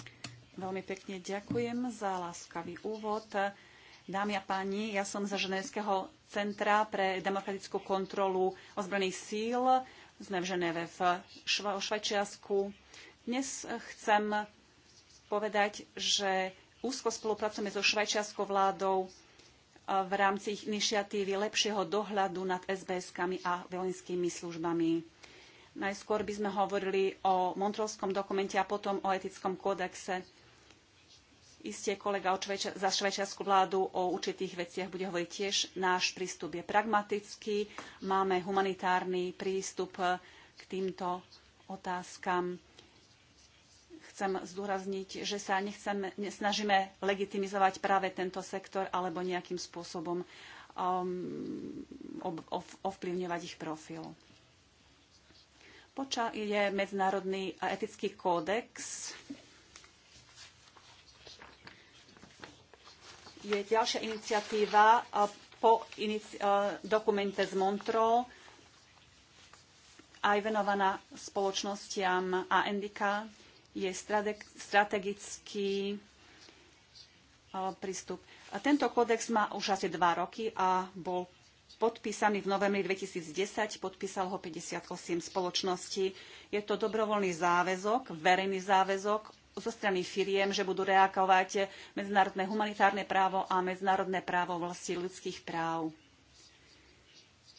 Speaker 2: Veľmi pekne ďakujem za láskavý úvod. Dámy a páni, ja som z Ženevského centra pre demokratickú kontrolu ozbrojených síl. Sme v Ženeve v Šva- Švajčiarsku. Dnes chcem povedať, že úzko spolupracujeme so švajčiarskou vládou eh, v rámci ich iniciatívy lepšieho dohľadu nad SBS-kami a vojenskými službami. Najskôr by sme hovorili o Montrovskom dokumente a potom o etickom kódexe iste kolega za švajčiarsku vládu o určitých veciach bude hovoriť tiež. Náš prístup je pragmatický, máme humanitárny prístup eh, k týmto otázkam. Chcem zdôrazniť, že sa nechcem, nesnažíme legitimizovať práve tento sektor alebo nejakým spôsobom um, ovplyvňovať ich profil. Poča je medzinárodný etický kódex, je ďalšia iniciatíva po dokumente z Montreux aj venovaná spoločnostiam a je strategický prístup. A tento kódex má už asi dva roky a bol podpísaný v novembri 2010, podpísal ho 58 spoločností. Je to dobrovoľný záväzok, verejný záväzok zo strany firiem, že budú reagovať medzinárodné humanitárne právo a medzinárodné právo vlasti ľudských práv.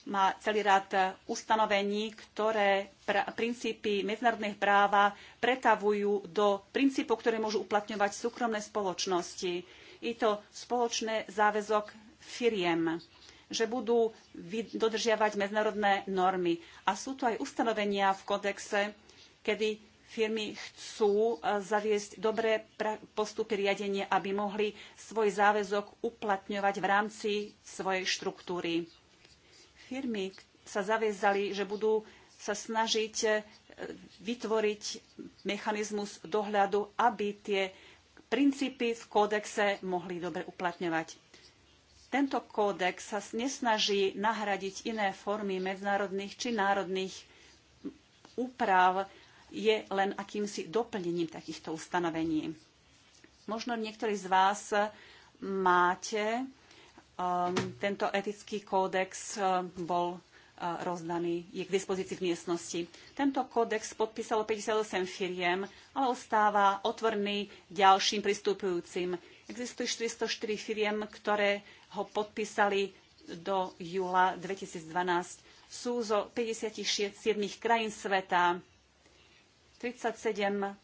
Speaker 2: Má celý rád ustanovení, ktoré princípy medzinárodných práva pretavujú do princípov, ktoré môžu uplatňovať súkromné spoločnosti. Je to spoločný záväzok firiem že budú dodržiavať medzinárodné normy. A sú tu aj ustanovenia v kodexe, kedy firmy chcú eh, zaviesť dobré postupy riadenia, aby mohli svoj záväzok uplatňovať v rámci svojej štruktúry. Firmy sa zaviezali, že budú sa snažiť eh, vytvoriť mechanizmus dohľadu, aby tie princípy v kódexe mohli dobre uplatňovať. Tento kódex sa nesnaží nahradiť iné formy medzinárodných či národných úprav, je len akýmsi doplnením takýchto ustanovení. Možno niektorí z vás máte um, tento etický kódex um, bol uh, rozdaný, je k dispozícii v miestnosti. Tento kódex podpísalo 58 firiem, ale ostáva otvorný ďalším pristupujúcim. Existujú 404 firiem, ktoré ho podpísali do júla 2012. Sú zo 57 krajín sveta 37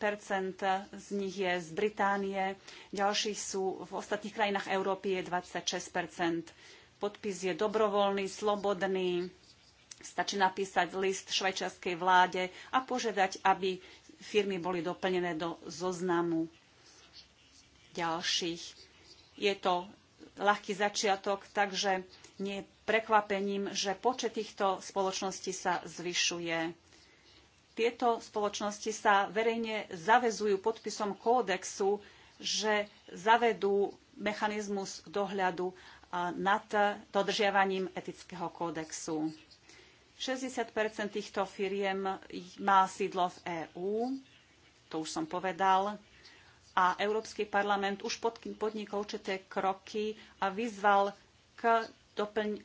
Speaker 2: z nich je z Británie, ďalší sú v ostatných krajinách Európy je 26 Podpis je dobrovoľný, slobodný. Stačí napísať list švajčiarskej vláde a požiadať, aby firmy boli doplnené do zoznamu ďalších. Je to ľahký začiatok, takže nie je prekvapením, že počet týchto spoločností sa zvyšuje tieto spoločnosti sa verejne zavezujú podpisom kódexu, že zavedú mechanizmus dohľadu nad dodržiavaním etického kódexu. 60 týchto firiem má sídlo v EÚ, to už som povedal, a Európsky parlament už podnikol určité kroky a vyzval k, doplň, eh,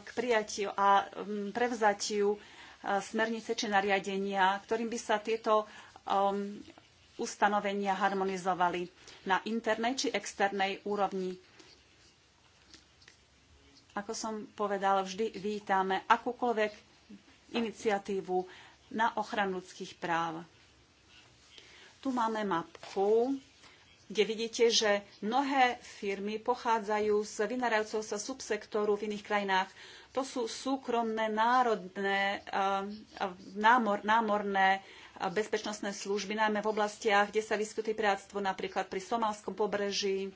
Speaker 2: k prijatiu a mm, prevzatiu smernice či nariadenia, ktorým by sa tieto um, ustanovenia harmonizovali na internej či externej úrovni. Ako som povedala, vždy vítame akúkoľvek iniciatívu na ochranu ľudských práv. Tu máme mapku, kde vidíte, že mnohé firmy pochádzajú z vynárajúceho sa subsektoru v iných krajinách to sú súkromné národné eh, námor, námorné bezpečnostné služby, najmä v oblastiach, kde sa vyskytuje piráctvo, napríklad pri somálskom pobreží,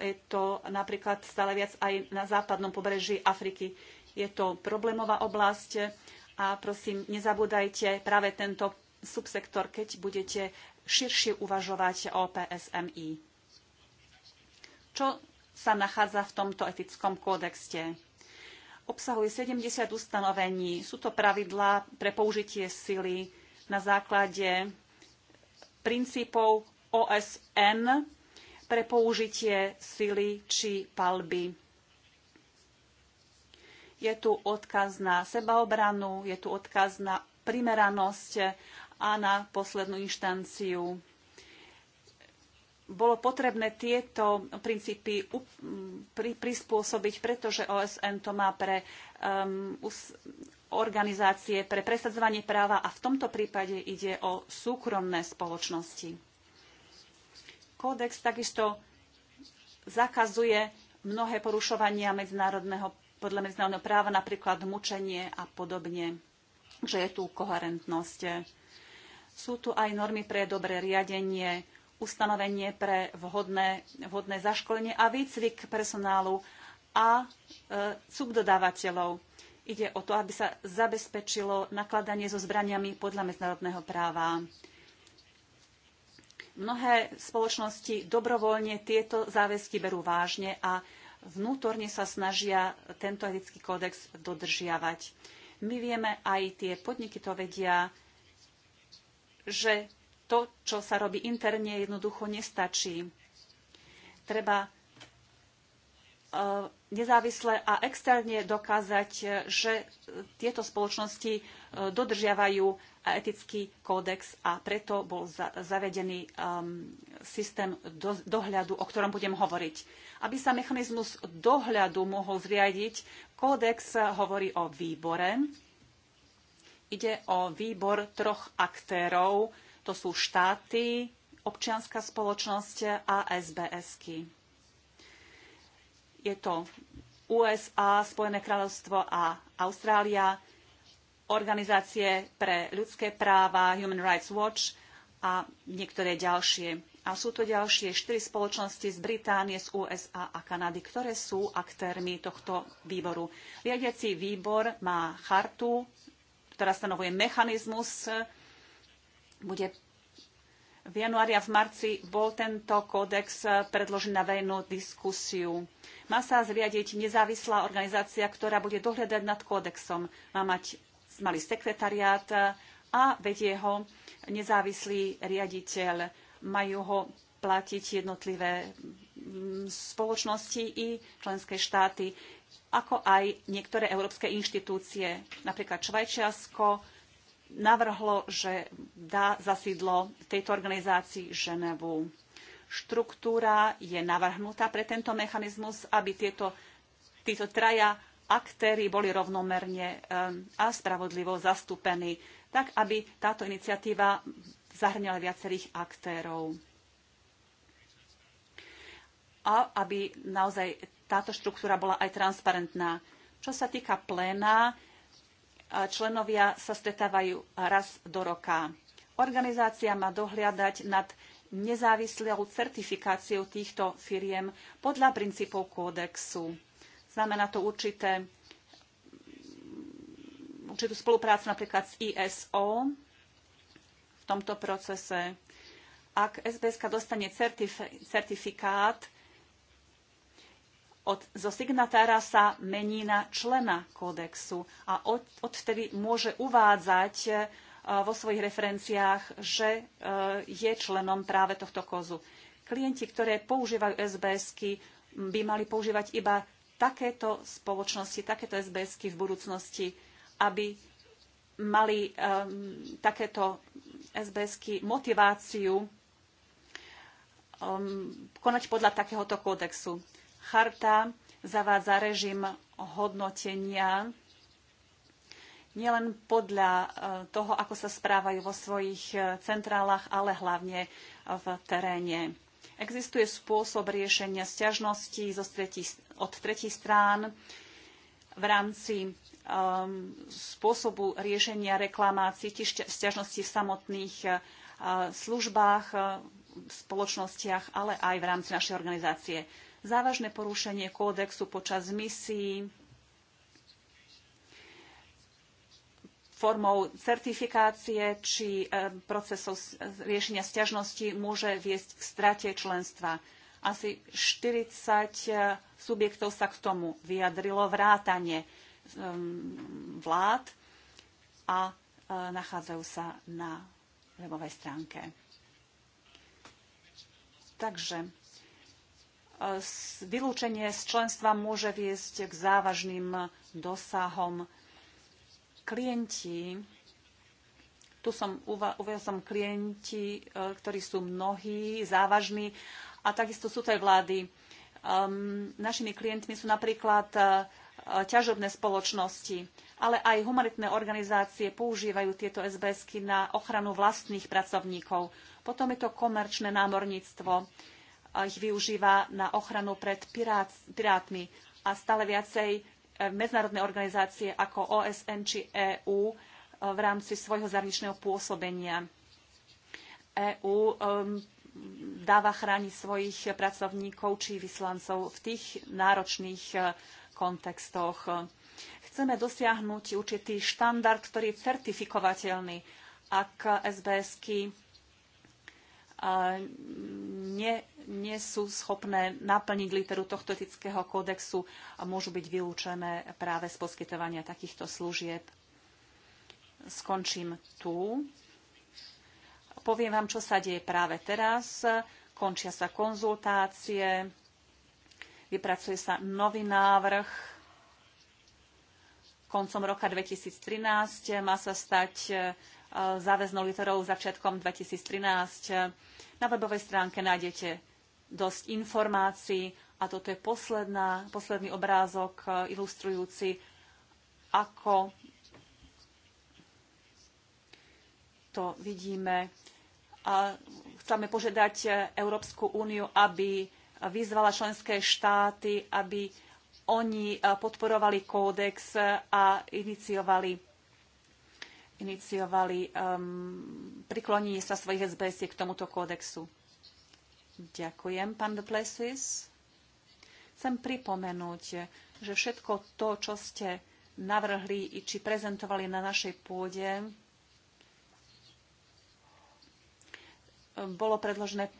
Speaker 2: je to napríklad stále viac aj na západnom pobreží Afriky. Je to problémová oblasť a prosím, nezabúdajte práve tento subsektor, keď budete širšie uvažovať o PSMI. Čo sa nachádza v tomto etickom kódexte? obsahuje 70 ustanovení. Sú to pravidlá pre použitie sily na základe princípov OSN pre použitie sily či palby. Je tu odkaz na sebaobranu, je tu odkaz na primeranosť a na poslednú inštanciu bolo potrebné tieto princípy prispôsobiť, pretože OSN to má pre um, organizácie pre presadzovanie práva a v tomto prípade ide o súkromné spoločnosti. Kódex takisto zakazuje mnohé porušovania medzinárodného, podľa medzinárodného práva, napríklad mučenie a podobne, že je tu koherentnosť. Sú tu aj normy pre dobré riadenie, ustanovenie pre vhodné, vhodné zaškolenie a výcvik personálu a e, subdodávateľov. Ide o to, aby sa zabezpečilo nakladanie so zbraniami podľa medzinárodného práva. Mnohé spoločnosti dobrovoľne tieto záväzky berú vážne a vnútorne sa snažia tento etický kódex dodržiavať. My vieme, aj tie podniky to vedia, že to, čo sa robí interne, jednoducho nestačí. Treba e, nezávisle a externe dokázať, že tieto spoločnosti e, dodržiavajú etický kódex a preto bol zavedený e, systém dohľadu, o ktorom budem hovoriť. Aby sa mechanizmus dohľadu mohol zriadiť, kódex hovorí o výbore. Ide o výbor troch aktérov, to sú štáty, občianská spoločnosť a SBSky. Je to USA, Spojené kráľovstvo a Austrália, organizácie pre ľudské práva, Human Rights Watch a niektoré ďalšie. A sú to ďalšie štyri spoločnosti z Británie, z USA a Kanady, ktoré sú aktérmi tohto výboru. Riadiaci výbor má chartu, ktorá stanovuje mechanizmus bude v januári a v marci bol tento kódex eh, predložený na verejnú diskusiu. Má sa zriadiť nezávislá organizácia, ktorá bude dohľadať nad kódexom. Má mať malý sekretariát eh, a vedie ho nezávislý riaditeľ. Majú ho platiť jednotlivé mm, spoločnosti i členské štáty, ako aj niektoré európske inštitúcie, napríklad Švajčiarsko, navrhlo, že dá zasídlo tejto organizácii Ženevu. Štruktúra je navrhnutá pre tento mechanizmus, aby tieto, títo traja aktéry boli rovnomerne ehm, a spravodlivo zastúpení, tak aby táto iniciatíva zahrňala viacerých aktérov. A aby naozaj táto štruktúra bola aj transparentná. Čo sa týka pléna, členovia sa stretávajú raz do roka. Organizácia má dohliadať nad nezávislou certifikáciou týchto firiem podľa princípov kódexu. Znamená to určité, určitú spoluprácu napríklad s ISO v tomto procese. Ak SBS dostane certif certifikát, od, zo signatára sa mení na člena kódexu a od, odtedy môže uvádzať e, vo svojich referenciách, že e, je členom práve tohto kozu. Klienti, ktoré používajú SBS-ky, by mali používať iba takéto spoločnosti, takéto SBS-ky v budúcnosti, aby mali um, takéto SBS-ky motiváciu um, konať podľa takéhoto kódexu. Charta zavádza režim hodnotenia nielen podľa e, toho, ako sa správajú vo svojich e, centrálach, ale hlavne e, v teréne. Existuje spôsob riešenia sťažností od tretich strán v rámci um, spôsobu riešenia reklamácií, či sťažností v samotných uh, službách, uh, spoločnostiach, ale aj v rámci našej organizácie závažné porušenie kódexu počas misií formou certifikácie či e, procesov riešenia sťažnosti môže viesť k strate členstva. Asi 40 e, subjektov sa k tomu vyjadrilo vrátane e, vlád a nachádzajú sa na webovej stránke. Takže E, vylúčenie z členstva môže viesť k závažným dosahom. Klienti, tu som uvedol som klienti, e, ktorí sú mnohí, závažní a takisto sú to aj vlády. Ehm, našimi klientmi sú napríklad e, ťažobné spoločnosti, ale aj humanitné organizácie používajú tieto SBS-ky na ochranu vlastných pracovníkov. Potom je to komerčné námorníctvo ich využíva na ochranu pred pirát, pirátmi a stále viacej eh, medzinárodné organizácie ako OSN či EÚ eh, v rámci svojho zahraničného pôsobenia. EÚ ehm, dáva chrániť svojich pracovníkov či vyslancov v tých náročných eh, kontextoch. Chceme dosiahnuť určitý štandard, ktorý je certifikovateľný. Ak SBS-ky nie, nie sú schopné naplniť literu tohto etického kódexu a môžu byť vylúčené práve z poskytovania takýchto služieb. Skončím tu. Poviem vám, čo sa deje práve teraz. Končia sa konzultácie, vypracuje sa nový návrh. Koncom roka 2013 má sa stať záväznou literou začiatkom 2013. Na webovej stránke nájdete dosť informácií a toto je posledná, posledný obrázok eh, ilustrujúci, ako to vidíme. A chceme požiadať eh, Európsku úniu, aby vyzvala členské štáty, aby oni eh, podporovali kódex a iniciovali iniciovali um, priklonenie sa svojich SBS k tomuto kódexu. Ďakujem, pán de Plessis. Chcem pripomenúť, že všetko to, čo ste navrhli či prezentovali na našej pôde, um, bolo predložené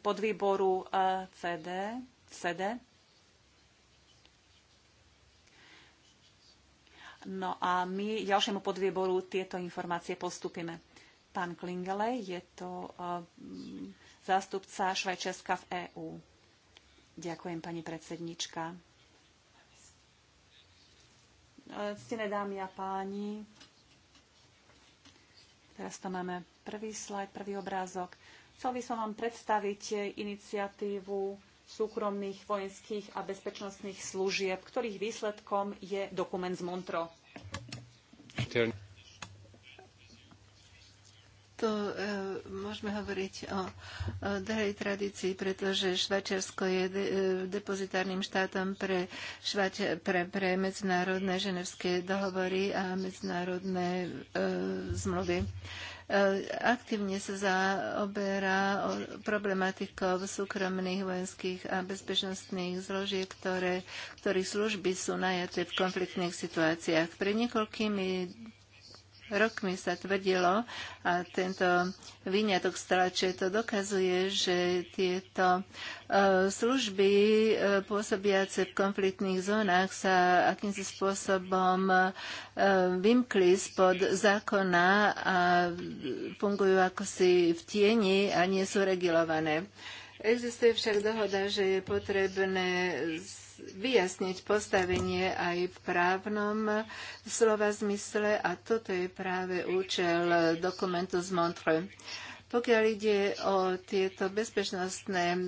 Speaker 2: pod výboru uh, CD, CD No a my ďalšiemu podvieboru tieto informácie postupíme. Pán Klingele je to eh, zástupca Švajčiarska v EÚ. Ďakujem, pani predsednička. Eh, ctené dámy a páni, teraz tam máme prvý slajd, prvý obrázok. Chcel by som vám predstaviť iniciatívu súkromných vojenských a bezpečnostných služieb, ktorých výsledkom je dokument z Montro.
Speaker 1: Tu e, môžeme hovoriť o, o dlhej tradícii, pretože Švajčiarsko je de, e, depozitárnym štátom pre, švač, pre, pre medzinárodné ženevské dohovory a medzinárodné e, zmluvy. E, E, aktívne sa zaoberá problematikou súkromných vojenských a bezpečnostných zložiek, ktoré, ktorých služby sú najaté v konfliktných situáciách. Pre niekoľkými rokmi sa tvrdilo, a tento výňatok stráče to dokazuje, že tieto e, služby e, pôsobiace v konfliktných zónach sa akýmsi spôsobom e, vymkli spod zákona a fungujú ako si v tieni a nie sú regulované. Existuje však dohoda, že je potrebné vyjasniť postavenie aj v právnom slova zmysle a toto je práve účel dokumentu z Montreux. Pokiaľ ide o tieto bezpečnostné e,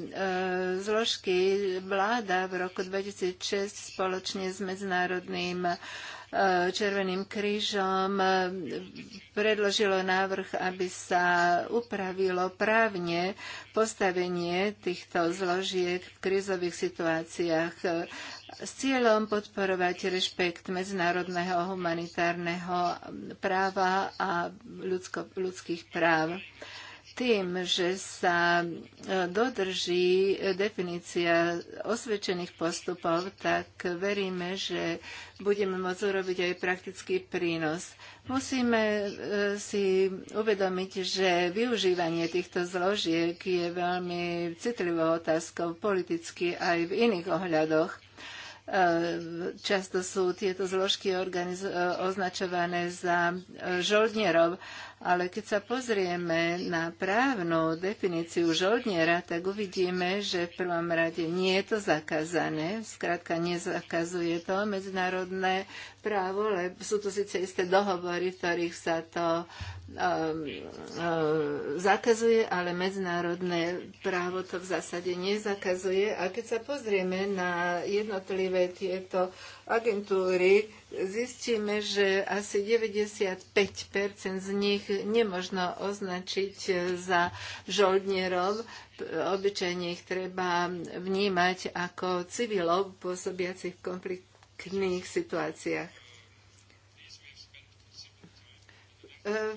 Speaker 1: zložky, vláda v roku 2006 spoločne s Medzinárodným Červeným krížom e, predložilo návrh, aby sa upravilo právne postavenie týchto zložiek v krízových situáciách e, s cieľom podporovať rešpekt medzinárodného humanitárneho práva a ľudských práv tým, že sa e, dodrží definícia osvedčených postupov, tak veríme, že budeme môcť urobiť aj praktický prínos. Musíme e, si uvedomiť, že využívanie týchto zložiek je veľmi citlivou otázkou politicky aj v iných ohľadoch. E, často sú tieto zložky označované za žoldnierov, ale keď sa pozrieme na právnu definíciu žoldniera, tak uvidíme, že v prvom rade nie je to zakázané. Zkrátka nezakazuje to medzinárodné právo, lebo sú to síce isté dohovory, v ktorých sa to um, um, zakazuje, ale medzinárodné právo to v zásade nezakazuje. A keď sa pozrieme na jednotlivé tieto agentúry, zistíme, že asi 95% z nich nemožno označiť e, za žoldnierov. Obyčajne ich treba vnímať ako civilov pôsobiacich v konfliktných situáciách. E,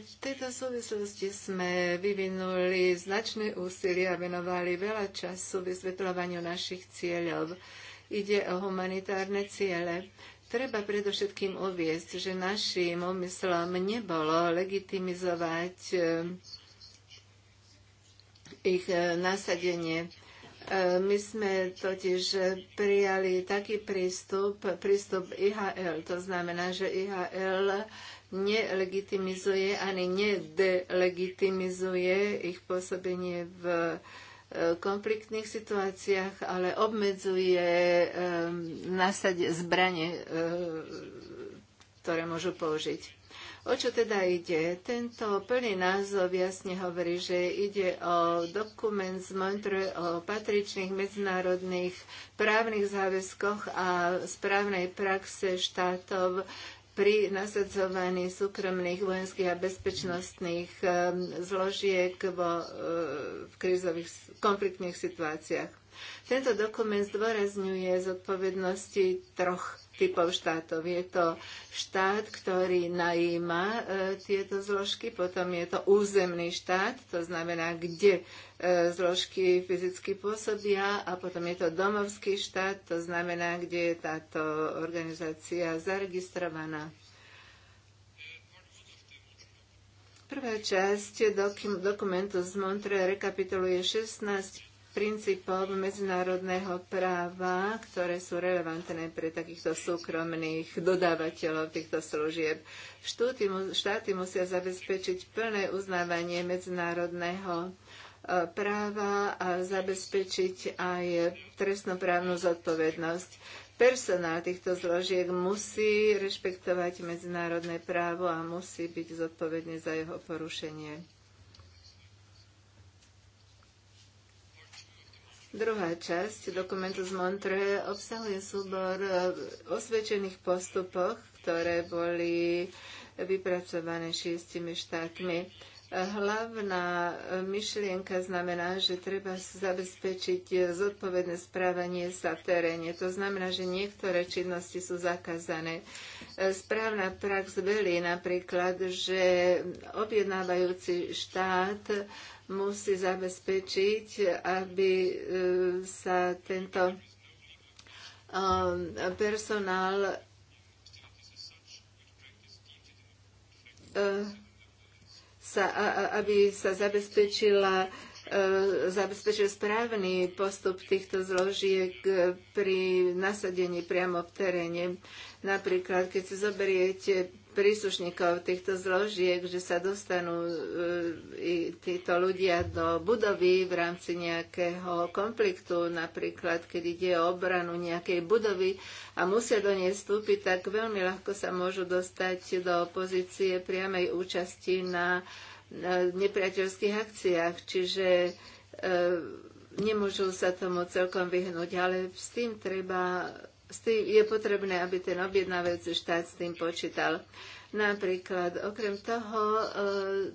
Speaker 1: v tejto súvislosti sme vyvinuli značné úsilie a venovali veľa času vysvetľovaniu našich cieľov. Ide o humanitárne ciele. Treba predovšetkým uviezť, že našim úmyslom nebolo legitimizovať e, ich e, nasadenie. E, my sme totiž prijali taký prístup, prístup IHL, to znamená, že IHL nelegitimizuje ani nedelegitimizuje ich pôsobenie v konfliktných situáciách, ale obmedzuje ehm, nasadie zbranie, ehm, ktoré môžu použiť. O čo teda ide? Tento plný názov jasne hovorí, že ide o dokument z Montreux o patričných medzinárodných právnych záväzkoch a správnej praxe štátov pri nasadzovaní súkromných vojenských a bezpečnostných ehm, zložiek vo, e, v krizových konfliktných situáciách. Tento dokument zdôrazňuje zodpovednosti troch typov štátov. Je to štát, ktorý najíma e, tieto zložky, potom je to územný štát, to znamená, kde e, zložky fyzicky pôsobia a potom je to domovský štát, to znamená, kde je táto organizácia zaregistrovaná. Prvá časť dokumentu z Montre rekapituluje 16 princípov medzinárodného práva, ktoré sú relevantné pre takýchto súkromných dodávateľov týchto služieb. Štúty, štáty musia zabezpečiť plné uznávanie medzinárodného e, práva a zabezpečiť aj trestnoprávnu zodpovednosť. Personál týchto zložiek musí rešpektovať medzinárodné právo a musí byť zodpovedný za jeho porušenie. Druhá časť dokumentu z Montre obsahuje súbor eh, osvedčených postupoch, ktoré boli vypracované šiestimi štátmi. Hlavná e, myšlienka znamená, že treba zabezpečiť e, zodpovedné správanie sa v teréne. To znamená, že niektoré činnosti sú zakázané. E, správna prax veli napríklad, že objednávajúci štát musí zabezpečiť, aby sa tento personál sa, aby sa zabezpečila e, zabezpečil správny postup týchto zložiek e, pri nasadení priamo v teréne. Napríklad, keď si zoberiete príslušníkov týchto zložiek, že sa dostanú e, títo ľudia do budovy v rámci nejakého konfliktu, napríklad keď ide o obranu nejakej budovy a musia do nej vstúpiť, tak veľmi ľahko sa môžu dostať do pozície priamej účasti na nepriateľských akciách. Čiže e, nemôžu sa tomu celkom vyhnúť, ale s tým treba je potrebné, aby ten objednávajúci štát s tým počítal. Napríklad, okrem toho, e,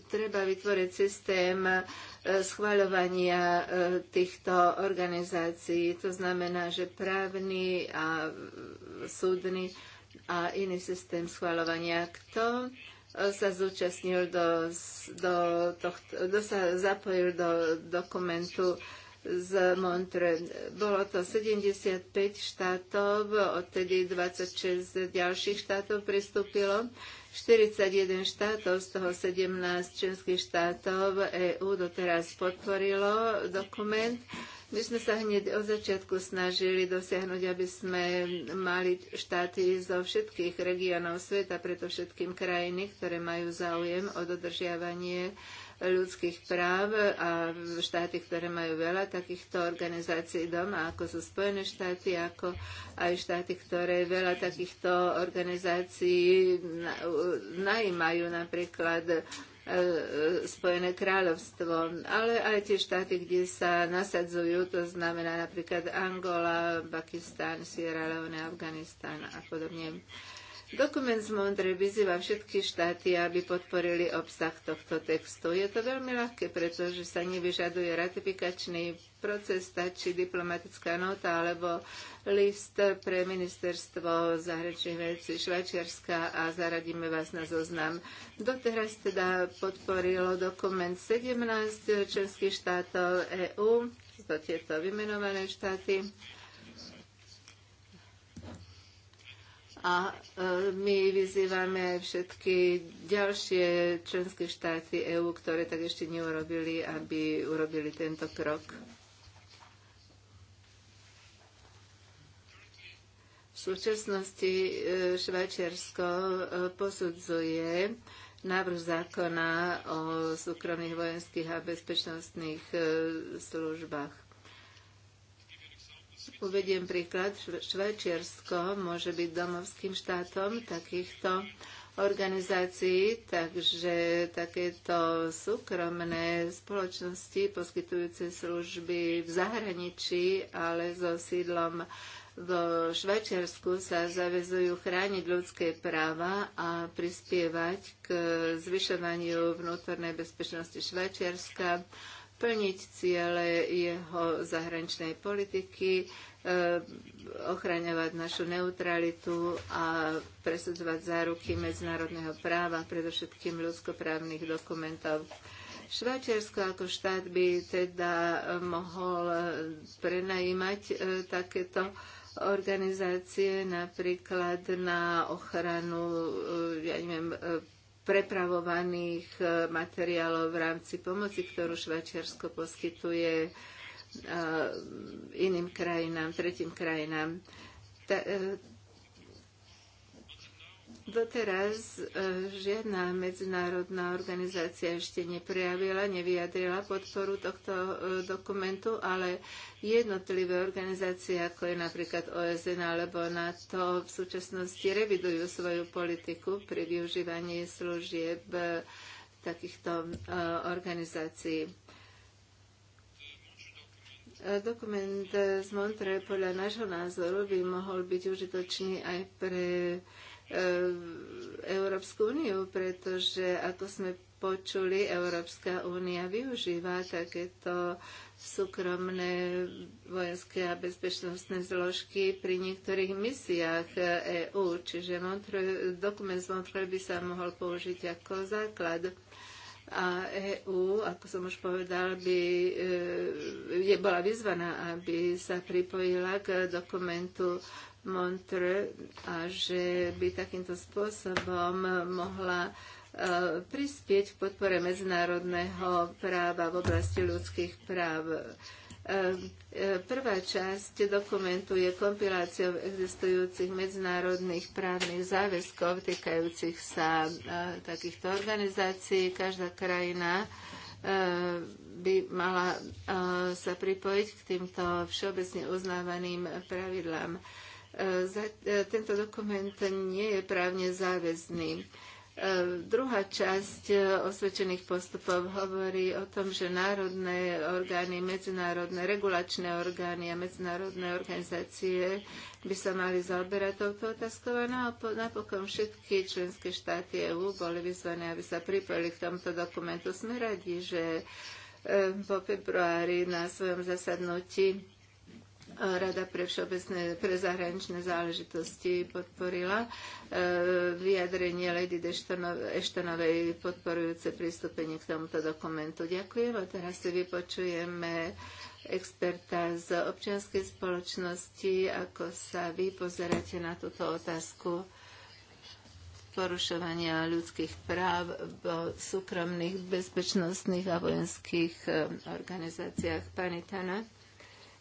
Speaker 1: treba vytvoriť systém e, schváľovania e, týchto organizácií. To znamená, že právny a súdny a iný systém schváľovania. Kto e, sa zúčastnil do, do tohto, kto sa zapojil do dokumentu z Montre. Bolo to 75 štátov, odtedy 26 ďalších štátov pristúpilo. 41 štátov, z toho 17 členských štátov EÚ doteraz podporilo dokument. My sme sa hneď od začiatku snažili dosiahnuť, aby sme mali štáty zo všetkých regiónov sveta, preto všetkým krajiny, ktoré majú záujem o dodržiavanie ľudských práv a štáty, ktoré majú veľa takýchto organizácií doma, ako sú Spojené štáty, ako aj štáty, ktoré veľa takýchto organizácií najímajú, napríklad e, Spojené kráľovstvo, ale aj tie štáty, kde sa nasadzujú, to znamená napríklad Angola, Pakistan, Sierra Leone, Afganistan a podobne. Dokument z Mondre vyzýva všetky štáty, aby podporili obsah tohto textu. Je to veľmi ľahké, pretože sa nevyžaduje ratifikačný proces, stačí diplomatická nota alebo list pre ministerstvo zahraničných vecí Švajčiarska a zaradíme vás na zoznam. Doteraz teda podporilo dokument 17 členských štátov EÚ, to tieto vymenované štáty A e, my vyzývame všetky ďalšie členské štáty EÚ, ktoré tak ešte neurobili, aby urobili tento krok. V súčasnosti e, Švajčiarsko e, posudzuje návrh zákona o súkromných vojenských a bezpečnostných službách. Uvediem príklad, Švajčiarsko môže byť domovským štátom takýchto organizácií, takže takéto súkromné spoločnosti poskytujúce služby v zahraničí, ale so sídlom vo Švajčiarsku sa zavezujú chrániť ľudské práva a prispievať k zvyšovaniu vnútornej bezpečnosti Švajčiarska plniť ciele jeho zahraničnej politiky, e, ochraňovať našu neutralitu a presudzovať záruky medzinárodného práva, predovšetkým ľudskoprávnych dokumentov. Švajčiarsko ako štát by teda mohol prenajímať e, takéto organizácie napríklad na ochranu e, ja neviem, prepravovaných e, materiálov v rámci pomoci, ktorú Švajčiarsko poskytuje e, iným krajinám, tretím krajinám. E, Doteraz e, žiadna medzinárodná organizácia ešte neprejavila, nevyjadrila podporu tohto e, dokumentu, ale jednotlivé organizácie, ako je napríklad OSN alebo NATO, v súčasnosti revidujú svoju politiku pri využívaní služieb e, takýchto organizácií. Dokument z Montre podľa nášho názoru by mohol byť užitočný aj pre Eh, Európsku úniu, pretože ako sme počuli, Európska únia využíva takéto súkromné vojenské a bezpečnostné zložky pri niektorých misiách EÚ, eh, e čiže Montreux, dokument z Montreux by sa mohol použiť ako základ. A EÚ, ako som už povedal, by, eh, je bola vyzvaná, aby sa pripojila k dokumentu Montre a že by takýmto spôsobom mohla e, prispieť k podpore medzinárodného práva v oblasti ľudských práv. E, e, prvá časť dokumentu je kompiláciou existujúcich medzinárodných právnych záväzkov týkajúcich sa takýchto organizácií. Každá krajina by mala sa pripojiť k týmto všeobecne uznávaným pravidlám. E, e, tento dokument nie je právne záväzný. E, druhá časť osvedčených postupov hovorí o tom, že národné orgány, medzinárodné regulačné orgány a medzinárodné organizácie by sa mali zaoberať touto otázkou a napokon všetky členské štáty EÚ boli vyzvané, aby sa pripojili k tomuto dokumentu. Sme radi, že po februári na svojom zasadnutí Rada pre všeobecné, pre zahraničné záležitosti podporila e, vyjadrenie Lady Eštonovej podporujúce pristúpenie k tomuto dokumentu. Ďakujem a teraz si vypočujeme experta z občianskej spoločnosti, ako sa vy pozeráte na túto otázku porušovania ľudských práv v súkromných bezpečnostných a vojenských e, organizáciách. Pani Tana.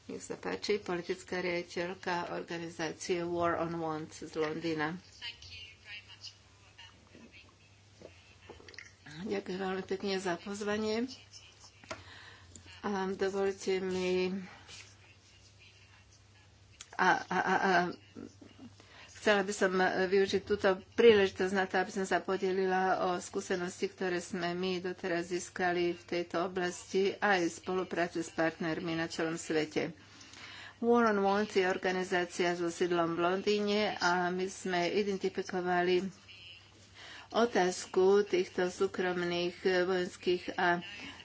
Speaker 1: Nech sa páči, politická riaditeľka organizácie War on Wants z Londýna. Ďakujem veľmi pekne za pozvanie. A dovolte mi a, a, a, a Chcela by som e, využiť túto príležitosť na to, aby som sa podelila o skúsenosti, ktoré sme my doteraz získali v tejto oblasti aj v spolupráci s partnermi na celom svete. War on Want je organizácia so sídlom v Londýne a my sme identifikovali otázku týchto súkromných e, vojenských a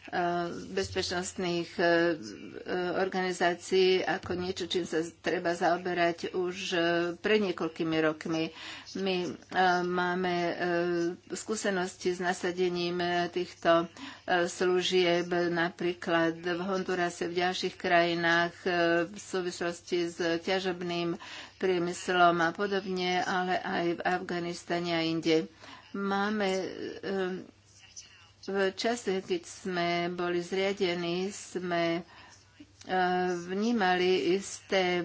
Speaker 1: Eh, bezpečnostných eh, eh, organizácií ako niečo, čím sa treba zaoberať už pre niekoľkými rokmi. My máme skúsenosti s nasadením týchto služieb napríklad v Hondurase, v ďalších krajinách v súvislosti s ťažobným priemyslom a podobne, ale aj v Afganistane a inde. Máme v čase, keď sme boli zriadení, sme e, vnímali isté e,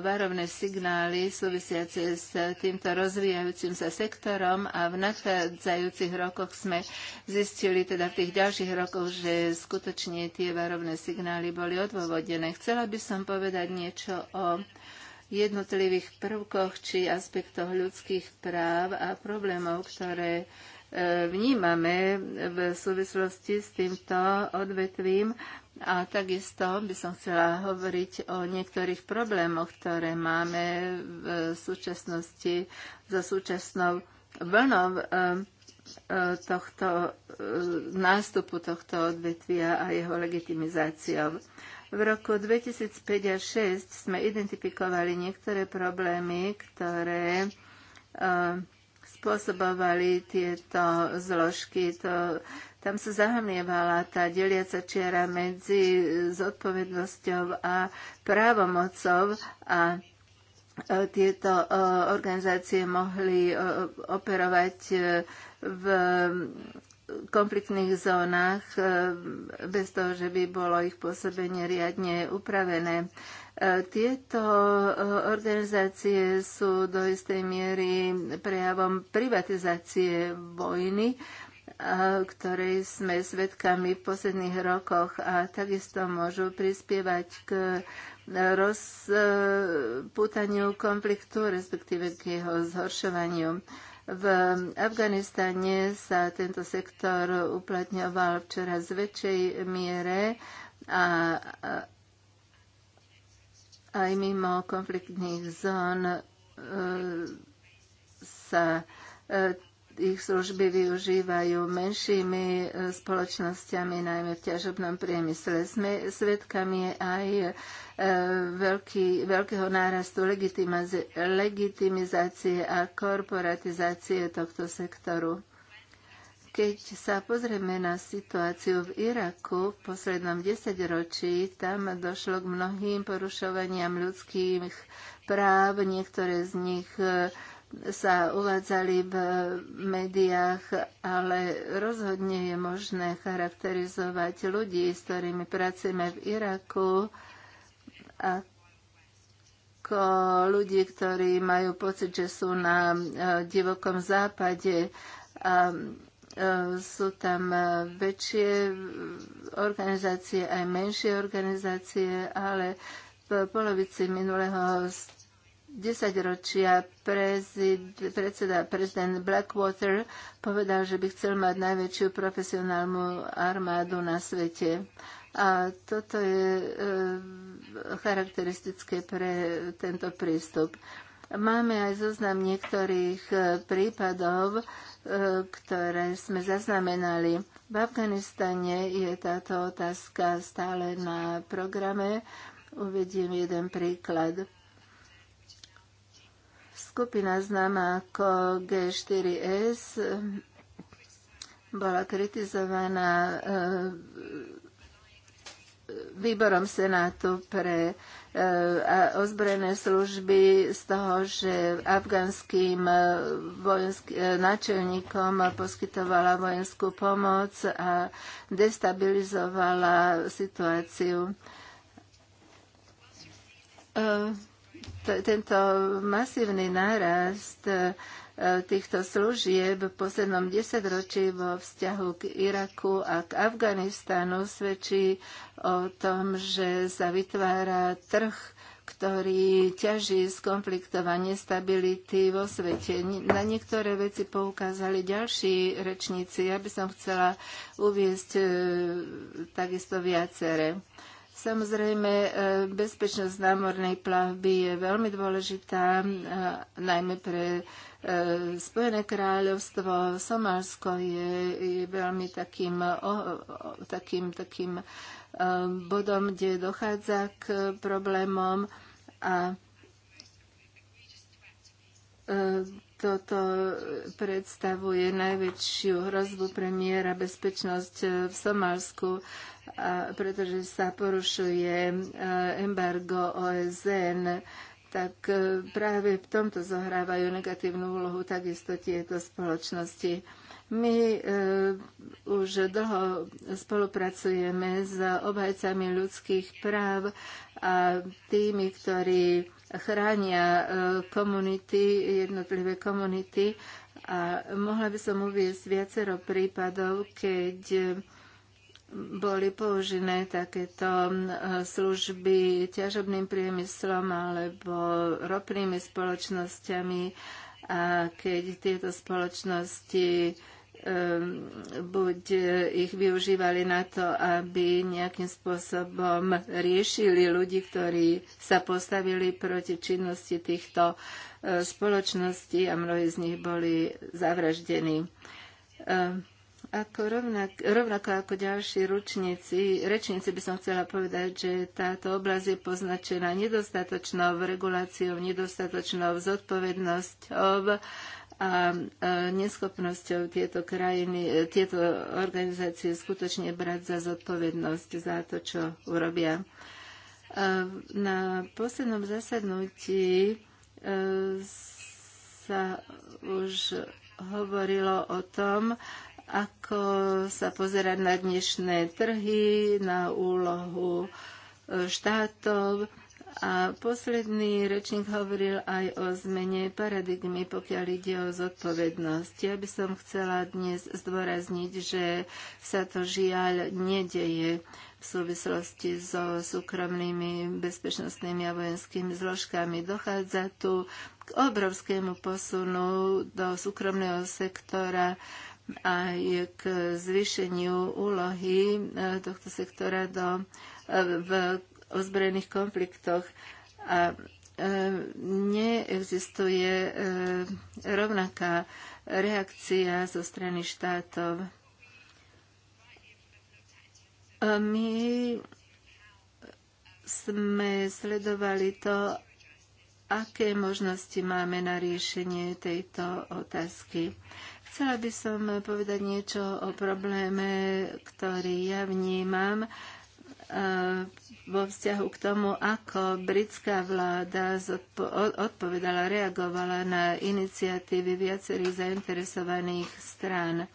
Speaker 1: varovné signály súvisiace s týmto rozvíjajúcim sa sektorom a v nadchádzajúcich rokoch sme zistili, teda v tých ďalších rokoch, že skutočne tie varovné signály boli odôvodené. Chcela by som povedať niečo o jednotlivých prvkoch či aspektoch ľudských práv a problémov, ktoré E, vnímame v súvislosti s týmto odvetvím. A takisto by som chcela hovoriť o niektorých problémoch, ktoré máme v súčasnosti za súčasnou vlnou e, e, tohto nástupu tohto odvetvia a jeho legitimizáciou. V roku 2005 a 2006 sme identifikovali niektoré problémy, ktoré spôsobovali tieto zložky. To, tam sa zahmlievala tá deliaca čiara medzi zodpovednosťou a právomocou a e, tieto e, organizácie mohli e, operovať v konfliktných zónach bez toho, že by bolo ich pôsobenie riadne upravené. Tieto eh, organizácie sú do istej miery prejavom privatizácie vojny, eh, ktorej sme svedkami v posledných rokoch a takisto môžu prispievať k rozputaniu konfliktu, respektíve k jeho zhoršovaniu. V Afganistane sa tento sektor uplatňoval včera z väčšej miere a aj mimo konfliktných zón e, sa e, ich služby využívajú menšími e, spoločnosťami, najmä v ťažobnom priemysle. Sme svedkami aj veľký, veľkého nárastu legitimizácie a korporatizácie tohto sektoru. Keď sa pozrieme na situáciu v Iraku v poslednom desaťročí, tam došlo k mnohým porušovaniam ľudských práv, niektoré z nich e, sa uvádzali v médiách, ale rozhodne je možné charakterizovať ľudí, s ktorými pracujeme v Iraku, ako ľudí, ktorí majú pocit, že sú na e, divokom západe. A Eh, sú tam eh, väčšie eh, organizácie, aj menšie organizácie, ale v polovici minulého desaťročia prezid, predseda prezident Blackwater povedal, že by chcel mať najväčšiu profesionálnu armádu na svete. A toto je e, charakteristické pre tento prístup. Máme aj zoznam niektorých prípadov, e, ktoré sme zaznamenali. V Afganistane je táto otázka stále na programe. Uvediem jeden príklad. Skupina známa ako G4S bola kritizovaná e, výborom Senátu pre a ozbrojené služby z toho, že afgánským e, e, náčelníkom poskytovala vojenskú pomoc a destabilizovala situáciu. E, tento masívny nárast týchto služieb v poslednom desaťročí vo vzťahu k Iraku a k Afganistánu svedčí o tom, že sa vytvára trh ktorý ťaží z konfliktov a nestability vo svete. Na niektoré veci poukázali ďalší rečníci. Ja by som chcela uviesť e, takisto viacere. Samozrejme, e, bezpečnosť námornej plavby je veľmi dôležitá, e, najmä pre e, Spojené kráľovstvo, Somálsko je, je veľmi takým, o, o, takým, takým bodom, kde dochádza k problémom a toto predstavuje najväčšiu hrozbu premiéra bezpečnosť v Somálsku pretože sa porušuje e, embargo OSN, tak e, práve v tomto zohrávajú negatívnu úlohu takisto tieto spoločnosti. My e, už dlho spolupracujeme s obhajcami ľudských práv a tými, ktorí chránia komunity, jednotlivé komunity. A mohla by som uvieť viacero prípadov, keď boli použené takéto e, služby ťažobným priemyslom alebo ropnými spoločnosťami a keď tieto spoločnosti e, buď ich využívali na to, aby nejakým spôsobom riešili ľudí, ktorí sa postavili proti činnosti týchto e, spoločností a mnohí z nich boli zavraždení. Ako rovnak, rovnako ako ďalší ručníci, rečníci by som chcela povedať, že táto oblasť je poznačená nedostatočnou reguláciou, nedostatočnou zodpovednosťou a neschopnosťou tieto krajiny, tieto organizácie skutočne brať za zodpovednosť za to, čo urobia. Na poslednom zasadnutí e, sa už hovorilo o tom, ako sa pozerať na dnešné trhy, na úlohu e, štátov. A posledný rečník hovoril aj o zmene paradigmy, pokiaľ ide o zodpovednosť. Ja by som chcela dnes zdôrazniť, že sa to žiaľ nedeje v súvislosti so súkromnými bezpečnostnými a vojenskými zložkami. Dochádza tu k obrovskému posunu do súkromného sektora aj k zvýšeniu úlohy e, tohto sektora do, e, v ozbrojených konfliktoch. A e, neexistuje rovnaká reakcia zo strany štátov. My sme sledovali to, aké možnosti máme na riešenie tejto otázky. Chcela by som povedať niečo o probléme, ktorý ja vnímam e, vo vzťahu k tomu, ako britská vláda odpovedala, reagovala na iniciatívy viacerých zainteresovaných strán.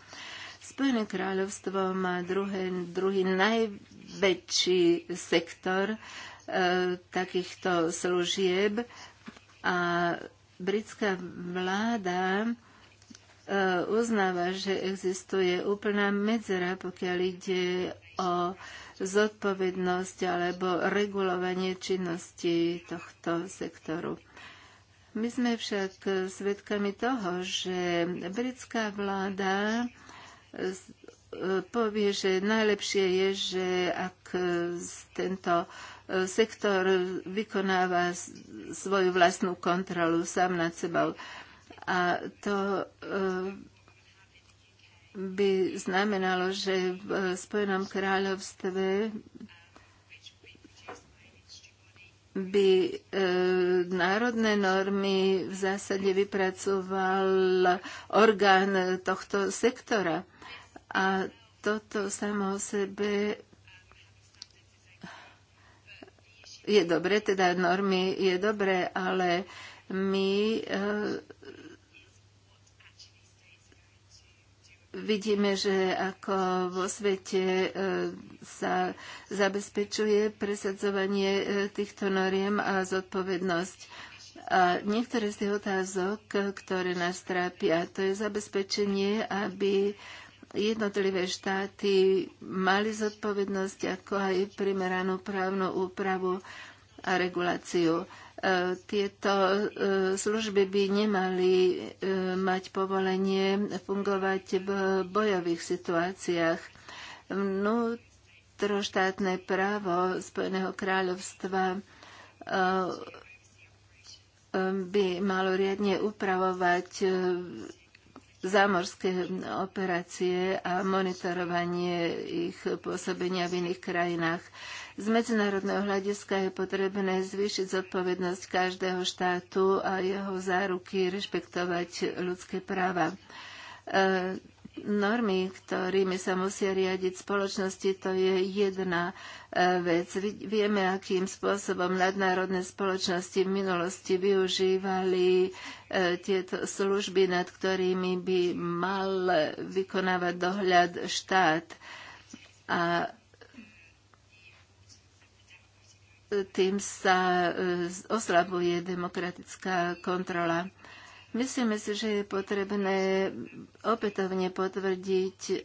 Speaker 1: Spojené kráľovstvo má druhé, druhý najväčší sektor e, takýchto služieb a britská vláda e, Uh, uznáva, že existuje úplná medzera, pokiaľ ide o zodpovednosť alebo regulovanie činnosti tohto sektoru. My sme však svedkami toho, že britská vláda uh, povie, že najlepšie je, že ak tento uh, sektor vykonáva svoju vlastnú kontrolu sám nad sebou. A to e, by znamenalo, že v Spojenom kráľovstve by e, národné normy v zásade vypracoval orgán tohto sektora. A toto samo o sebe je dobre, teda normy je dobre, ale my e, vidíme, že ako vo svete e, sa zabezpečuje presadzovanie e, týchto noriem a zodpovednosť. A niektoré z tých otázok, e, ktoré nás trápia, to je zabezpečenie, aby jednotlivé štáty mali zodpovednosť ako aj primeranú právnu úpravu a reguláciu. Tieto e, služby by nemali e, mať povolenie fungovať v bojových situáciách. Vnútroštátne právo Spojeného kráľovstva e, by malo riadne upravovať zámorské operácie a monitorovanie ich pôsobenia v iných krajinách. Z medzinárodného hľadiska je potrebné zvýšiť zodpovednosť každého štátu a jeho záruky rešpektovať ľudské práva. E, normy, ktorými sa musia riadiť spoločnosti, to je jedna e, vec. Vieme, akým spôsobom nadnárodné spoločnosti v minulosti využívali e, tieto služby, nad ktorými by mal vykonávať dohľad štát. A tým sa e, oslabuje demokratická kontrola. Myslíme si, že je potrebné opätovne potvrdiť e,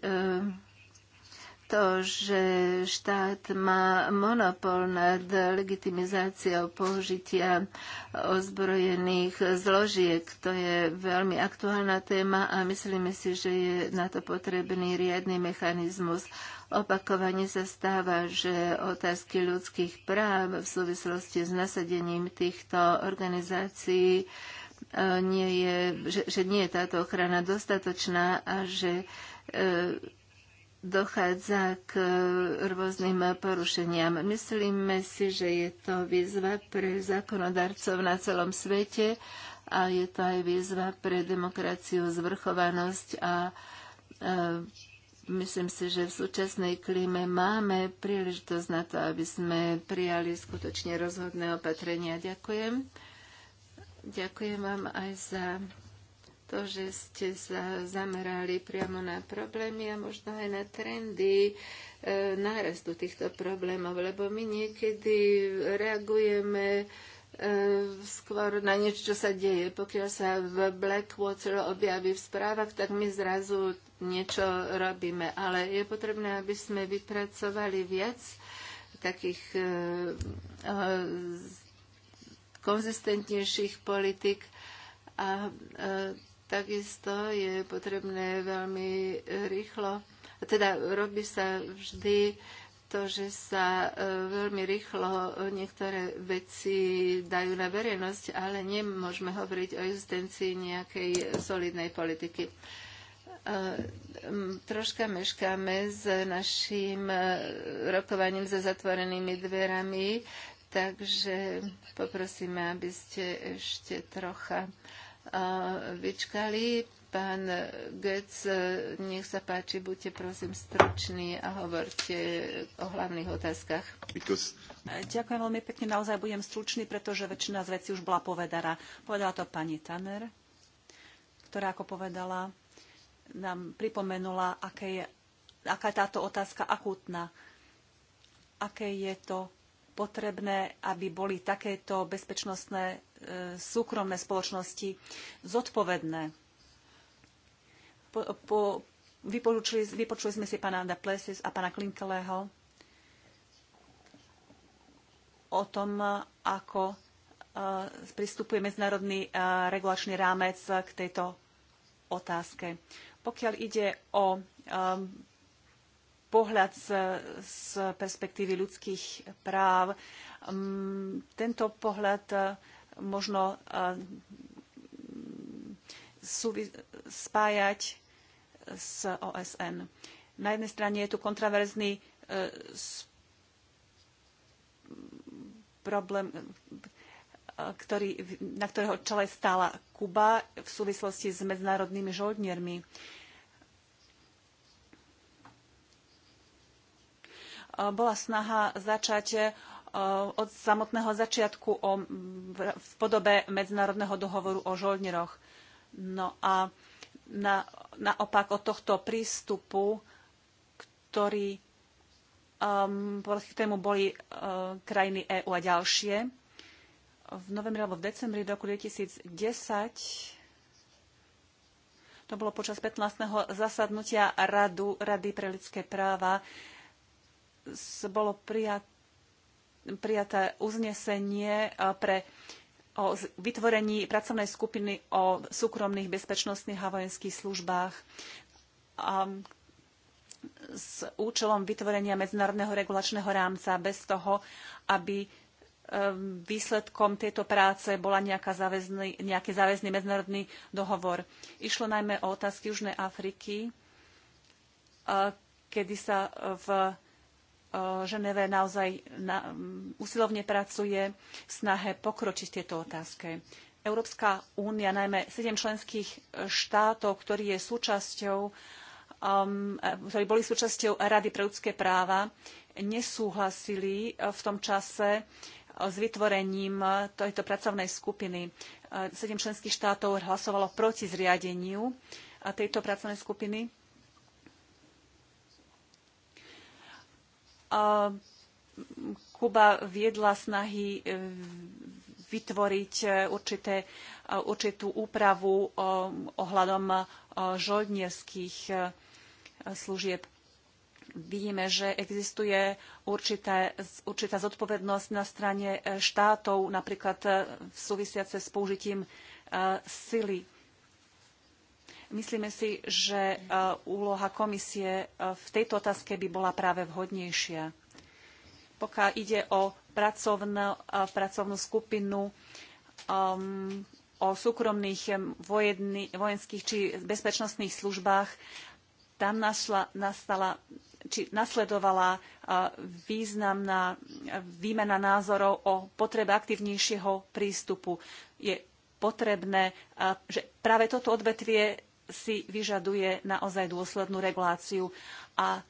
Speaker 1: to, že štát má monopol nad legitimizáciou použitia ozbrojených zložiek. To je veľmi aktuálna téma a myslíme si, že je na to potrebný riadny mechanizmus Opakovane sa stáva, že otázky ľudských práv v súvislosti s nasadením týchto organizácií e, nie je, že, že nie je táto ochrana dostatočná a že e, dochádza k e, rôznym porušeniam. Myslíme si, že je to výzva pre zákonodarcov na celom svete a je to aj výzva pre demokraciu, zvrchovanosť a e, Myslím si, že v súčasnej klíme máme príležitosť na to, aby sme prijali skutočne rozhodné opatrenia. Ďakujem. Ďakujem vám aj za to, že ste sa zamerali priamo na problémy a možno aj na trendy e, nárastu týchto problémov, lebo my niekedy reagujeme E, skôr na niečo, čo sa deje. Pokiaľ sa v Blackwater objaví v správach, tak my zrazu niečo robíme. Ale je potrebné, aby sme vypracovali viac takých e, e, konzistentnejších politik a takisto je potrebné veľmi rýchlo, teda robí sa vždy to, že sa e, veľmi rýchlo niektoré veci dajú na verejnosť, ale nemôžeme hovoriť o existencii nejakej solidnej politiky. E, troška meškáme s našim e, rokovaním za zatvorenými dverami, takže poprosíme, aby ste ešte trocha vyčkali, Pán Götz, nech sa páči, buďte prosím struční a hovorte o hlavných
Speaker 2: otázkach. Because... Ďakujem veľmi pekne, naozaj budem stručný, pretože väčšina z vecí už bola povedaná. Povedala to pani Tanner, ktorá, ako povedala, nám pripomenula, aké je, aká je táto otázka akútna. Aké je to potrebné, aby boli takéto bezpečnostné e, súkromné spoločnosti zodpovedné po, po, vypočuli, sme si pána Anda Plesis a pána Klinkeleho o tom, ako e, pristupuje medzinárodný e, regulačný rámec k tejto otázke. Pokiaľ ide o e, pohľad z, z perspektívy ľudských práv, tento pohľad možno spájať s OSN. Na jednej strane je tu kontraverzný e, problém, e, ktorý, na ktorého čele stála Kuba v súvislosti s medzinárodnými žoldniermi. E, bola snaha začať od samotného začiatku o, v podobe medzinárodného dohovoru o žoldneroch. No a na, naopak od tohto prístupu, ktorý um, tému boli uh, krajiny EÚ a ďalšie, v novembri alebo v decembri roku 2010 to bolo počas 15. zasadnutia Radu, Rady pre ľudské práva. Bolo prijat, prijaté uznesenie uh, pre o vytvorení pracovnej skupiny o súkromných bezpečnostných a vojenských službách a s účelom vytvorenia medzinárodného regulačného rámca bez toho, aby ehm, výsledkom tejto práce bola záväzný, nejaký záväzný medzinárodný dohovor. Išlo najmä o otázky Južnej Afriky, kedy sa v Eh, Ženeve naozaj na, um, usilovne pracuje v snahe pokročiť tieto otázky. Európska únia, najmä sedem členských štátov, ktorí, je súčasťou, um, eh, ktorí boli súčasťou Rady pre ľudské práva, nesúhlasili eh, v tom čase s vytvorením tejto pracovnej skupiny. Sedem členských štátov hlasovalo proti zriadeniu tejto pracovnej skupiny Kuba viedla snahy e, vytvoriť e, určité, e, určitú úpravu ohľadom žoldnierských služieb. Vidíme, že existuje určité, určitá zodpovednosť na strane štátov, napríklad v súvisiace s použitím sily Myslíme si, že e, úloha komisie e, v tejto otázke by bola práve vhodnejšia. Pokiaľ ide o pracovnú, e, pracovnú skupinu um, o súkromných vojedny, vojenských či bezpečnostných službách, tam našla, nastala, či nasledovala významná výmena názorov o potrebe aktívnejšieho prístupu. Je potrebné, že práve toto odvetvie si vyžaduje naozaj dôslednú reguláciu a,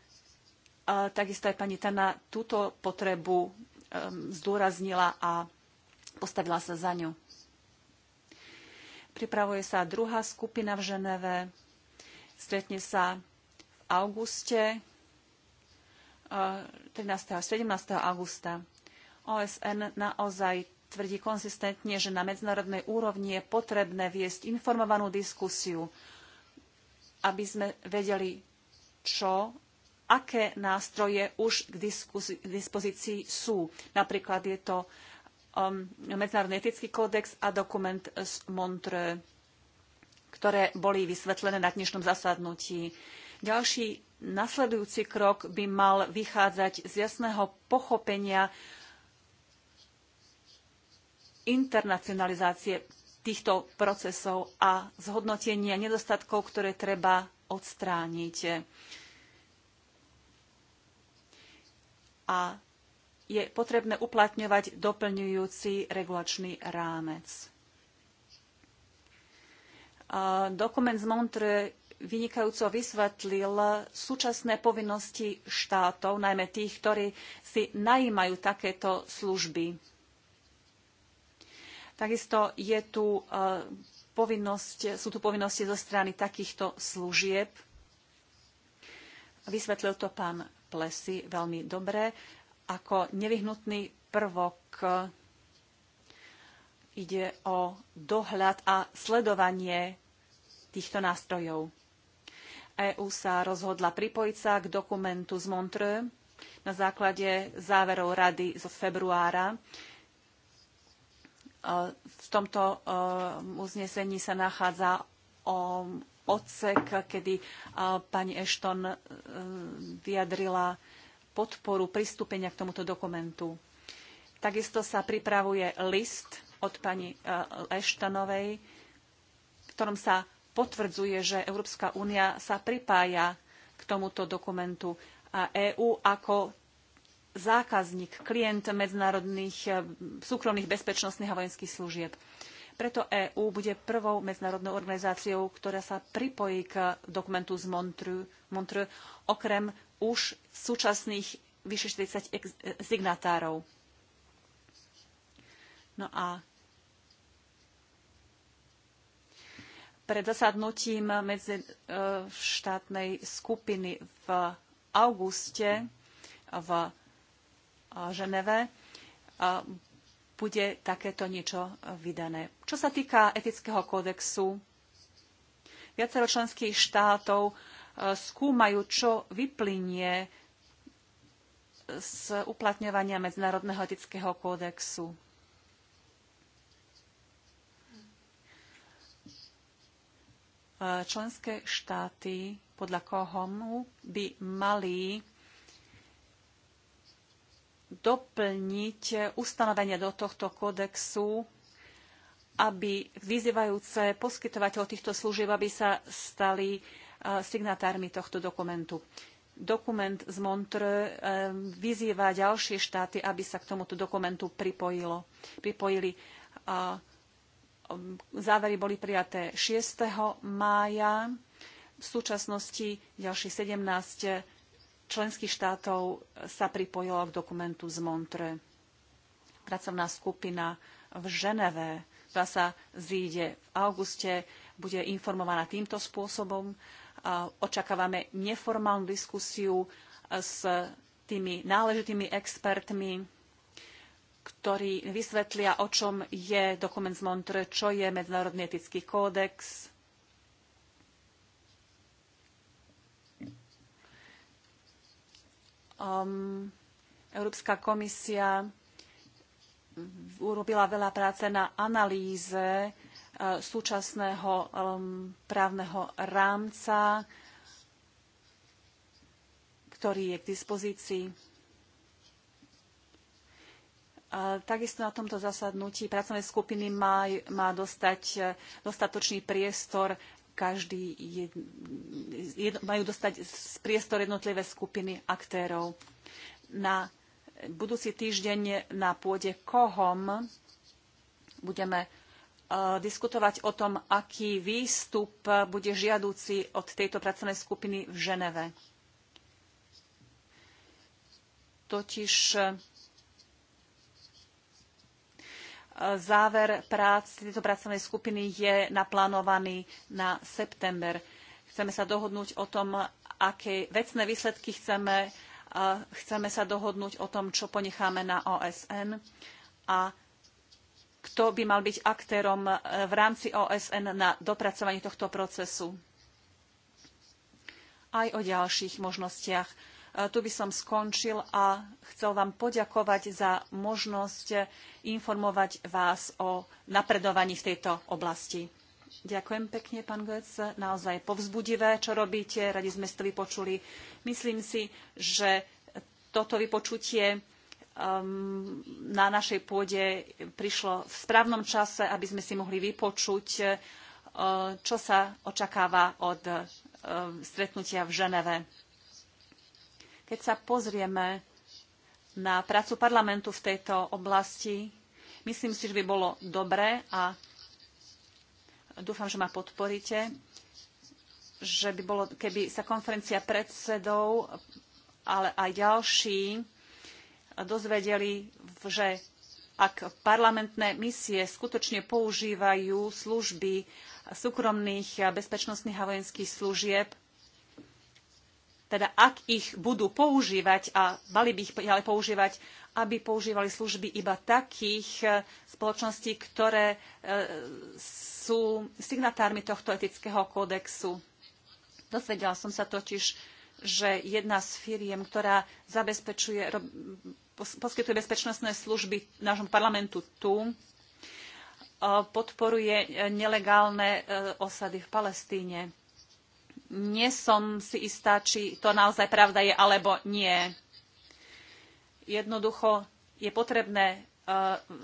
Speaker 2: a takisto aj pani Tana túto potrebu um, zdôraznila a postavila sa za ňu. Pripravuje sa druhá skupina v Ženeve. Stretne sa v auguste, 13. a 17. augusta. OSN naozaj tvrdí konzistentne, že na medzinárodnej úrovni je potrebné viesť informovanú diskusiu aby sme vedeli, čo, aké nástroje už k, diskusi- k dispozícii sú. Napríklad je to um, Medzinárodný etický kódex a dokument z Montreux, ktoré boli vysvetlené na dnešnom zasadnutí. Ďalší nasledujúci krok by mal vychádzať z jasného pochopenia internacionalizácie týchto procesov a zhodnotenia nedostatkov, ktoré treba odstrániť. A je potrebné uplatňovať doplňujúci regulačný rámec. Dokument z Montre vynikajúco vysvetlil súčasné povinnosti štátov, najmä tých, ktorí si najímajú takéto služby Takisto je tu eh, povinnosť, sú tu povinnosti zo strany takýchto služieb. Vysvetlil to pán Plesy veľmi dobre. Ako nevyhnutný prvok eh, ide o dohľad a sledovanie týchto nástrojov. EÚ sa rozhodla pripojiť sa k dokumentu z Montreux na základe záverov rady zo februára, E, v tomto e, uznesení sa nachádza odsek, kedy e, pani Ashton vyjadrila podporu pristúpenia k tomuto dokumentu. Takisto sa pripravuje list od pani Ashtonovej, v ktorom sa potvrdzuje, že Európska únia sa pripája k tomuto dokumentu a EÚ ako zákazník, klient medzinárodných eh, súkromných bezpečnostných a vojenských služieb. Preto EÚ bude prvou medzinárodnou organizáciou, ktorá sa pripojí k dokumentu z Montreux, okrem už súčasných vyše 40 signatárov. No a pred zasadnutím medzi eh, štátnej skupiny v auguste v Ženeve bude takéto niečo vydané. Čo sa týka etického kódexu, viacero členských štátov e, skúmajú, čo vyplynie z uplatňovania Medzinárodného etického kódexu. E, členské štáty, podľa koho by mali doplniť ustanovenia do tohto kodexu, aby vyzývajúce poskytovateľ týchto služieb, aby sa stali e, signatármi tohto dokumentu. Dokument z Montreux e, vyzýva ďalšie štáty, aby sa k tomuto dokumentu pripojilo, pripojili. E, závery boli prijaté 6. mája. V súčasnosti ďalších 17 členských štátov sa pripojilo k dokumentu z Montre. Pracovná skupina v Ženeve, ktorá sa zíde v auguste, bude informovaná týmto spôsobom. Očakávame neformálnu diskusiu s tými náležitými expertmi, ktorí vysvetlia, o čom je dokument z Montre, čo je Medzinárodný etický kódex, Um, Európska komisia urobila veľa práce na analýze uh, súčasného um, právneho rámca, ktorý je k dispozícii. A takisto na tomto zasadnutí pracovnej skupiny má, má dostať uh, dostatočný priestor každý jed, jed, majú dostať z priestor jednotlivé skupiny aktérov. Na budúci týždeň na pôde KOHOM budeme uh, diskutovať o tom, aký výstup bude žiadúci od tejto pracovnej skupiny v Ženeve. Totiž Záver prác tejto pracovnej skupiny je naplánovaný na september. Chceme sa dohodnúť o tom, aké vecné výsledky chceme. Chceme sa dohodnúť o tom, čo ponecháme na OSN a kto by mal byť aktérom e, v rámci OSN na dopracovanie tohto procesu. Aj o ďalších možnostiach E, tu by som skončil a chcel vám poďakovať za možnosť informovať vás o napredovaní v tejto oblasti. Ďakujem pekne, pán Goetz. Naozaj povzbudivé, čo robíte. Radi sme si to vypočuli. Myslím si, že toto vypočutie na našej pôde prišlo v správnom čase, aby sme si mohli vypočuť, e, čo sa očakáva od e, stretnutia v Ženeve. Keď sa pozrieme na prácu parlamentu v tejto oblasti, myslím si, že by bolo dobré a dúfam, že ma podporíte, že by bolo, keby sa konferencia predsedov, ale aj ďalší dozvedeli, že ak parlamentné misie skutočne používajú služby súkromných bezpečnostných a vojenských služieb, teda ak ich budú používať a mali by ich ale používať, aby používali služby iba takých e, spoločností, ktoré e, sú signatármi tohto etického kódexu. Dozvedela som sa totiž, že jedna z firiem, ktorá zabezpečuje, poskytuje bezpečnostné služby nášmu parlamentu tu, e, podporuje nelegálne osady v Palestíne nie som si istá, či to naozaj pravda je alebo nie. Jednoducho je potrebné e,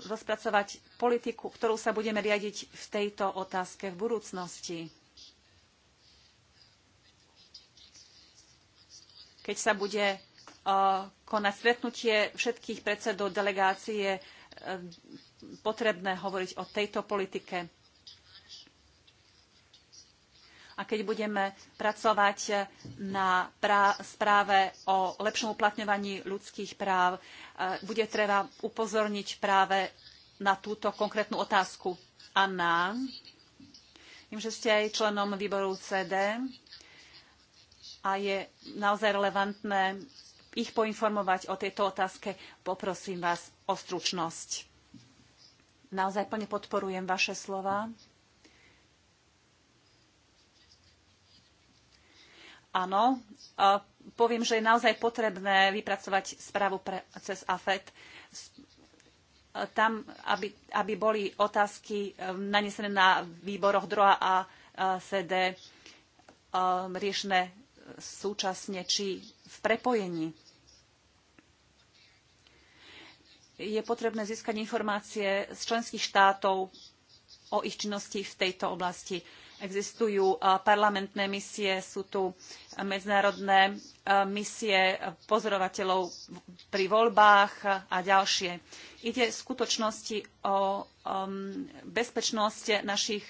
Speaker 2: rozpracovať politiku, ktorú sa budeme riadiť v tejto otázke v budúcnosti. Keď sa bude e, konať stretnutie všetkých predsedov delegácie, je potrebné hovoriť o tejto politike a keď budeme pracovať na správe o lepšom uplatňovaní ľudských práv, e, bude treba upozorniť práve na túto konkrétnu otázku. Anna, viem, že ste aj členom výboru CD a je naozaj relevantné ich poinformovať o tejto otázke. Poprosím vás o stručnosť. Naozaj plne podporujem vaše slova. áno, poviem, že je naozaj potrebné vypracovať správu pre, cez AFET tam, aby, aby boli otázky e, nanesené na výboroch DROA a CD e, riešené súčasne či v prepojení. Je potrebné získať informácie z členských štátov o ich činnosti v tejto oblasti. Existujú e, parlamentné misie, sú tu medzinárodné e, misie pozorovateľov pri voľbách a ďalšie. Ide v skutočnosti o bezpečnosť našich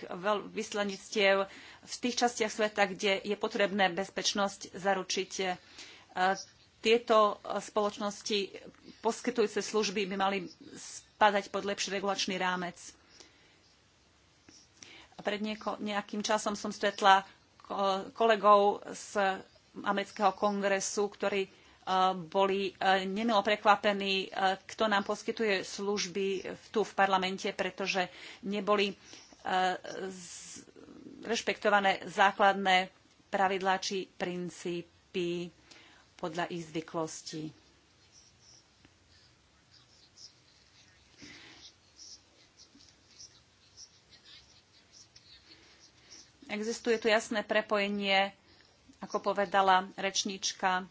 Speaker 2: vyslanectiev v tých častiach sveta, kde je potrebné bezpečnosť zaručiť. E, tieto spoločnosti poskytujúce služby by mali spadať pod lepší regulačný rámec pred nieko, nejakým časom som stretla kolegov z amerického kongresu, ktorí e, boli e, nemilo prekvapení, e, kto nám poskytuje služby tu v parlamente, pretože neboli rešpektované základné pravidlá či princípy podľa ich zvyklostí. Existuje tu jasné prepojenie, ako povedala rečníčka,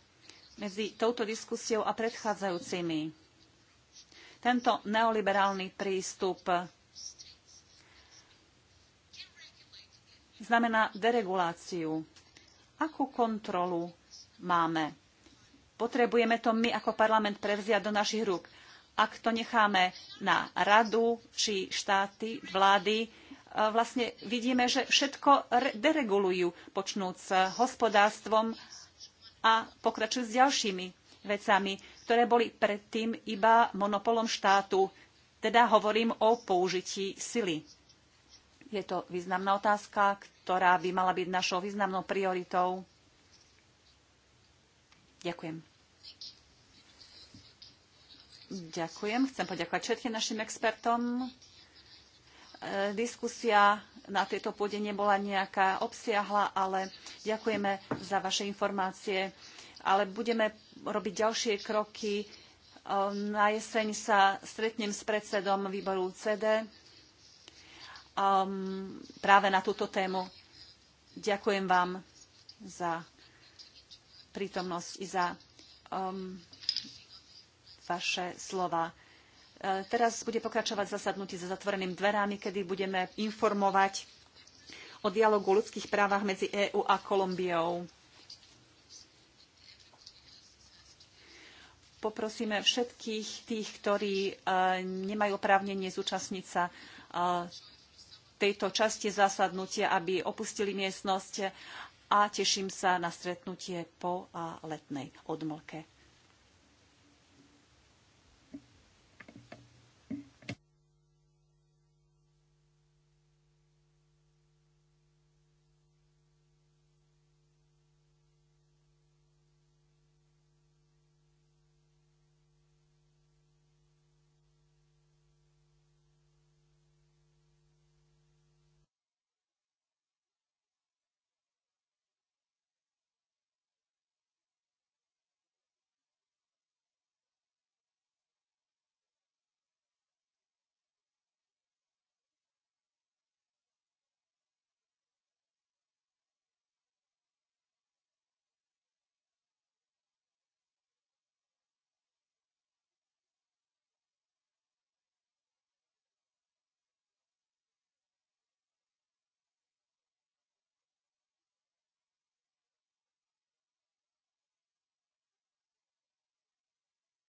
Speaker 2: medzi touto diskusiou a predchádzajúcimi. Tento neoliberálny prístup znamená dereguláciu. Akú kontrolu máme? Potrebujeme to my ako parlament prevziať do našich rúk. Ak to necháme na radu či štáty, vlády, vlastne vidíme, že všetko deregulujú, počnúc hospodárstvom a pokračujú s ďalšími vecami, ktoré boli predtým iba monopolom štátu. Teda hovorím o použití sily. Je to významná otázka, ktorá by mala byť našou významnou prioritou. Ďakujem. Ďakujem. Chcem poďakovať všetkým našim expertom. E, diskusia na tejto pôde nebola nejaká obsiahla, ale ďakujeme za vaše informácie. Ale budeme robiť ďalšie kroky. E, na jeseň sa stretnem s predsedom výboru CD um, práve na túto tému. Ďakujem vám za prítomnosť i za um, vaše slova. E, teraz bude pokračovať zasadnutie za zatvorenými dverami, kedy budeme informovať o dialogu o ľudských právach medzi EÚ a Kolumbiou. Poprosíme všetkých tých, ktorí e, nemajú oprávnenie zúčastniť sa e, tejto časti zasadnutia, aby opustili miestnosť a teším sa na stretnutie po letnej odmlke.